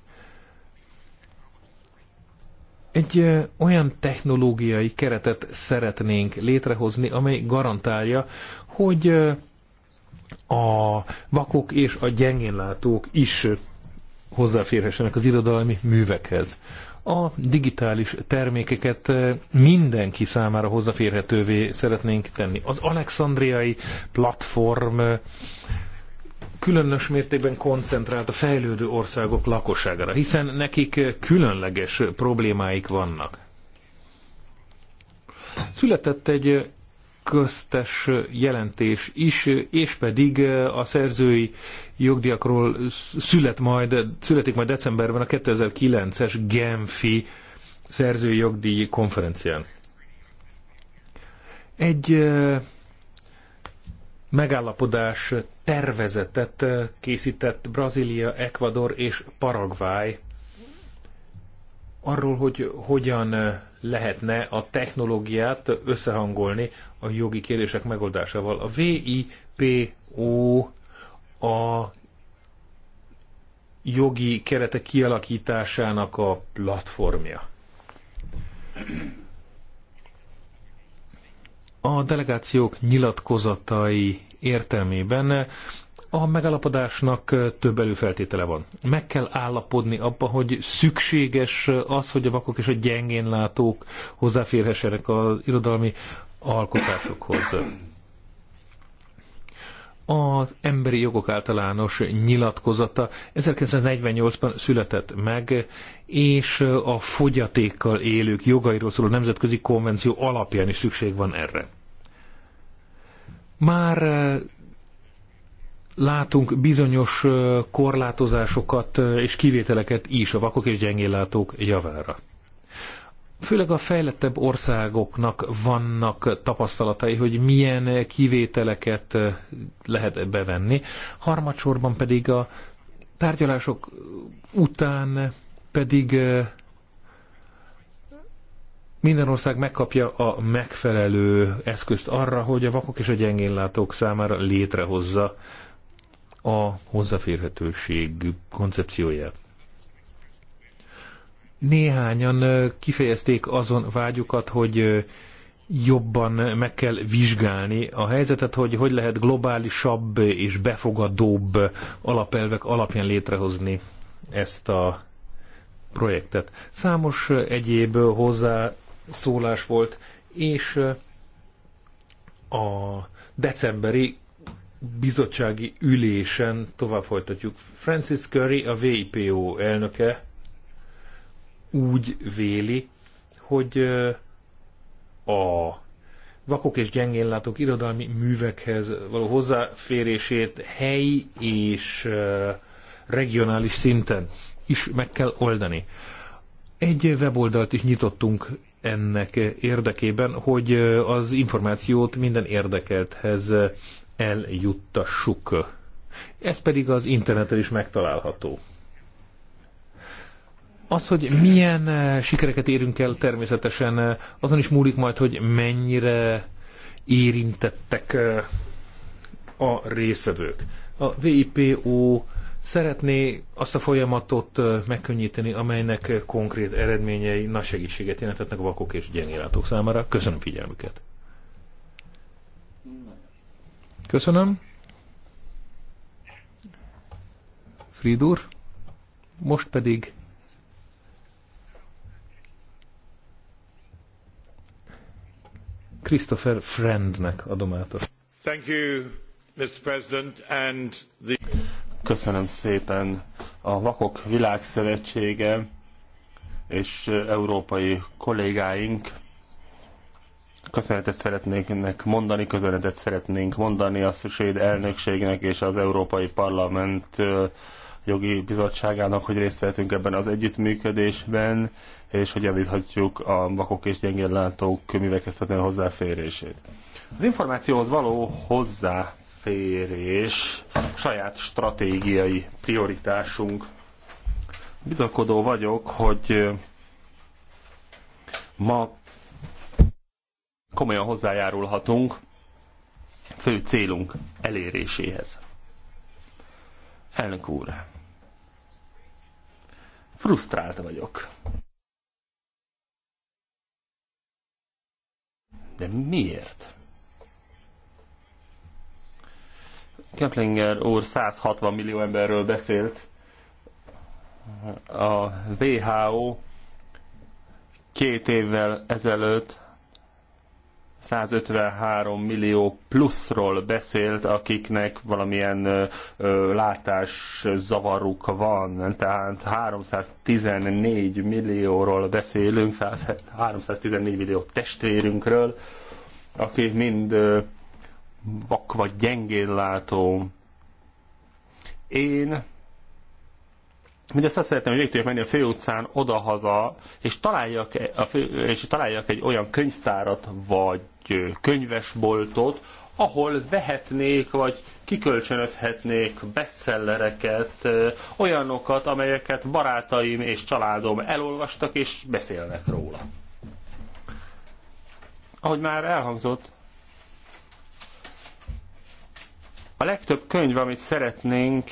egy olyan technológiai keretet szeretnénk létrehozni, amely garantálja, hogy a vakok és a gyengénlátók is hozzáférhessenek az irodalmi művekhez. A digitális termékeket mindenki számára hozzáférhetővé szeretnénk tenni. Az alexandriai platform különös mértékben koncentrált a fejlődő országok lakosságára, hiszen nekik különleges problémáik vannak. Született egy köztes jelentés is, és pedig a szerzői jogdíjakról szület majd, születik majd decemberben a 2009-es Genfi szerzői jogdíj konferencián. Egy eh, megállapodás tervezetet készített Brazília, Ecuador és Paraguay arról, hogy hogyan lehetne a technológiát összehangolni a jogi kérdések megoldásával. A VIPO a jogi keretek kialakításának a platformja. A delegációk nyilatkozatai értelmében a megalapodásnak több előfeltétele van. Meg kell állapodni abba, hogy szükséges az, hogy a vakok és a gyengénlátók hozzáférhessenek az irodalmi alkotásokhoz. Az emberi jogok általános nyilatkozata 1948-ban született meg, és a fogyatékkal élők jogairól szóló nemzetközi konvenció alapján is szükség van erre. Már látunk bizonyos korlátozásokat és kivételeket is a vakok és gyengéllátók javára. Főleg a fejlettebb országoknak vannak tapasztalatai, hogy milyen kivételeket lehet bevenni. Harmadsorban pedig a tárgyalások után pedig minden ország megkapja a megfelelő eszközt arra, hogy a vakok és a gyengénlátók számára létrehozza a hozzáférhetőség koncepcióját. Néhányan kifejezték azon vágyukat, hogy jobban meg kell vizsgálni a helyzetet, hogy hogy lehet globálisabb és befogadóbb alapelvek alapján létrehozni ezt a projektet. Számos egyéb hozzá szólás volt, és a decemberi bizottsági ülésen tovább folytatjuk. Francis Curry, a VIPO elnöke úgy véli, hogy a vakok és gyengénlátók irodalmi művekhez való hozzáférését helyi és regionális szinten is meg kell oldani. Egy weboldalt is nyitottunk ennek érdekében, hogy az információt minden érdekelthez eljuttassuk. Ez pedig az interneten is megtalálható. Az, hogy milyen sikereket érünk el, természetesen azon is múlik majd, hogy mennyire érintettek a részvevők. A VIPO szeretné azt a folyamatot megkönnyíteni, amelynek konkrét eredményei nagy segítséget jelentetnek a vakok és gyengélátók számára. Köszönöm figyelmüket! Köszönöm. Fridur. Most pedig Christopher Friendnek adom át a... Thank you, Mr. President, and the... Köszönöm szépen. A Vakok Világszövetsége és európai kollégáink köszönetet szeretnénk mondani, köszönetet szeretnénk mondani a svéd elnökségnek és az Európai Parlament jogi bizottságának, hogy részt vettünk ebben az együttműködésben, és hogy javíthatjuk a vakok és látók művekhez hozzáférését. Az információhoz való hozzá hozzáférés saját stratégiai prioritásunk. Bizakodó vagyok, hogy ma komolyan hozzájárulhatunk fő célunk eléréséhez. Elnök úr, frusztrált vagyok. De miért? Keplinger úr 160 millió emberről beszélt. A WHO két évvel ezelőtt 153 millió pluszról beszélt, akiknek valamilyen látás zavaruk van, tehát 314 millióról beszélünk, 314 millió testvérünkről, akik mind vak vagy gyengén látó. Én mindezt azt szeretném, hogy végig tudjak menni a főutcán odahaza, és találjak, e- a fő, és találjak egy olyan könyvtárat vagy könyvesboltot, ahol vehetnék, vagy kikölcsönözhetnék bestsellereket, olyanokat, amelyeket barátaim és családom elolvastak és beszélnek róla. Ahogy már elhangzott, A legtöbb könyv, amit szeretnénk,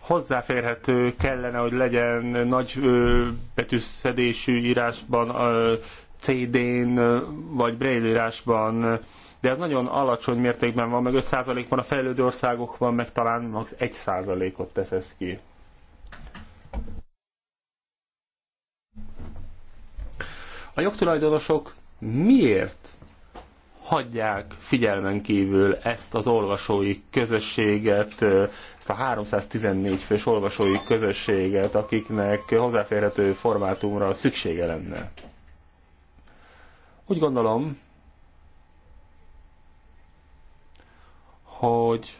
hozzáférhető kellene, hogy legyen nagy betűszedésű írásban, CD-n vagy braille írásban, de ez nagyon alacsony mértékben van, meg 5%-ban a fejlődő országokban, meg talán max. 1%-ot tesz ez ki. A jogtulajdonosok miért hagyják figyelmen kívül ezt az olvasói közösséget, ezt a 314 fős olvasói közösséget, akiknek hozzáférhető formátumra szüksége lenne. Úgy gondolom, hogy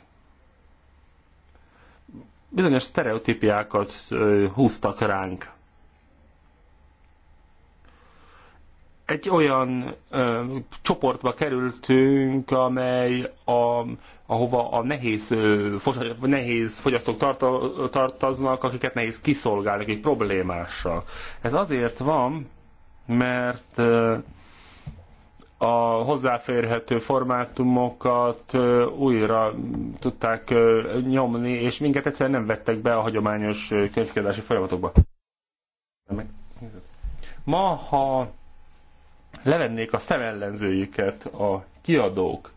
bizonyos sztereotípiákat húztak ránk egy olyan ö, csoportba kerültünk, amely a, ahova a nehéz, ö, fos, nehéz fogyasztók tartoznak, akiket nehéz kiszolgálni, akik problémással. Ez azért van, mert ö, a hozzáférhető formátumokat ö, újra tudták ö, nyomni, és minket egyszerűen nem vettek be a hagyományos könyvkiadási folyamatokba. Ma, ha levennék a szemellenzőjüket a kiadók,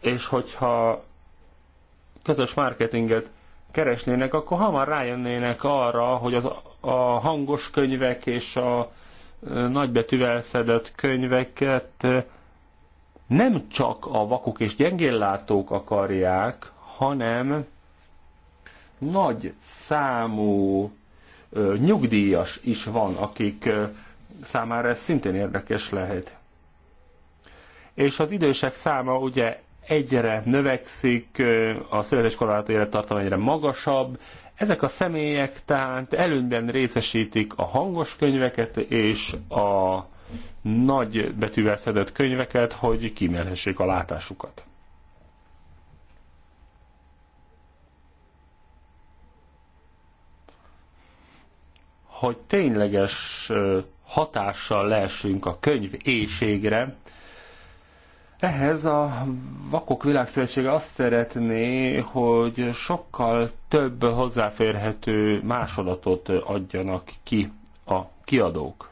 és hogyha közös marketinget keresnének, akkor hamar rájönnének arra, hogy az a hangos könyvek és a nagybetűvel szedett könyveket nem csak a vakok és gyengéllátók akarják, hanem nagy számú nyugdíjas is van, akik számára ez szintén érdekes lehet. És az idősek száma ugye egyre növekszik, a születéskor által élettartam egyre magasabb, ezek a személyek tehát előnyben részesítik a hangos könyveket és a nagy betűvel szedett könyveket, hogy kímélhessék a látásukat. hogy tényleges hatással leessünk a könyv éjségre, ehhez a Vakok Világszövetsége azt szeretné, hogy sokkal több hozzáférhető másolatot adjanak ki a kiadók.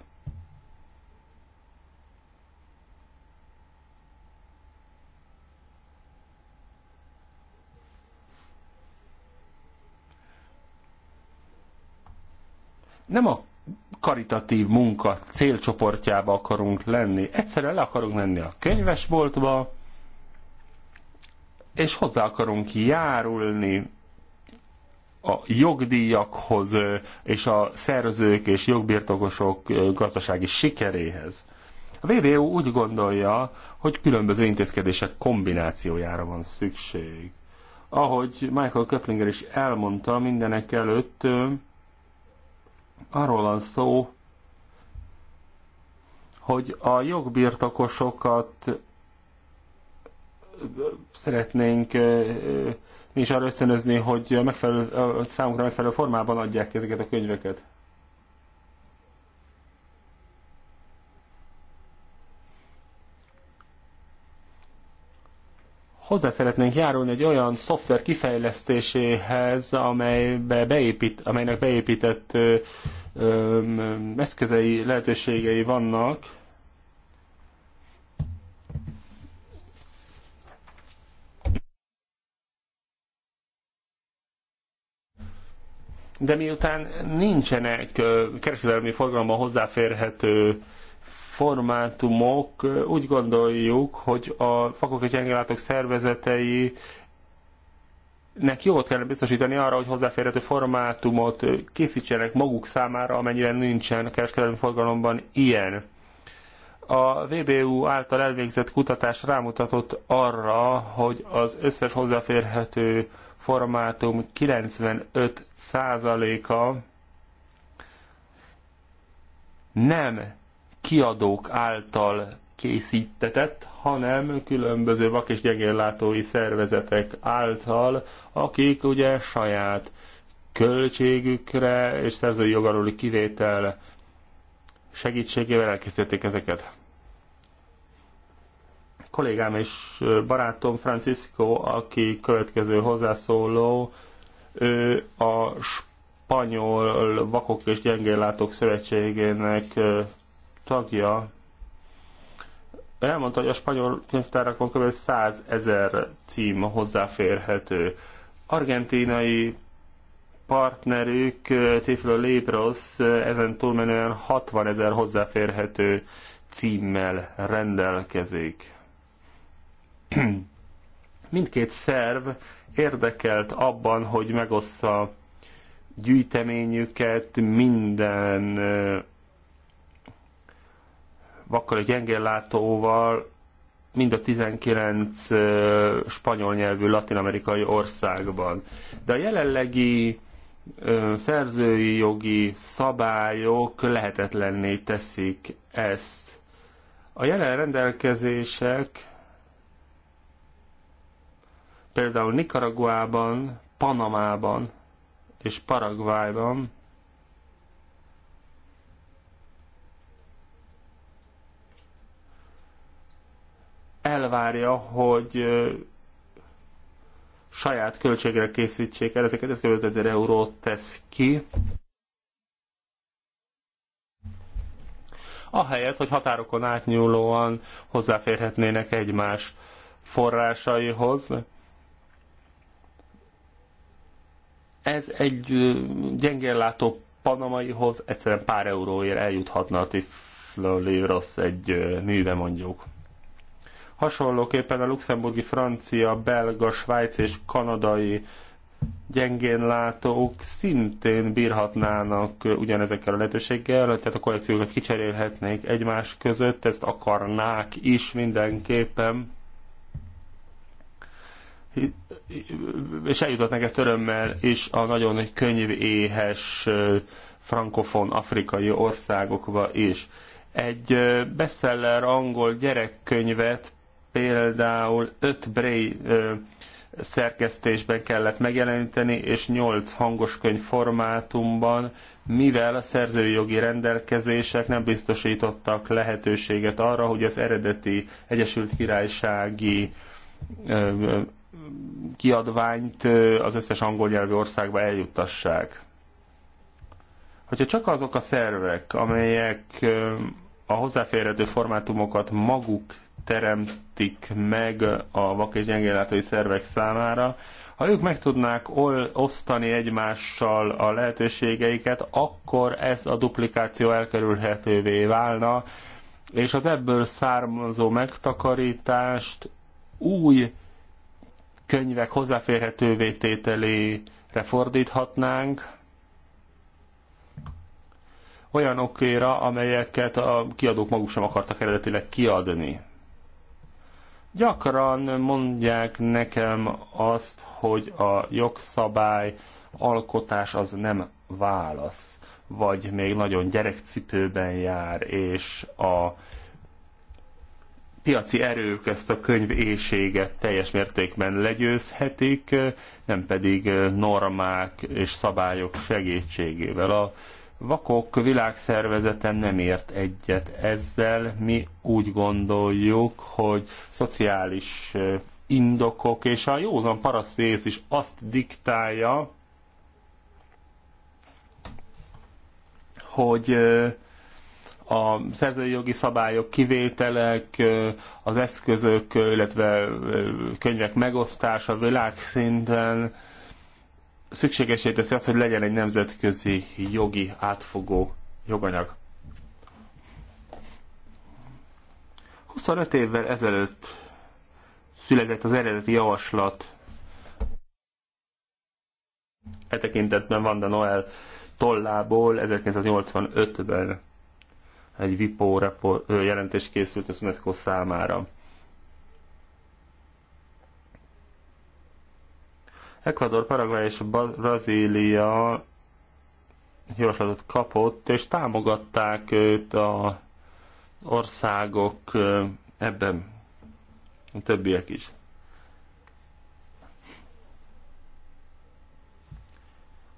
nem a karitatív munka célcsoportjába akarunk lenni. Egyszerűen le akarunk menni a könyvesboltba, és hozzá akarunk járulni a jogdíjakhoz és a szerzők és jogbirtokosok gazdasági sikeréhez. A VVU úgy gondolja, hogy különböző intézkedések kombinációjára van szükség. Ahogy Michael Köplinger is elmondta, mindenek előtt arról van szó, hogy a jogbirtokosokat szeretnénk mi is arra ösztönözni, hogy megfelelő, számukra megfelelő formában adják ezeket a könyveket. hozzá szeretnénk járulni egy olyan szoftver kifejlesztéséhez, amelybe beépít, amelynek beépített ö, ö, eszközei, lehetőségei vannak, de miután nincsenek kereskedelmi forgalomban hozzáférhető formátumok úgy gondoljuk, hogy a és gyengelátok szervezetei nek jogot kellene biztosítani arra, hogy hozzáférhető formátumot készítsenek maguk számára, amennyire nincsen kereskedelmi forgalomban ilyen. A VBU által elvégzett kutatás rámutatott arra, hogy az összes hozzáférhető formátum 95%-a nem kiadók által készítetett, hanem különböző vak és gyengéllátói szervezetek által, akik ugye saját költségükre és szerzői jogaruli kivétel segítségével elkészítették ezeket. A kollégám és barátom Francisco, aki következő hozzászóló, ő a Spanyol Vakok és Gyengéllátók Szövetségének tagja elmondta, hogy a spanyol könyvtárakon kb. 100 ezer cím hozzáférhető. Argentinai partnerük, Tiflo Libros ezen túlmenően 60 ezer hozzáférhető címmel rendelkezik. Mindkét szerv érdekelt abban, hogy megossza gyűjteményüket minden vakkal egy gyengén látóval mind a 19 spanyol nyelvű latin-amerikai országban. De a jelenlegi szerzői jogi szabályok lehetetlenné teszik ezt. A jelen rendelkezések például Nicaraguában, Panamában és Paraguayban elvárja, hogy saját költségre készítsék el ezeket, ez kb. 1000 eurót tesz ki. Ahelyett, hogy határokon átnyúlóan hozzáférhetnének egymás forrásaihoz. Ez egy gyengellátó panamaihoz egyszerűen pár euróért eljuthatna a Tiflőli egy műve mondjuk. Hasonlóképpen a luxemburgi, francia, belga, svájci és kanadai gyengén látók szintén bírhatnának ugyanezekkel a lehetőséggel, tehát a kollekciókat kicserélhetnék egymás között, ezt akarnák is mindenképpen. És eljutatnak ezt örömmel is a nagyon éhes frankofon afrikai országokba is. Egy bestseller angol gyerekkönyvet például 5 Bray szerkesztésben kellett megjeleníteni, és 8 hangoskönyv formátumban, mivel a szerzői jogi rendelkezések nem biztosítottak lehetőséget arra, hogy az eredeti Egyesült Királysági kiadványt az összes angol nyelvű országba eljuttassák. Hogyha csak azok a szervek, amelyek a hozzáférhető formátumokat maguk teremtik meg a vak és gyengéllátói szervek számára. Ha ők meg tudnák osztani egymással a lehetőségeiket, akkor ez a duplikáció elkerülhetővé válna, és az ebből származó megtakarítást új könyvek hozzáférhetővé tételére fordíthatnánk, okéra, amelyeket a kiadók maguk sem akartak eredetileg kiadni. Gyakran mondják nekem azt, hogy a jogszabály alkotás az nem válasz, vagy még nagyon gyerekcipőben jár, és a piaci erők ezt a könyv éjséget teljes mértékben legyőzhetik, nem pedig normák és szabályok segítségével. A vakok világszervezeten nem ért egyet ezzel. Mi úgy gondoljuk, hogy szociális indokok és a józan parasztész is azt diktálja, hogy a szerzői jogi szabályok, kivételek, az eszközök, illetve könyvek megosztása világszinten, szükségesé teszi azt, hogy legyen egy nemzetközi jogi átfogó joganyag. 25 évvel ezelőtt született az eredeti javaslat. E tekintetben Vanda Noel tollából 1985-ben egy WIPO jelentés készült az UNESCO számára. Ecuador, Paraguay és Brazília javaslatot kapott, és támogatták őt az országok ebben, a többiek is.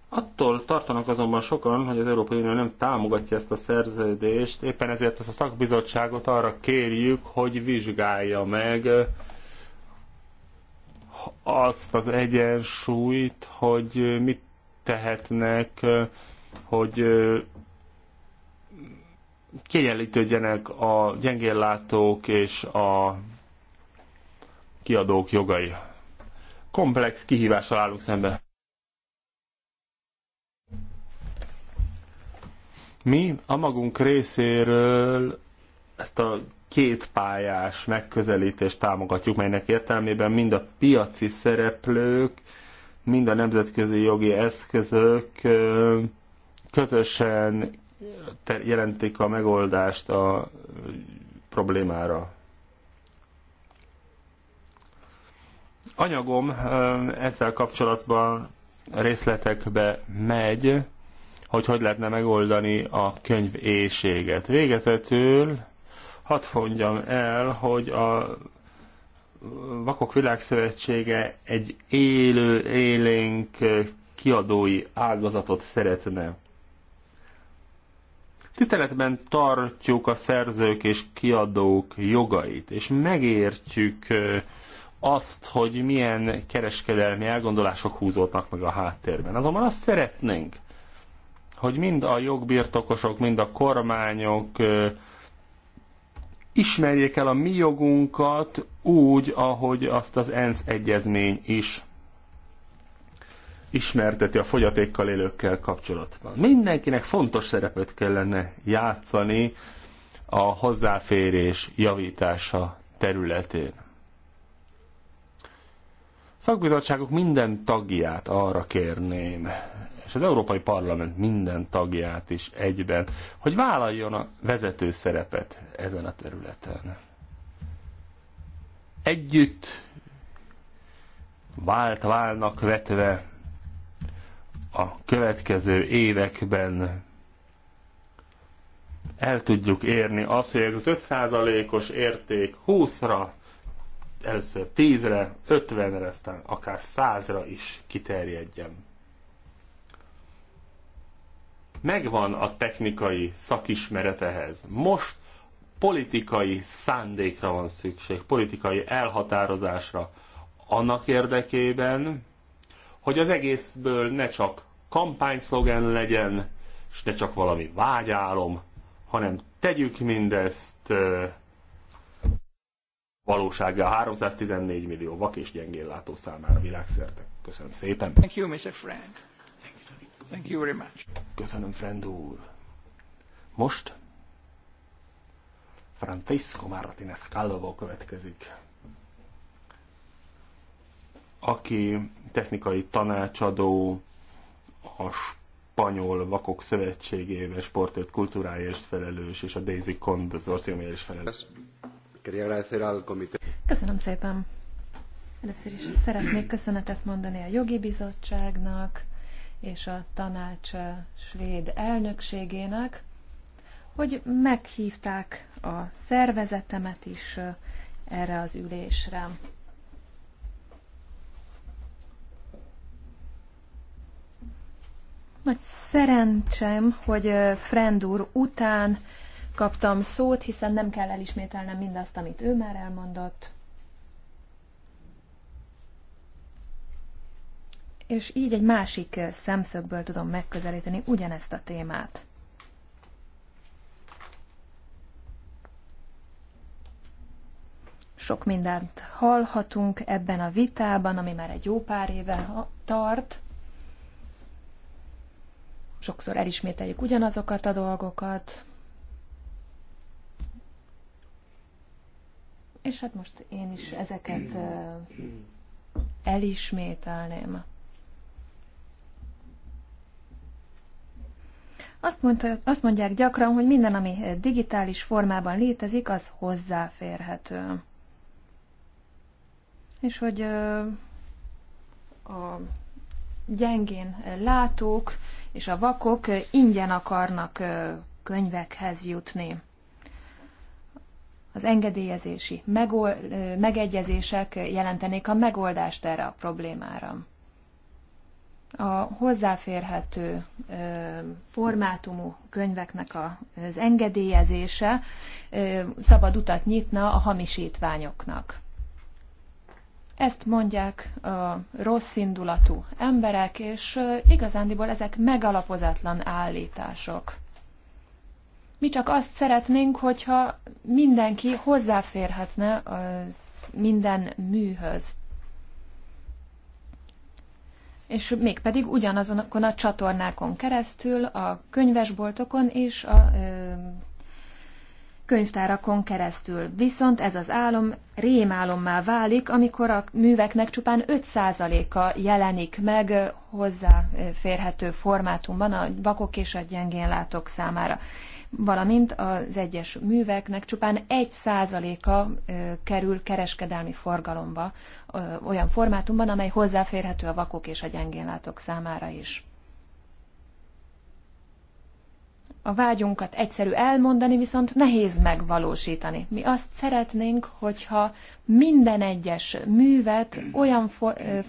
Attól tartanak azonban sokan, hogy az Európai Unió nem támogatja ezt a szerződést, éppen ezért ezt a szakbizottságot arra kérjük, hogy vizsgálja meg azt az egyensúlyt, hogy mit tehetnek, hogy kiegyenlítődjenek a gyengéllátók és a kiadók jogai. Komplex kihívással állunk szembe. Mi a magunk részéről ezt a két pályás megközelítést támogatjuk, melynek értelmében mind a piaci szereplők, mind a nemzetközi jogi eszközök közösen jelentik a megoldást a problémára. Anyagom ezzel kapcsolatban részletekbe megy, hogy hogy lehetne megoldani a könyv éjséget. Végezetül hadd mondjam el, hogy a Vakok Világszövetsége egy élő, élénk kiadói ágazatot szeretne. Tiszteletben tartjuk a szerzők és kiadók jogait, és megértjük azt, hogy milyen kereskedelmi elgondolások húzódnak meg a háttérben. Azonban azt szeretnénk, hogy mind a jogbirtokosok, mind a kormányok ismerjék el a mi jogunkat úgy, ahogy azt az ENSZ egyezmény is ismerteti a fogyatékkal élőkkel kapcsolatban. Mindenkinek fontos szerepet kellene játszani a hozzáférés javítása területén. Szakbizottságok minden tagját arra kérném és az Európai Parlament minden tagját is egyben, hogy vállaljon a vezető szerepet ezen a területen. Együtt vált válnak vetve a következő években el tudjuk érni azt, hogy ez az 5%-os érték 20-ra, először 10-re, 50-re, aztán akár 100-ra is kiterjedjen. Megvan a technikai szakismeret ehhez. Most politikai szándékra van szükség, politikai elhatározásra annak érdekében, hogy az egészből ne csak kampányszlogen legyen, és ne csak valami vágyálom, hanem tegyük mindezt valósággal 314 millió vak és látó számára világszerte. Köszönöm szépen. Thank you, Mr. Frank. Thank you very much. Köszönöm, Frend úr. Most Francisco Martinez Calvo következik, aki technikai tanácsadó a Spanyol Vakok Szövetségével sportért kultúráért felelős, és a Daisy az is felelős. Köszönöm szépen! Először is szeretnék köszönetet mondani a jogi bizottságnak, és a tanács svéd elnökségének, hogy meghívták a szervezetemet is erre az ülésre. Nagy szerencsem, hogy Frend úr után kaptam szót, hiszen nem kell elismételnem mindazt, amit ő már elmondott. és így egy másik eh, szemszögből tudom megközelíteni ugyanezt a témát. Sok mindent hallhatunk ebben a vitában, ami már egy jó pár éve tart. Sokszor elismételjük ugyanazokat a dolgokat, és hát most én is ezeket eh, elismételném. Azt, mondta, azt mondják gyakran, hogy minden, ami eh, digitális formában létezik, az hozzáférhető. És hogy eh, a gyengén eh, látók és a vakok ingyen akarnak könyvekhez jutni. Az engedélyezési megegyezések jelentenék a megoldást erre a problémára a hozzáférhető formátumú könyveknek az engedélyezése szabad utat nyitna a hamisítványoknak. Ezt mondják a rossz indulatú emberek, és igazándiból ezek megalapozatlan állítások. Mi csak azt szeretnénk, hogyha mindenki hozzáférhetne az minden műhöz és mégpedig ugyanazonokon a csatornákon keresztül, a könyvesboltokon és a ö, könyvtárakon keresztül. Viszont ez az álom rémálommá válik, amikor a műveknek csupán 5%-a jelenik meg hozzáférhető formátumban a vakok és a gyengénlátók számára valamint az egyes műveknek csupán egy százaléka kerül kereskedelmi forgalomba olyan formátumban, amely hozzáférhető a vakok és a gyengénlátók számára is. A vágyunkat egyszerű elmondani, viszont nehéz megvalósítani. Mi azt szeretnénk, hogyha minden egyes művet olyan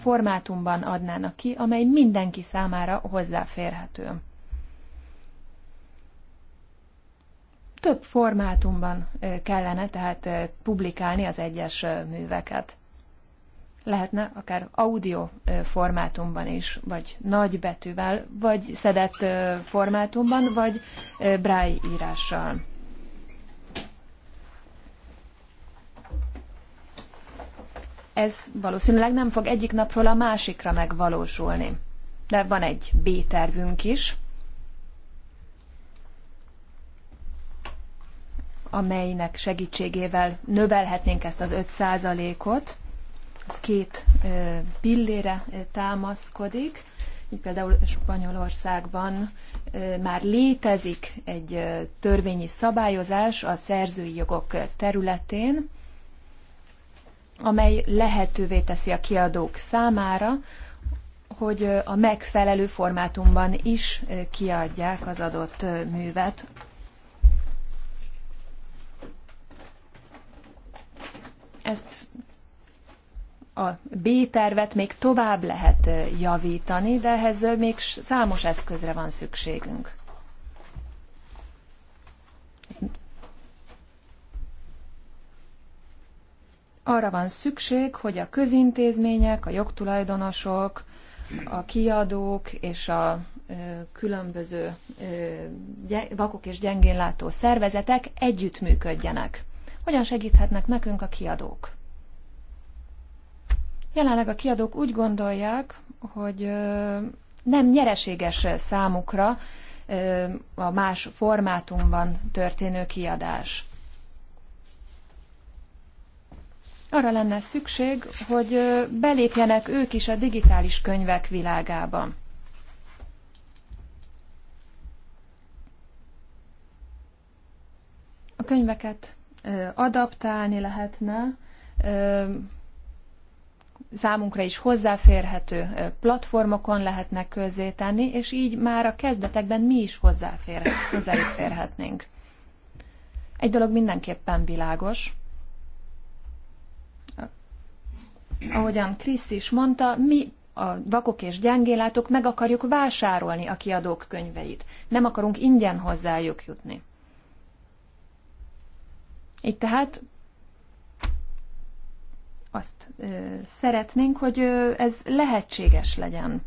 formátumban adnának ki, amely mindenki számára hozzáférhető. több formátumban kellene tehát publikálni az egyes műveket. Lehetne akár audio formátumban is, vagy nagy betűvel, vagy szedett formátumban, vagy braille írással. Ez valószínűleg nem fog egyik napról a másikra megvalósulni. De van egy B tervünk is, amelynek segítségével növelhetnénk ezt az 5%-ot. Ez két pillére támaszkodik. Így például Spanyolországban már létezik egy törvényi szabályozás a szerzői jogok területén, amely lehetővé teszi a kiadók számára, hogy a megfelelő formátumban is kiadják az adott művet Ezt a B-tervet még tovább lehet javítani, de ehhez még számos eszközre van szükségünk. Arra van szükség, hogy a közintézmények, a jogtulajdonosok, a kiadók és a különböző vakok és gyengénlátó szervezetek együttműködjenek. Hogyan segíthetnek nekünk a kiadók? Jelenleg a kiadók úgy gondolják, hogy nem nyereséges számukra a más formátumban történő kiadás. Arra lenne szükség, hogy belépjenek ők is a digitális könyvek világába. A könyveket adaptálni lehetne, számunkra is hozzáférhető platformokon lehetne közzétenni, és így már a kezdetekben mi is hozzáférhetnénk. Egy dolog mindenképpen világos. Ahogyan Krisz is mondta, mi a vakok és gyengélátok meg akarjuk vásárolni a kiadók könyveit. Nem akarunk ingyen hozzájuk jutni. Így tehát azt ö, szeretnénk, hogy ö, ez lehetséges legyen.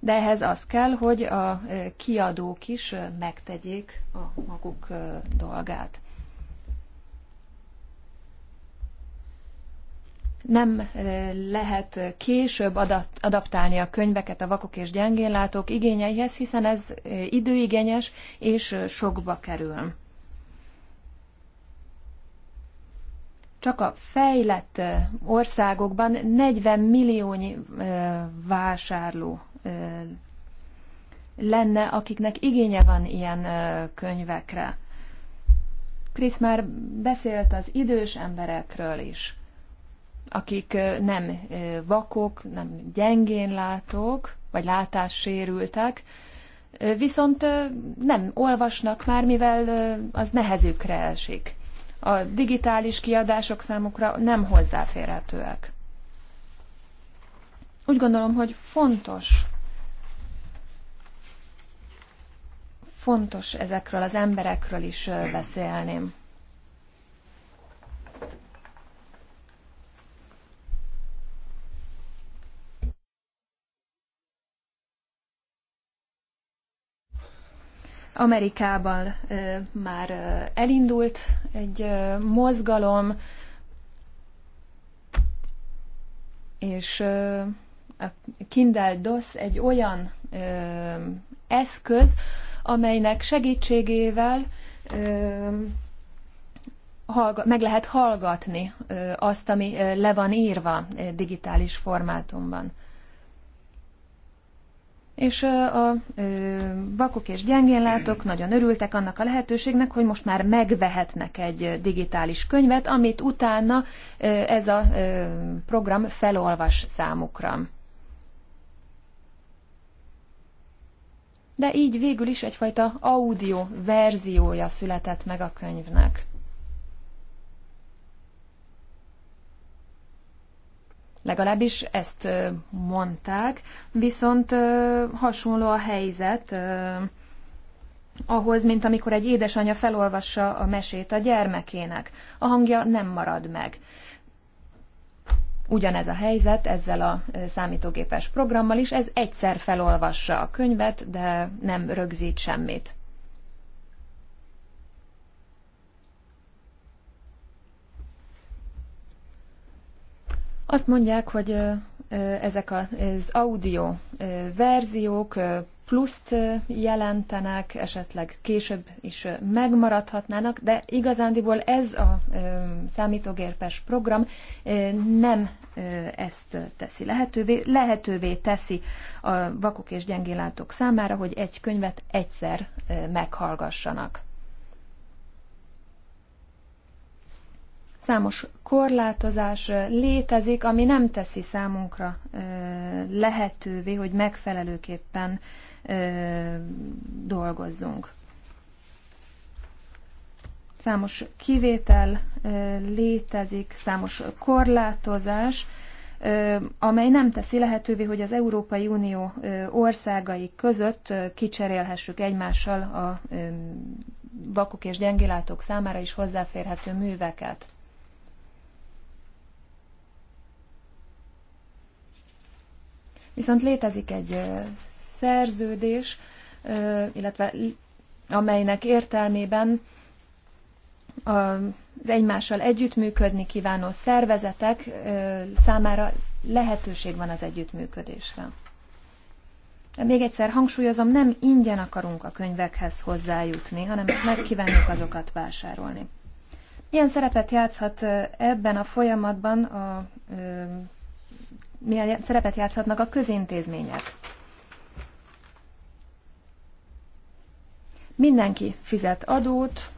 De ehhez az kell, hogy a ö, kiadók is ö, megtegyék a maguk ö, dolgát. nem lehet később adaptálni a könyveket a vakok és gyengénlátók igényeihez, hiszen ez időigényes és sokba kerül. csak a fejlett országokban 40 milliónyi vásárló lenne, akiknek igénye van ilyen könyvekre. Krisz már beszélt az idős emberekről is, akik nem vakok, nem gyengén látók, vagy látássérültek, viszont nem olvasnak már, mivel az nehezükre esik a digitális kiadások számukra nem hozzáférhetőek. Úgy gondolom, hogy fontos fontos ezekről az emberekről is beszélném. Amerikában már elindult egy mozgalom, és a Kindle DOS egy olyan eszköz, amelynek segítségével meg lehet hallgatni azt, ami le van írva digitális formátumban. És a vakok és gyengénlátók nagyon örültek annak a lehetőségnek, hogy most már megvehetnek egy digitális könyvet, amit utána ez a program felolvas számukra. De így végül is egyfajta audio verziója született meg a könyvnek. Legalábbis ezt mondták, viszont hasonló a helyzet ahhoz, mint amikor egy édesanyja felolvassa a mesét a gyermekének. A hangja nem marad meg. Ugyanez a helyzet ezzel a számítógépes programmal is, ez egyszer felolvassa a könyvet, de nem rögzít semmit. Azt mondják, hogy ezek az audio verziók pluszt jelentenek, esetleg később is megmaradhatnának, de igazándiból ez a számítógérpes program nem ezt teszi lehetővé, lehetővé teszi a vakok és gyengélátók számára, hogy egy könyvet egyszer meghallgassanak. Számos korlátozás létezik, ami nem teszi számunkra lehetővé, hogy megfelelőképpen dolgozzunk. Számos kivétel létezik, számos korlátozás, amely nem teszi lehetővé, hogy az Európai Unió országai között kicserélhessük egymással a vakok és gyengilátók számára is hozzáférhető műveket. Viszont létezik egy szerződés, illetve amelynek értelmében az egymással együttműködni kívánó szervezetek számára lehetőség van az együttműködésre. De még egyszer hangsúlyozom, nem ingyen akarunk a könyvekhez hozzájutni, hanem megkívánjuk azokat vásárolni. Milyen szerepet játszhat ebben a folyamatban a milyen szerepet játszhatnak a közintézmények. Mindenki fizet adót,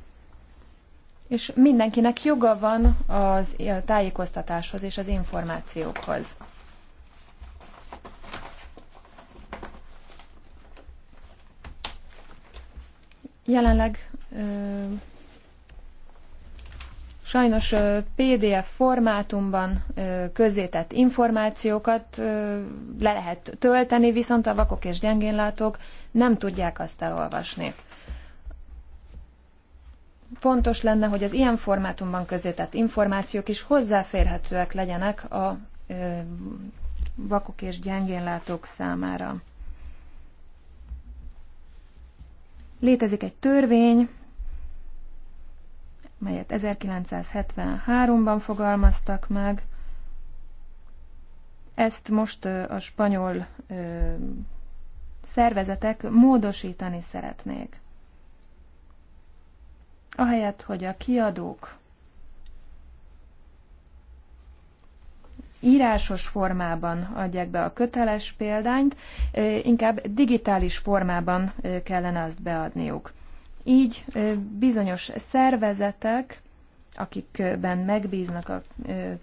és mindenkinek joga van az a tájékoztatáshoz és az információkhoz. Jelenleg Sajnos PDF formátumban közzétett információkat le lehet tölteni, viszont a vakok és gyengénlátók nem tudják azt elolvasni. Fontos lenne, hogy az ilyen formátumban közzétett információk is hozzáférhetőek legyenek a vakok és gyengénlátók számára. Létezik egy törvény, melyet 1973-ban fogalmaztak meg. Ezt most a spanyol szervezetek módosítani szeretnék. Ahelyett, hogy a kiadók írásos formában adják be a köteles példányt, inkább digitális formában kellene azt beadniuk. Így bizonyos szervezetek, akikben megbíznak a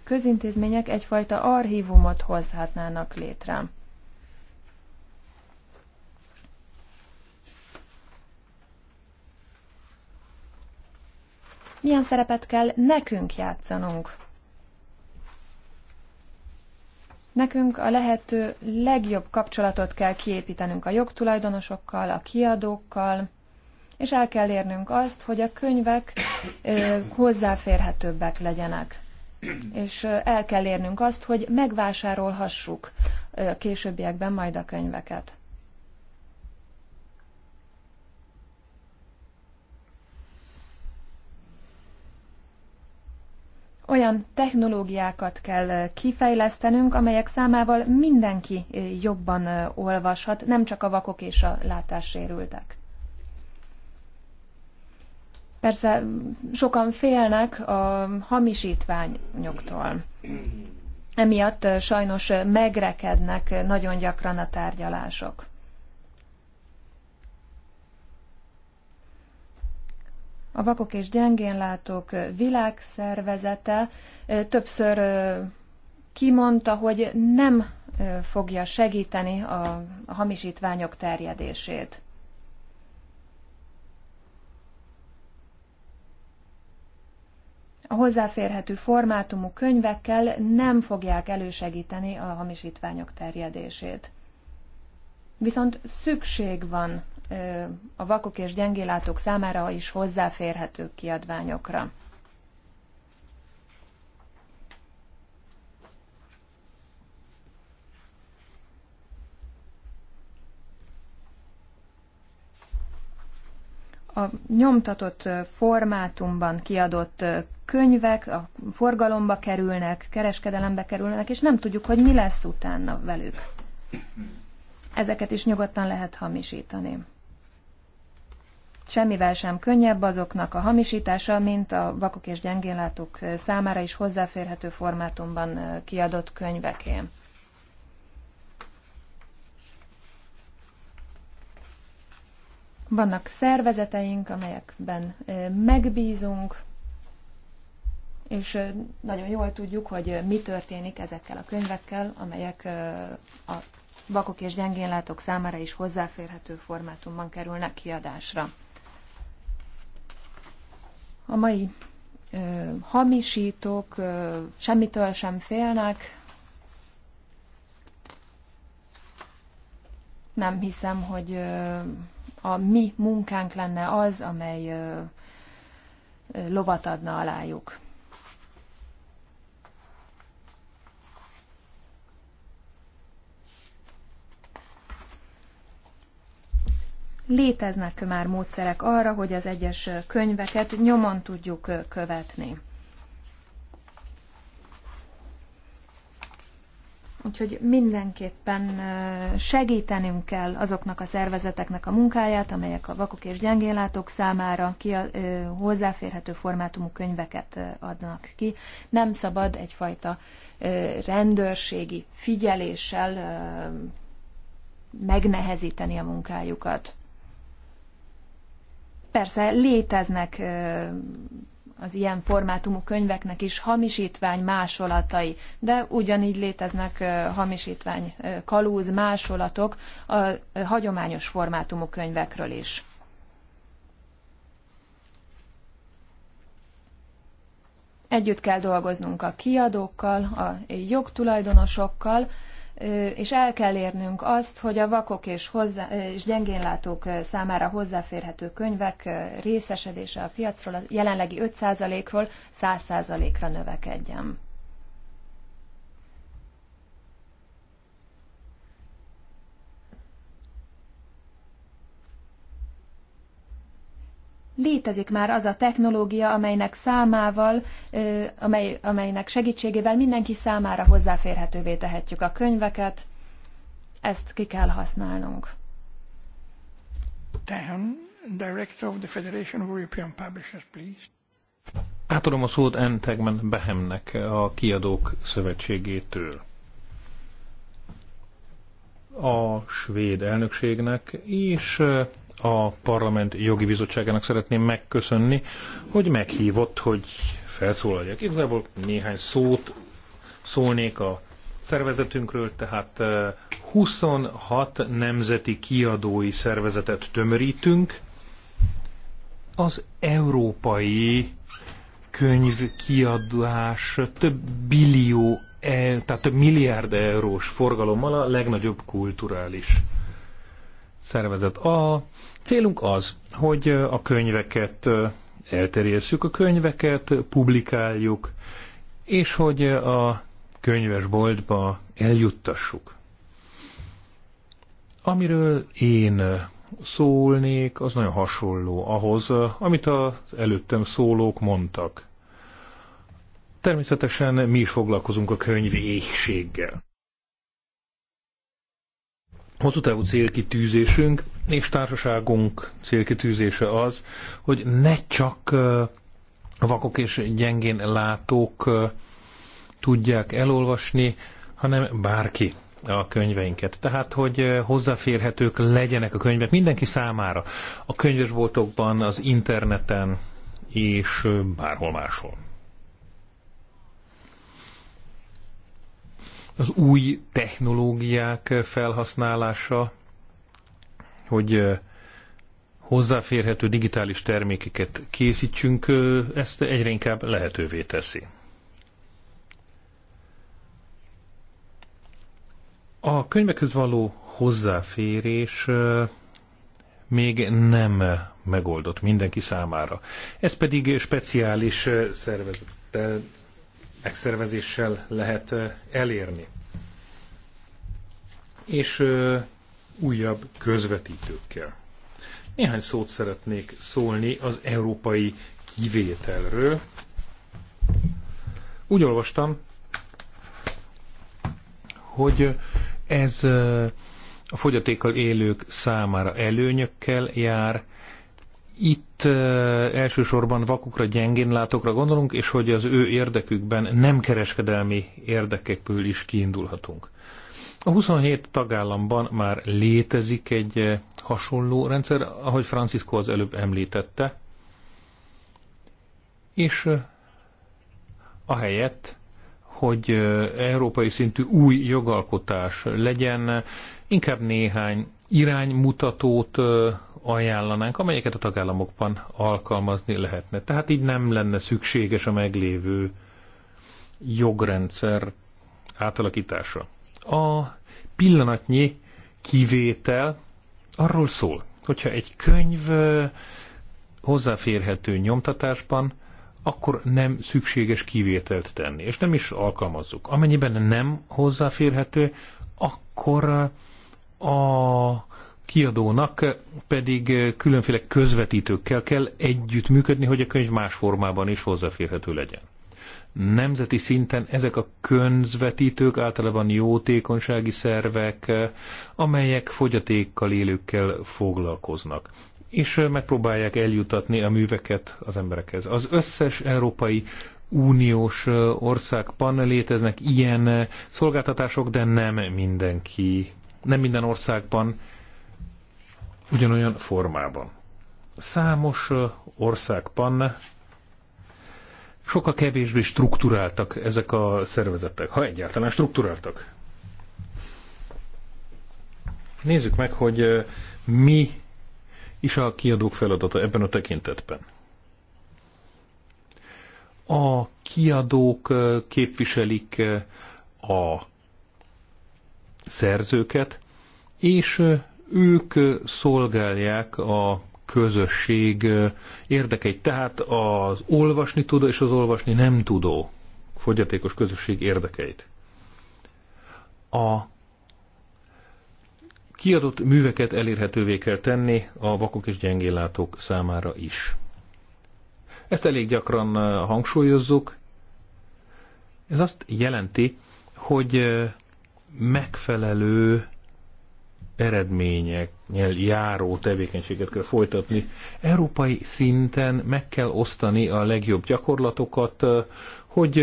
közintézmények, egyfajta archívumot hozhatnának létre. Milyen szerepet kell nekünk játszanunk? Nekünk a lehető legjobb kapcsolatot kell kiépítenünk a jogtulajdonosokkal, a kiadókkal, és el kell érnünk azt, hogy a könyvek hozzáférhetőbbek legyenek. És el kell érnünk azt, hogy megvásárolhassuk későbbiekben majd a könyveket. olyan technológiákat kell kifejlesztenünk, amelyek számával mindenki jobban olvashat, nem csak a vakok és a látássérültek. Persze sokan félnek a hamisítványoktól. Emiatt sajnos megrekednek nagyon gyakran a tárgyalások. A Vakok és Gyengénlátók világszervezete többször kimondta, hogy nem fogja segíteni a hamisítványok terjedését. a hozzáférhető formátumú könyvekkel nem fogják elősegíteni a hamisítványok terjedését. Viszont szükség van a vakok és gyengélátók számára is hozzáférhető kiadványokra. a nyomtatott formátumban kiadott könyvek a forgalomba kerülnek, kereskedelembe kerülnek, és nem tudjuk, hogy mi lesz utána velük. Ezeket is nyugodtan lehet hamisítani. Semmivel sem könnyebb azoknak a hamisítása, mint a vakok és gyengénlátók számára is hozzáférhető formátumban kiadott könyvekén. Vannak szervezeteink, amelyekben megbízunk, és nagyon jól tudjuk, hogy mi történik ezekkel a könyvekkel, amelyek a vakok és gyengénlátók számára is hozzáférhető formátumban kerülnek kiadásra. A mai ö, hamisítók ö, semmitől sem félnek. Nem hiszem, hogy ö, a mi munkánk lenne az, amely lovat adna alájuk. Léteznek már módszerek arra, hogy az egyes könyveket nyomon tudjuk követni. Úgyhogy mindenképpen segítenünk kell azoknak a szervezeteknek a munkáját, amelyek a vakok és gyengénlátók számára ki a, ö, hozzáférhető formátumú könyveket adnak ki. Nem szabad egyfajta ö, rendőrségi figyeléssel ö, megnehezíteni a munkájukat. Persze léteznek az ilyen formátumú könyveknek is hamisítvány másolatai, de ugyanígy léteznek hamisítvány kalúz másolatok a hagyományos formátumú könyvekről is. Együtt kell dolgoznunk a kiadókkal, a jogtulajdonosokkal, és el kell érnünk azt, hogy a vakok és, hozzá, és gyengénlátók számára hozzáférhető könyvek részesedése a piacról a jelenlegi 5%-ról 100%-ra növekedjen. létezik már az a technológia, amelynek számával, amely, amelynek segítségével mindenki számára hozzáférhetővé tehetjük a könyveket. Ezt ki kell használnunk. Dan, Director of the Federation of European Publishers, please. Átadom a szót Entegmen Behemnek, a Kiadók Szövetségétől. A svéd elnökségnek és a Parlament Jogi Bizottságának szeretném megköszönni, hogy meghívott, hogy felszólaljak. Igazából néhány szót szólnék a szervezetünkről, tehát 26 eh, nemzeti kiadói szervezetet tömörítünk. Az európai könyvkiadás több billió, e- tehát több milliárd eurós forgalommal a legnagyobb kulturális szervezet. A célunk az, hogy a könyveket elterjesszük, a könyveket publikáljuk, és hogy a könyvesboltba eljuttassuk. Amiről én szólnék, az nagyon hasonló ahhoz, amit az előttem szólók mondtak. Természetesen mi is foglalkozunk a könyv éhséggel. Hosszú távú célkitűzésünk és társaságunk célkitűzése az, hogy ne csak vakok és gyengén látók tudják elolvasni, hanem bárki a könyveinket. Tehát, hogy hozzáférhetők legyenek a könyvek mindenki számára. A könyvesboltokban, az interneten és bárhol máshol. az új technológiák felhasználása, hogy hozzáférhető digitális termékeket készítsünk, ezt egyre inkább lehetővé teszi. A könyvekhez való hozzáférés még nem megoldott mindenki számára. Ez pedig speciális szervezettel megszervezéssel lehet elérni. És újabb közvetítőkkel. Néhány szót szeretnék szólni az európai kivételről. Úgy olvastam, hogy ez a fogyatékkal élők számára előnyökkel jár, itt elsősorban vakukra, gyengén látokra gondolunk, és hogy az ő érdekükben nem kereskedelmi érdekekből is kiindulhatunk. A 27 tagállamban már létezik egy hasonló rendszer, ahogy Francisco az előbb említette, és ahelyett, hogy európai szintű új jogalkotás legyen, inkább néhány iránymutatót ajánlanánk, amelyeket a tagállamokban alkalmazni lehetne. Tehát így nem lenne szükséges a meglévő jogrendszer átalakítása. A pillanatnyi kivétel arról szól, hogyha egy könyv hozzáférhető nyomtatásban, akkor nem szükséges kivételt tenni, és nem is alkalmazzuk. Amennyiben nem hozzáférhető, akkor a kiadónak pedig különféle közvetítőkkel kell együttműködni, hogy a könyv más formában is hozzáférhető legyen. Nemzeti szinten ezek a közvetítők általában jótékonysági szervek, amelyek fogyatékkal élőkkel foglalkoznak és megpróbálják eljutatni a műveket az emberekhez. Az összes európai uniós ország léteznek ilyen szolgáltatások, de nem mindenki, nem minden országban ugyanolyan formában. Számos országban sokkal kevésbé strukturáltak ezek a szervezetek, ha egyáltalán strukturáltak. Nézzük meg, hogy mi is a kiadók feladata ebben a tekintetben. A kiadók képviselik a szerzőket, és ők szolgálják a közösség érdekeit, tehát az olvasni tudó és az olvasni nem tudó fogyatékos közösség érdekeit. A kiadott műveket elérhetővé kell tenni a vakok és gyengéllátók számára is. Ezt elég gyakran hangsúlyozzuk. Ez azt jelenti, hogy megfelelő eredményekkel járó tevékenységet kell folytatni. Európai szinten meg kell osztani a legjobb gyakorlatokat, hogy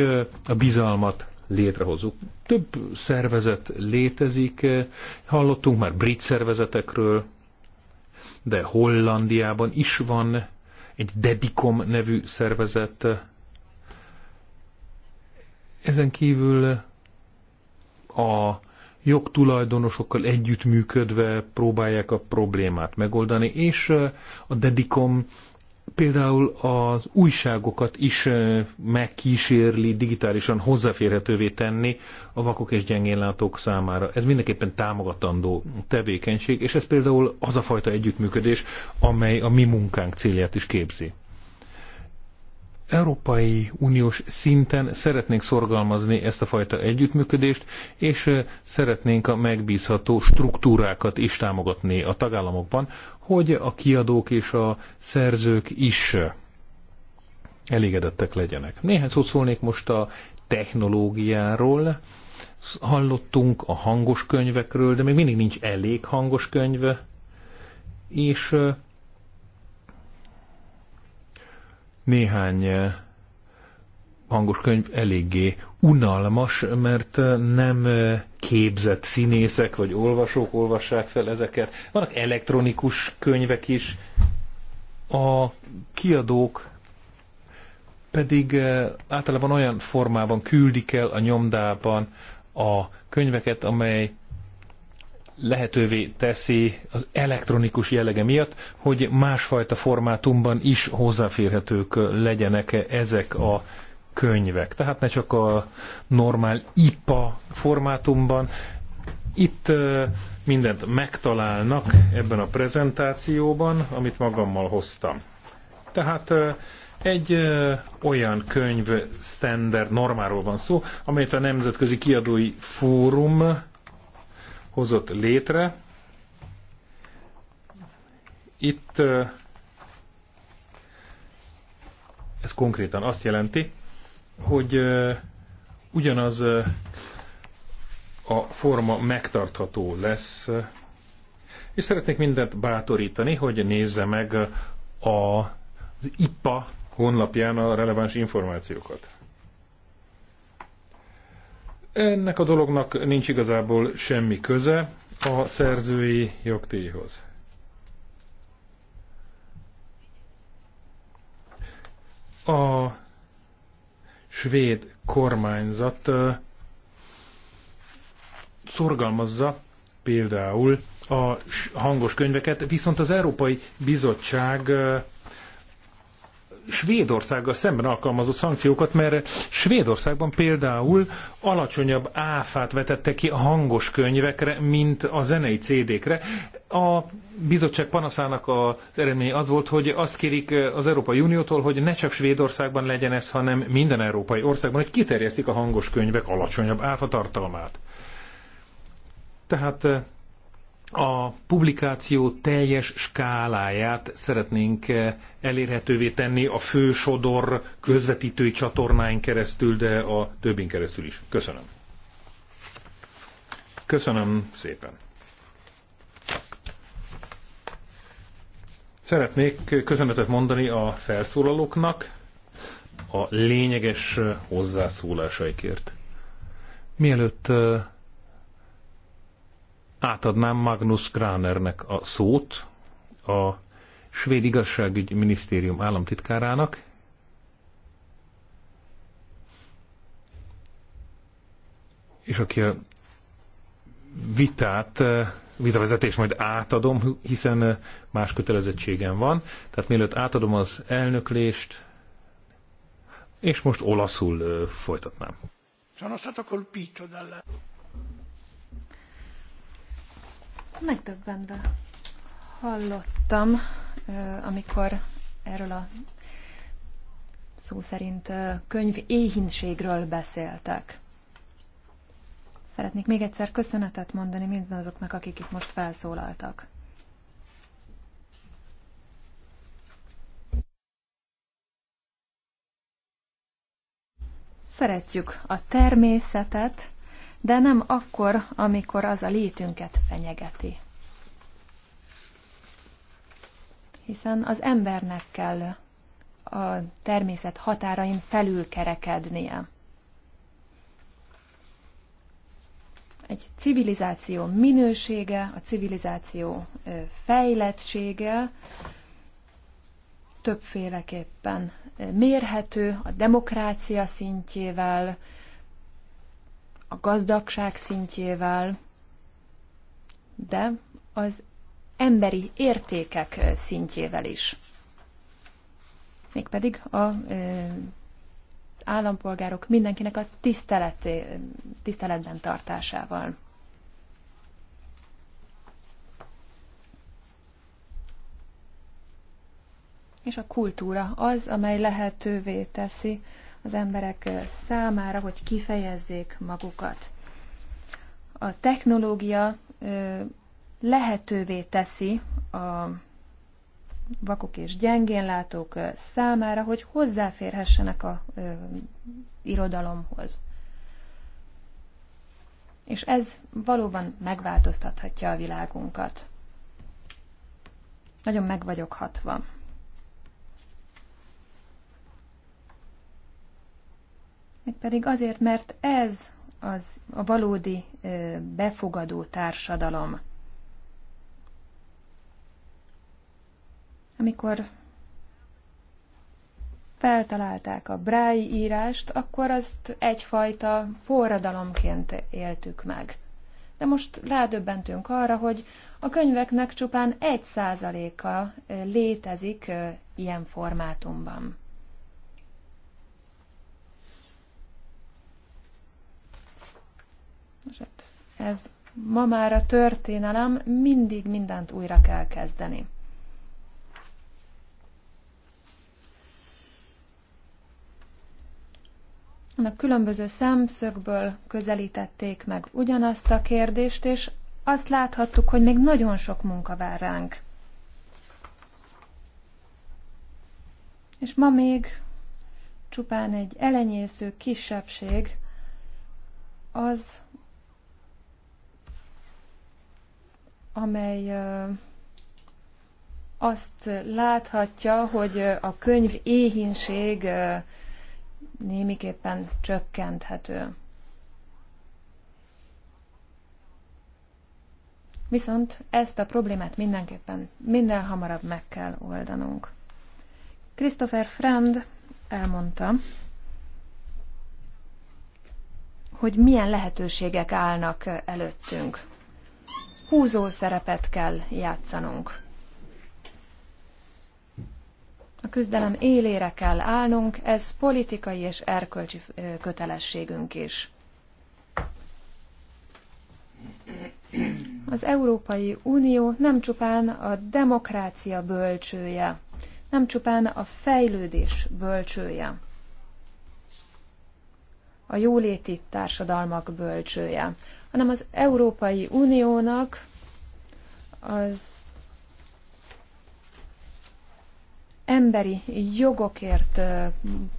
a bizalmat létrehozzuk. Több szervezet létezik, hallottunk már brit szervezetekről, de Hollandiában is van egy Dedicom nevű szervezet. Ezen kívül a jogtulajdonosokkal együttműködve próbálják a problémát megoldani, és a Dedicom például az újságokat is megkísérli digitálisan hozzáférhetővé tenni a vakok és gyengénlátók számára. Ez mindenképpen támogatandó tevékenység, és ez például az a fajta együttműködés, amely a mi munkánk célját is képzi. Európai Uniós szinten szeretnénk szorgalmazni ezt a fajta együttműködést, és szeretnénk a megbízható struktúrákat is támogatni a tagállamokban, hogy a kiadók és a szerzők is elégedettek legyenek. Néhány szót szólnék most a technológiáról. Hallottunk a hangos könyvekről, de még mindig nincs elég hangos könyv, és néhány eh, hangos könyv eléggé unalmas, mert eh, nem eh, képzett színészek vagy olvasók olvassák fel ezeket. Vannak elektronikus könyvek is, a kiadók pedig általában olyan formában küldik el a nyomdában a könyveket, amely lehetővé teszi az elektronikus jellege miatt, hogy másfajta formátumban is hozzáférhetők legyenek ezek a könyvek. Tehát ne csak a normál IPA formátumban. Itt mindent megtalálnak ebben a prezentációban, amit magammal hoztam. Tehát egy olyan könyv standard normáról van szó, amelyet a Nemzetközi Kiadói Fórum hozott létre. Itt ez konkrétan azt jelenti, hogy ugyanaz a forma megtartható lesz, és szeretnék mindent bátorítani, hogy nézze meg a, az IPA honlapján a releváns információkat. Ennek a dolognak nincs igazából semmi köze a szerzői jogdíjhoz. A svéd kormányzat szorgalmazza például a hangos könyveket, viszont az Európai Bizottság Svédországgal szemben alkalmazott szankciókat, mert Svédországban például alacsonyabb áfát vetette ki a hangos könyvekre, mint a zenei CD-kre. A bizottság panaszának az eredménye az volt, hogy azt kérik az Európai Uniótól, hogy ne csak Svédországban legyen ez, hanem minden európai országban, hogy kiterjesztik a hangos könyvek alacsonyabb áfa tartalmát. Tehát a publikáció teljes skáláját szeretnénk elérhetővé tenni a fő sodor közvetítői csatornáin keresztül, de a többin keresztül is. Köszönöm. Köszönöm szépen. Szeretnék köszönetet mondani a felszólalóknak a lényeges hozzászólásaikért. Mielőtt átadnám Magnus Granernek a szót, a Svéd Igazságügyi Minisztérium államtitkárának. És aki a vitát, eh, vitavezetés majd átadom, hiszen eh, más kötelezettségem van. Tehát mielőtt átadom az elnöklést, és most olaszul eh, folytatnám. Sono stato colpito dalla... Megdöbbenve hallottam, amikor erről a szó szerint könyv éhinségről beszéltek. Szeretnék még egyszer köszönetet mondani mindazoknak, akik itt most felszólaltak. Szeretjük a természetet, de nem akkor, amikor az a létünket fenyegeti. Hiszen az embernek kell a természet határain felül kerekednie. Egy civilizáció minősége, a civilizáció fejlettsége többféleképpen mérhető a demokrácia szintjével, a gazdagság szintjével, de az emberi értékek szintjével is. Mégpedig a, az állampolgárok mindenkinek a tisztelet, tiszteletben tartásával. És a kultúra az, amely lehetővé teszi, az emberek számára, hogy kifejezzék magukat. A technológia lehetővé teszi a vakok és gyengénlátók számára, hogy hozzáférhessenek a ö, irodalomhoz. És ez valóban megváltoztathatja a világunkat. Nagyon meg vagyok hatva. pedig azért, mert ez az a valódi befogadó társadalom. Amikor feltalálták a brái írást, akkor azt egyfajta forradalomként éltük meg. De most rádöbbentünk arra, hogy a könyveknek csupán egy százaléka létezik ilyen formátumban. Nos, hát ez ma már a történelem, mindig mindent újra kell kezdeni. A különböző szemszögből közelítették meg ugyanazt a kérdést, és azt láthattuk, hogy még nagyon sok munka vár ránk. És ma még csupán egy elenyésző kisebbség az, amely azt láthatja, hogy a könyv éhínség némiképpen csökkenthető. Viszont ezt a problémát mindenképpen minden hamarabb meg kell oldanunk. Christopher Friend elmondta, hogy milyen lehetőségek állnak előttünk húzó szerepet kell játszanunk. A küzdelem élére kell állnunk, ez politikai és erkölcsi kötelességünk is. Az Európai Unió nem csupán a demokrácia bölcsője, nem csupán a fejlődés bölcsője, a jóléti társadalmak bölcsője hanem az Európai Uniónak az emberi jogokért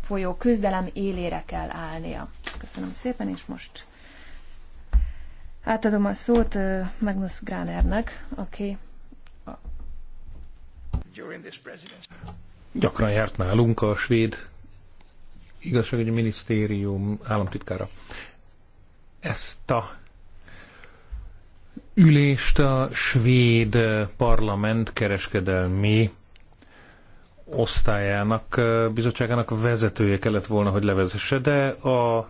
folyó küzdelem élére kell állnia. Köszönöm szépen, és most átadom a szót Magnus Gránernek, aki gyakran járt nálunk a svéd igazságügyi minisztérium államtitkára. Ezt a ülést a svéd parlament kereskedelmi osztályának, bizottságának vezetője kellett volna, hogy levezesse, de a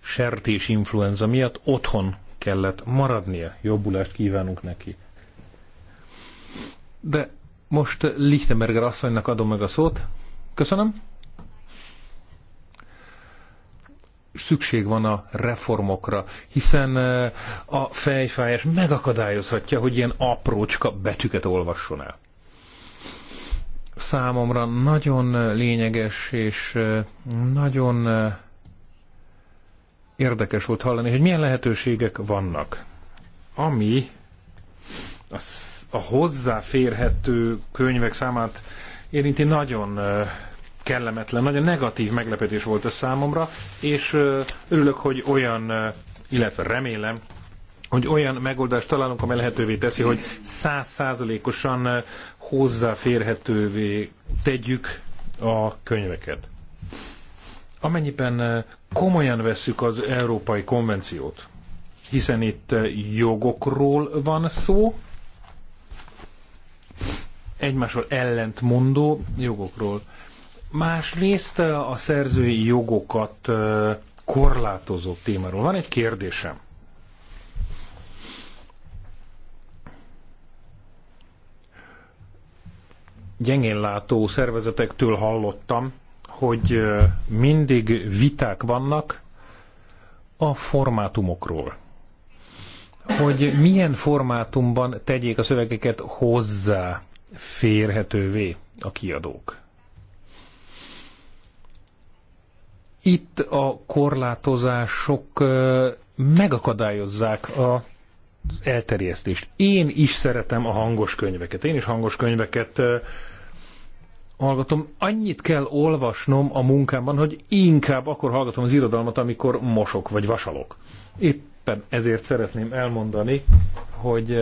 sertés influenza miatt otthon kellett maradnia. Jobbulást kívánunk neki. De most Lichtenberger asszonynak adom meg a szót. Köszönöm. szükség van a reformokra, hiszen a fejfájás megakadályozhatja, hogy ilyen aprócska betűket olvasson el. Számomra nagyon lényeges és nagyon érdekes volt hallani, hogy milyen lehetőségek vannak, ami a hozzáférhető könyvek számát érinti nagyon kellemetlen, nagyon negatív meglepetés volt a számomra, és örülök, hogy olyan, illetve remélem, hogy olyan megoldást találunk, amely lehetővé teszi, hogy százszázalékosan hozzáférhetővé tegyük a könyveket. Amennyiben komolyan vesszük az Európai Konvenciót, hiszen itt jogokról van szó, egymással ellentmondó jogokról. Másrészt a szerzői jogokat korlátozó témáról van egy kérdésem. Gyengén látó szervezetektől hallottam, hogy mindig viták vannak a formátumokról. Hogy milyen formátumban tegyék a szövegeket hozzá férhetővé a kiadók. Itt a korlátozások megakadályozzák a elterjesztést. Én is szeretem a hangos könyveket. Én is hangos könyveket hallgatom. Annyit kell olvasnom a munkámban, hogy inkább akkor hallgatom az irodalmat, amikor mosok vagy vasalok. Éppen ezért szeretném elmondani, hogy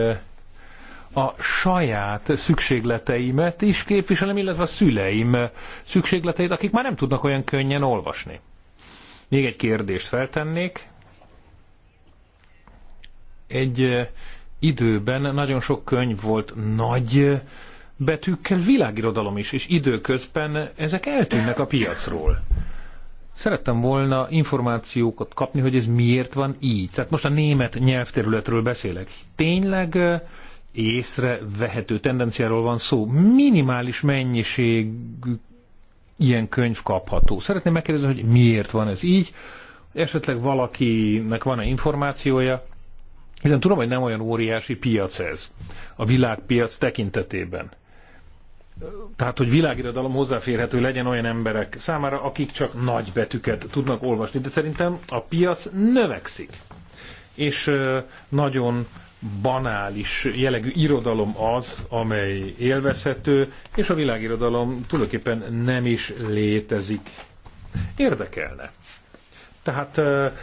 a saját szükségleteimet is képviselem, illetve a szüleim szükségleteit, akik már nem tudnak olyan könnyen olvasni. Még egy kérdést feltennék. Egy időben nagyon sok könyv volt nagy betűkkel világirodalom is, és időközben ezek eltűnnek a piacról. Szerettem volna információkat kapni, hogy ez miért van így. Tehát most a német nyelvterületről beszélek. Tényleg észre vehető tendenciáról van szó. Minimális mennyiség ilyen könyv kapható. Szeretném megkérdezni, hogy miért van ez így, esetleg valakinek van-e információja, hiszen tudom, hogy nem olyan óriási piac ez a világpiac tekintetében. Tehát, hogy világirodalom hozzáférhető legyen olyan emberek számára, akik csak nagy betűket tudnak olvasni, de szerintem a piac növekszik. És nagyon banális jellegű irodalom az, amely élvezhető, és a világirodalom tulajdonképpen nem is létezik. Érdekelne. Tehát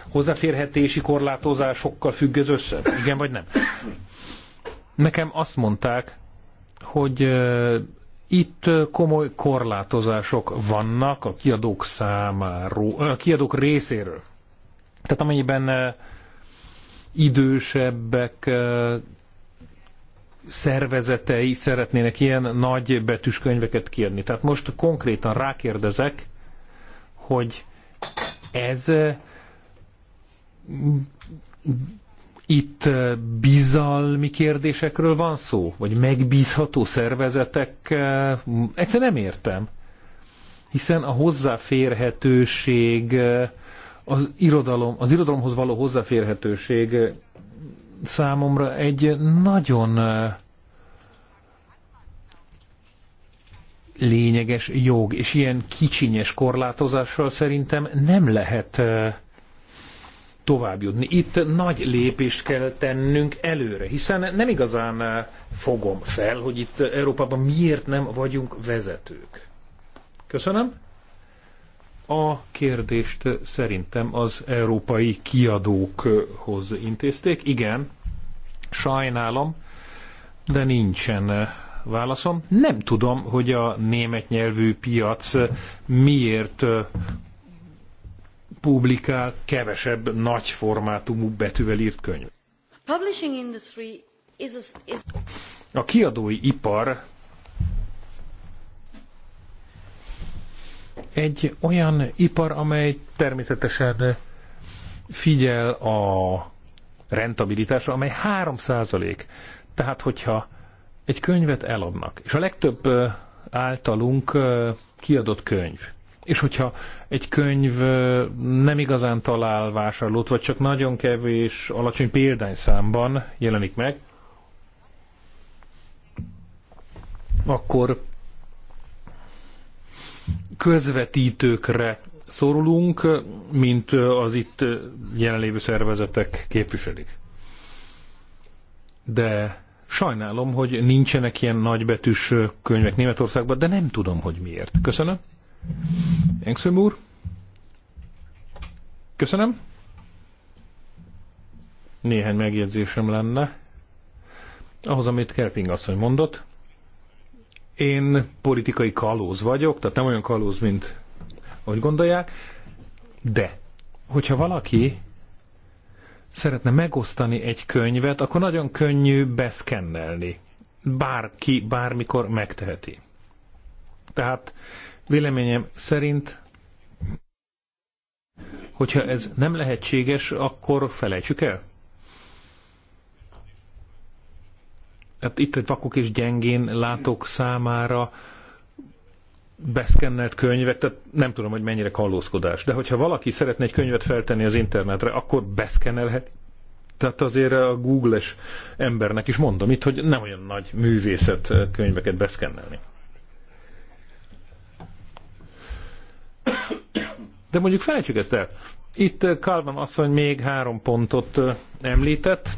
hozzáférhetési korlátozásokkal függ ez össze? Igen vagy nem? Nekem azt mondták, hogy itt komoly korlátozások vannak a kiadók számáról, a kiadók részéről. Tehát amennyiben idősebbek szervezetei szeretnének ilyen nagy betűs könyveket kiadni. Tehát most konkrétan rákérdezek, hogy ez itt bizalmi kérdésekről van szó? Vagy megbízható szervezetek? Egyszerűen nem értem. Hiszen a hozzáférhetőség az, irodalom, az irodalomhoz való hozzáférhetőség eh, számomra egy nagyon eh, lényeges jog, és ilyen kicsinyes korlátozással szerintem nem lehet eh, továbbjutni Itt nagy lépést kell tennünk előre, hiszen nem igazán fogom fel, hogy itt Európában miért nem vagyunk vezetők. Köszönöm. A kérdést szerintem az európai kiadókhoz intézték. Igen, sajnálom, de nincsen válaszom. Nem tudom, hogy a német nyelvű piac miért publikál kevesebb nagy formátumú betűvel írt könyv. A kiadói ipar egy olyan ipar, amely természetesen figyel a rentabilitásra, amely 3 százalék. Tehát, hogyha egy könyvet eladnak, és a legtöbb általunk kiadott könyv, és hogyha egy könyv nem igazán talál vásárlót, vagy csak nagyon kevés, alacsony példányszámban jelenik meg, akkor közvetítőkre szorulunk, mint az itt jelenlévő szervezetek képviselik. De sajnálom, hogy nincsenek ilyen nagybetűs könyvek Németországban, de nem tudom, hogy miért. Köszönöm. Engszöm úr. Köszönöm. Néhány megjegyzésem lenne. Ahhoz, amit Kerping asszony mondott, én politikai kalóz vagyok, tehát nem olyan kalóz, mint ahogy gondolják, de hogyha valaki szeretne megosztani egy könyvet, akkor nagyon könnyű beszkennelni. Bárki bármikor megteheti. Tehát véleményem szerint, hogyha ez nem lehetséges, akkor felejtsük el. hát itt egy vakok és gyengén látók számára beszkennelt könyvek, tehát nem tudom, hogy mennyire kallózkodás, de hogyha valaki szeretne egy könyvet feltenni az internetre, akkor beszkennelhet. Tehát azért a Google-es embernek is mondom itt, hogy nem olyan nagy művészet eh, könyveket beszkennelni. De mondjuk felejtsük ezt el. Itt eh, Calvin hogy még három pontot eh, említett,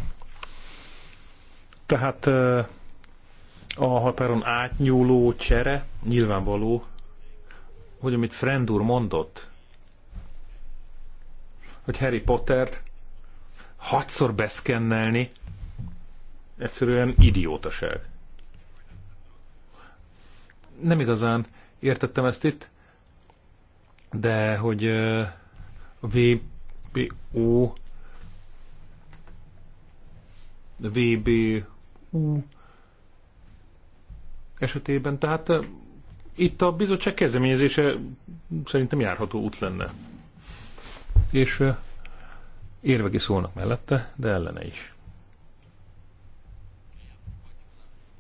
tehát a határon átnyúló csere nyilvánvaló, hogy amit Friend úr mondott, hogy Harry Pottert hatszor beszkennelni, egyszerűen idiótaság. Nem igazán értettem ezt itt, de hogy a VBO VBO ú, esetében. Tehát itt a bizottság kezdeményezése szerintem járható út lenne. És érvek is szólnak mellette, de ellene is.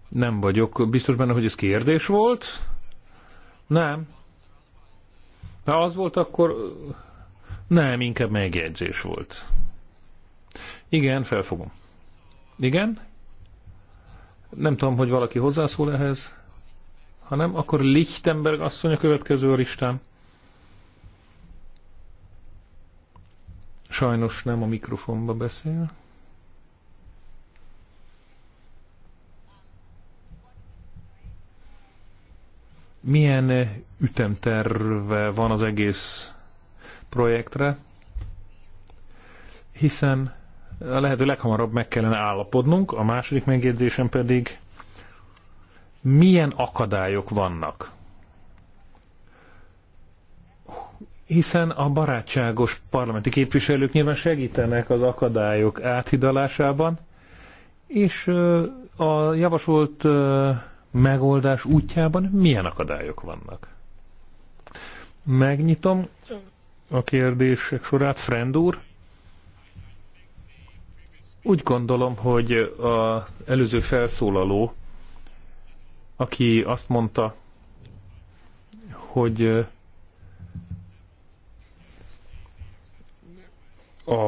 Nem vagyok biztos benne, hogy ez kérdés volt. Nem. Ha az volt, akkor nem, inkább megjegyzés volt. Igen, felfogom. Igen? Nem tudom, hogy valaki hozzászól ehhez. Ha nem, akkor Lichtenberg asszony a következő a listán. Sajnos nem a mikrofonba beszél. Milyen ütemterve van az egész projektre? Hiszen a lehető leghamarabb meg kellene állapodnunk, a második megjegyzésem pedig, milyen akadályok vannak. Hiszen a barátságos parlamenti képviselők nyilván segítenek az akadályok áthidalásában, és a javasolt megoldás útjában milyen akadályok vannak. Megnyitom a kérdések sorát, Frend úr. Úgy gondolom, hogy az előző felszólaló, aki azt mondta, hogy a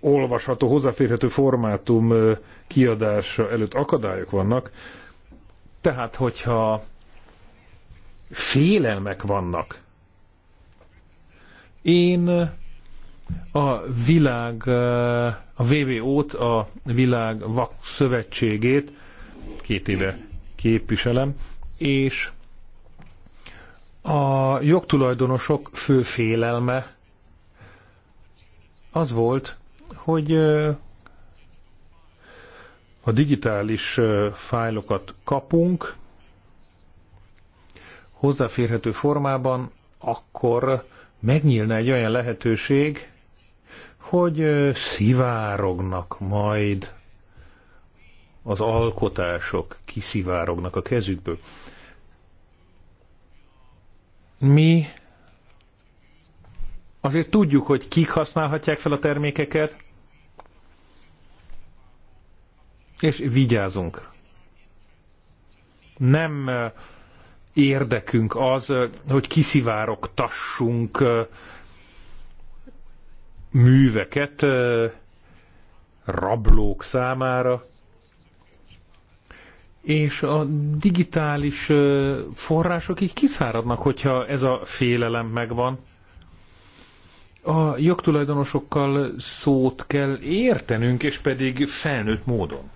olvasható, hozzáférhető formátum kiadása előtt akadályok vannak. Tehát, hogyha félelmek vannak, én a világ, eh, a VVO-t, a világ vak szövetségét két éve képviselem, és a jogtulajdonosok fő félelme az volt, hogy eh, a digitális eh, fájlokat kapunk hozzáférhető formában, akkor megnyílna egy olyan lehetőség, hogy szivárognak majd az alkotások, kiszivárognak a kezükből. Mi azért tudjuk, hogy kik használhatják fel a termékeket, és vigyázunk. Nem érdekünk az, hogy kiszivárogtassunk műveket rablók számára, és a digitális források így kiszáradnak, hogyha ez a félelem megvan. A jogtulajdonosokkal szót kell értenünk, és pedig felnőtt módon.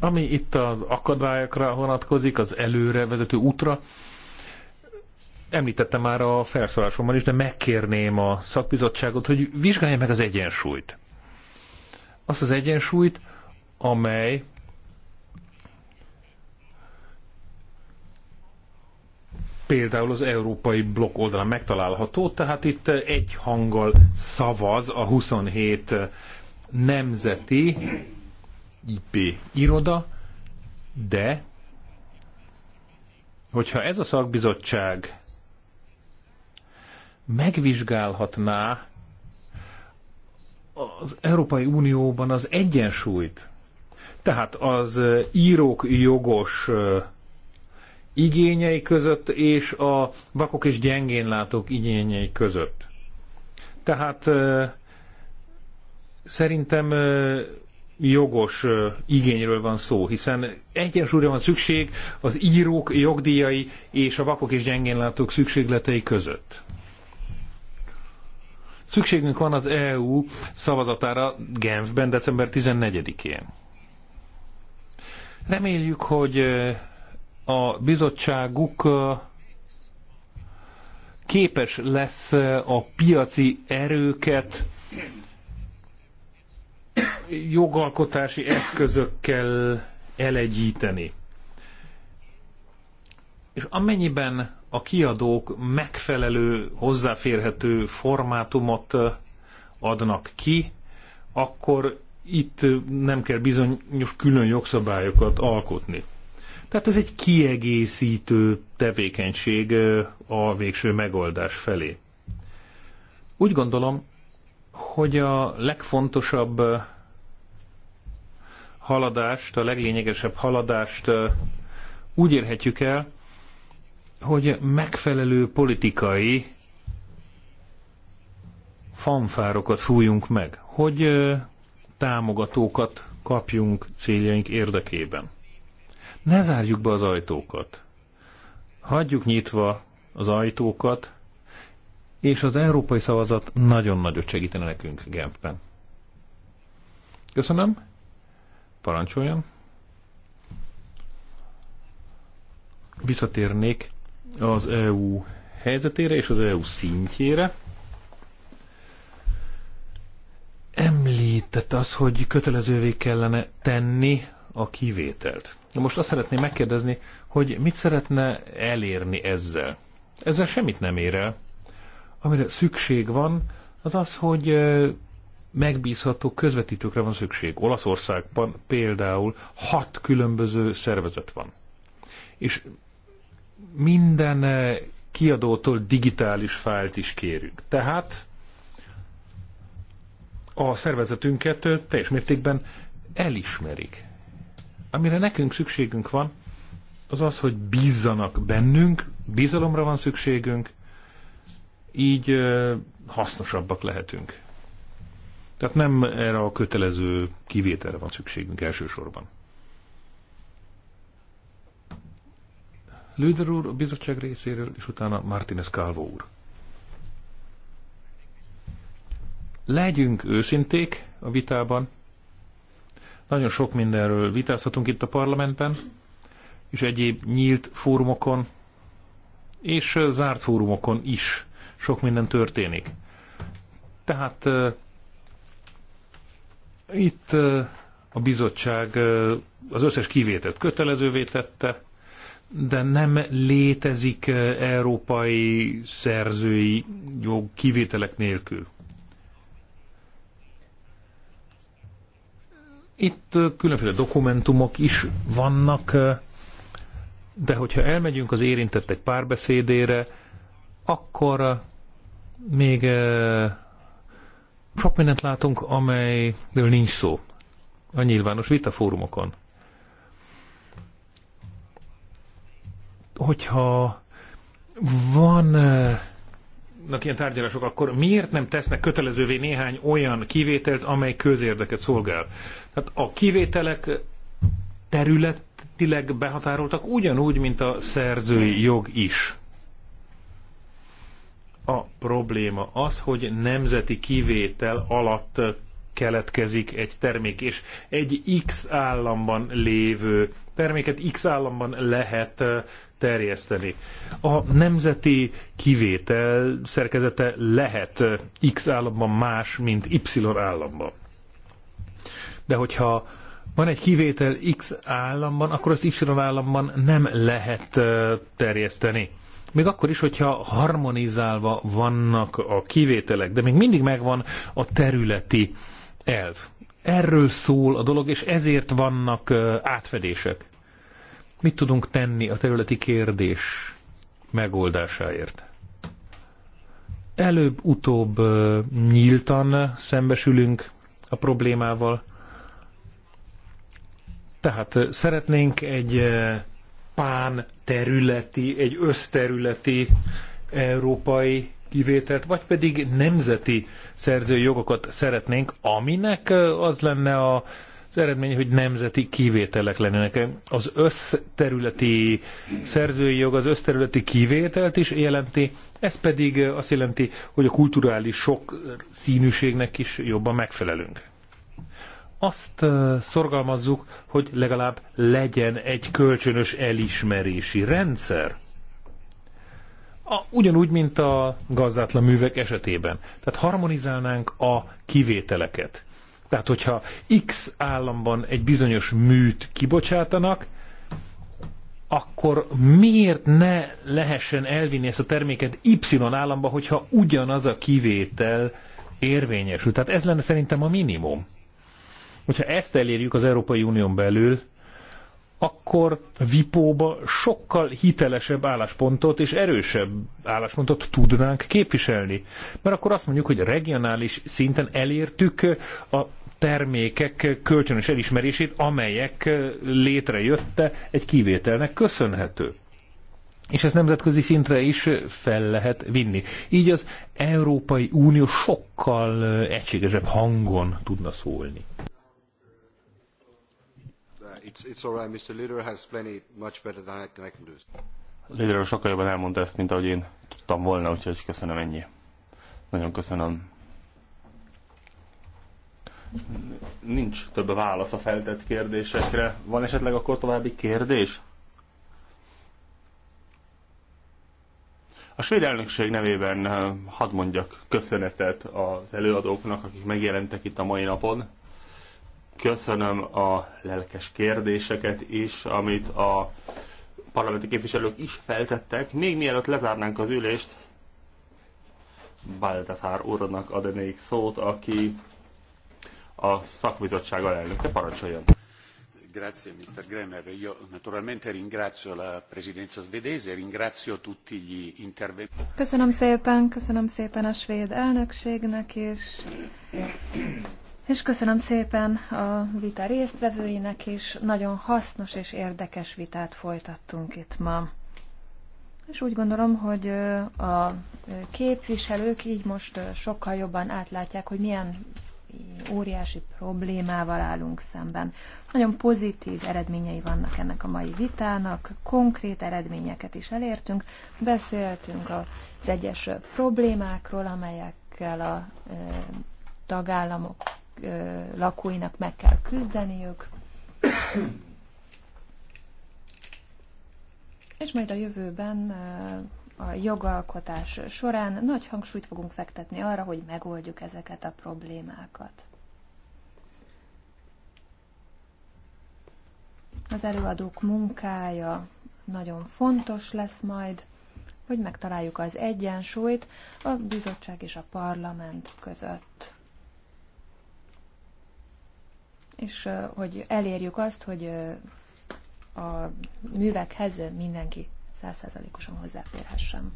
Ami itt az akadályokra vonatkozik, az előre vezető útra, Említettem már a felszólásomban is, de megkérném a szakbizottságot, hogy vizsgálja meg az egyensúlyt. Azt az egyensúlyt, amely például az európai blokk oldalán megtalálható, tehát itt egy hanggal szavaz a 27 nemzeti IP iroda, de hogyha ez a szakbizottság megvizsgálhatná az Európai Unióban az egyensúlyt. Tehát az írók jogos igényei között és a vakok és gyengénlátók igényei között. Tehát szerintem jogos igényről van szó, hiszen egyensúlyra van szükség az írók jogdíjai és a vakok és gyengénlátók szükségletei között. Szükségünk van az EU szavazatára Genfben december 14-én. Reméljük, hogy a bizottságuk képes lesz a piaci erőket jogalkotási eszközökkel elegyíteni. És amennyiben a kiadók megfelelő, hozzáférhető formátumot adnak ki, akkor itt nem kell bizonyos külön jogszabályokat alkotni. Tehát ez egy kiegészítő tevékenység a végső megoldás felé. Úgy gondolom, hogy a legfontosabb haladást, a leglényegesebb haladást úgy érhetjük el, hogy megfelelő politikai fanfárokat fújunk meg, hogy támogatókat kapjunk céljaink érdekében. Ne zárjuk be az ajtókat. Hagyjuk nyitva az ajtókat, és az európai szavazat nagyon nagyot segítene nekünk Genfben. Köszönöm. Parancsoljon. Visszatérnék az EU helyzetére és az EU szintjére. Említette az, hogy kötelezővé kellene tenni a kivételt. Na most azt szeretném megkérdezni, hogy mit szeretne elérni ezzel? Ezzel semmit nem ér el. Amire szükség van, az az, hogy megbízható közvetítőkre van szükség. Olaszországban például hat különböző szervezet van. És minden eh, kiadótól digitális fájlt is kérünk. Tehát a szervezetünket eh, teljes mértékben elismerik. Amire nekünk szükségünk van, az az, hogy bízzanak bennünk, bizalomra van szükségünk, így eh, hasznosabbak lehetünk. Tehát nem erre a kötelező kivételre van szükségünk elsősorban. Lüder úr a bizottság részéről, és utána Martínez Calvo úr. Legyünk őszinték a vitában. Nagyon sok mindenről vitázhatunk itt a parlamentben, és egyéb nyílt fórumokon, és zárt fórumokon is sok minden történik. Tehát uh, itt uh, a bizottság uh, az összes kivételt kötelezővé tette, de nem létezik európai szerzői jog kivételek nélkül. Itt különféle dokumentumok is vannak, de hogyha elmegyünk az érintettek párbeszédére, akkor még sok mindent látunk, amelyről nincs szó a nyilvános vitafórumokon. hogyha vannak ilyen tárgyalások, akkor miért nem tesznek kötelezővé néhány olyan kivételt, amely közérdeket szolgál? Tehát a kivételek területileg behatároltak ugyanúgy, mint a szerzői jog is. A probléma az, hogy nemzeti kivétel alatt keletkezik egy termék, és egy X államban lévő terméket X államban lehet terjeszteni. A nemzeti kivétel szerkezete lehet X államban más, mint Y államban. De hogyha van egy kivétel X államban, akkor azt Y államban nem lehet terjeszteni. Még akkor is, hogyha harmonizálva vannak a kivételek, de még mindig megvan a területi elv. Erről szól a dolog, és ezért vannak átfedések. Mit tudunk tenni a területi kérdés megoldásáért? Előbb-utóbb nyíltan szembesülünk a problémával. Tehát szeretnénk egy pán területi, egy összterületi európai kivételt, vagy pedig nemzeti szerzői jogokat szeretnénk, aminek az lenne a az eredmény, hogy nemzeti kivételek lennének. Az összterületi szerzői jog az összterületi kivételt is jelenti, ez pedig azt jelenti, hogy a kulturális sok színűségnek is jobban megfelelünk. Azt szorgalmazzuk, hogy legalább legyen egy kölcsönös elismerési rendszer a, ugyanúgy, mint a gazdátlan művek esetében. Tehát harmonizálnánk a kivételeket. Tehát, hogyha X államban egy bizonyos műt kibocsátanak, akkor miért ne lehessen elvinni ezt a terméket Y államba, hogyha ugyanaz a kivétel érvényesül? Tehát ez lenne szerintem a minimum. Hogyha ezt elérjük az Európai Unión belül, akkor Vipóba sokkal hitelesebb álláspontot és erősebb álláspontot tudnánk képviselni. Mert akkor azt mondjuk, hogy regionális szinten elértük a termékek kölcsönös elismerését, amelyek létrejötte egy kivételnek köszönhető. És ezt nemzetközi szintre is fel lehet vinni. Így az Európai Unió sokkal egységesebb hangon tudna szólni it's, all right. Mr. Leader has plenty much better than I can, I can do. Leader sokkal jobban elmondta ezt, mint ahogy én tudtam volna, úgyhogy köszönöm ennyi. Nagyon köszönöm. Nincs több válasz a feltett kérdésekre. Van esetleg akkor további kérdés? A svéd elnökség nevében eh, hadd mondjak köszönetet az előadóknak, akik megjelentek itt a mai napon. Köszönöm a lelkes kérdéseket is, amit a parlamenti képviselők is feltettek. Még mielőtt lezárnánk az ülést, Baldassar úrnak adanék szót, aki a szakbizottság alelnöke. Parancsoljon! Grazie Mr. Gremer, io naturalmente ringrazio la presidenza svedese, ringrazio tutti gli interventi. Köszönöm szépen, köszönöm szépen a svéd elnökségnek, és és köszönöm szépen a vita résztvevőinek is. Nagyon hasznos és érdekes vitát folytattunk itt ma. És úgy gondolom, hogy a képviselők így most sokkal jobban átlátják, hogy milyen óriási problémával állunk szemben. Nagyon pozitív eredményei vannak ennek a mai vitának, konkrét eredményeket is elértünk. Beszéltünk az egyes problémákról, amelyekkel a tagállamok lakóinak meg kell küzdeniük. És majd a jövőben a jogalkotás során nagy hangsúlyt fogunk fektetni arra, hogy megoldjuk ezeket a problémákat. Az előadók munkája nagyon fontos lesz majd, hogy megtaláljuk az egyensúlyt a bizottság és a parlament között és hogy elérjük azt, hogy a művekhez mindenki százszázalékosan hozzáférhessen.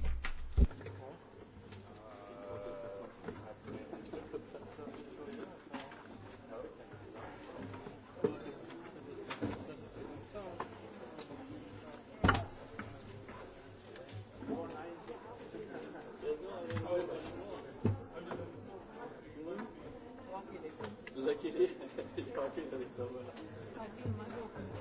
Thank you.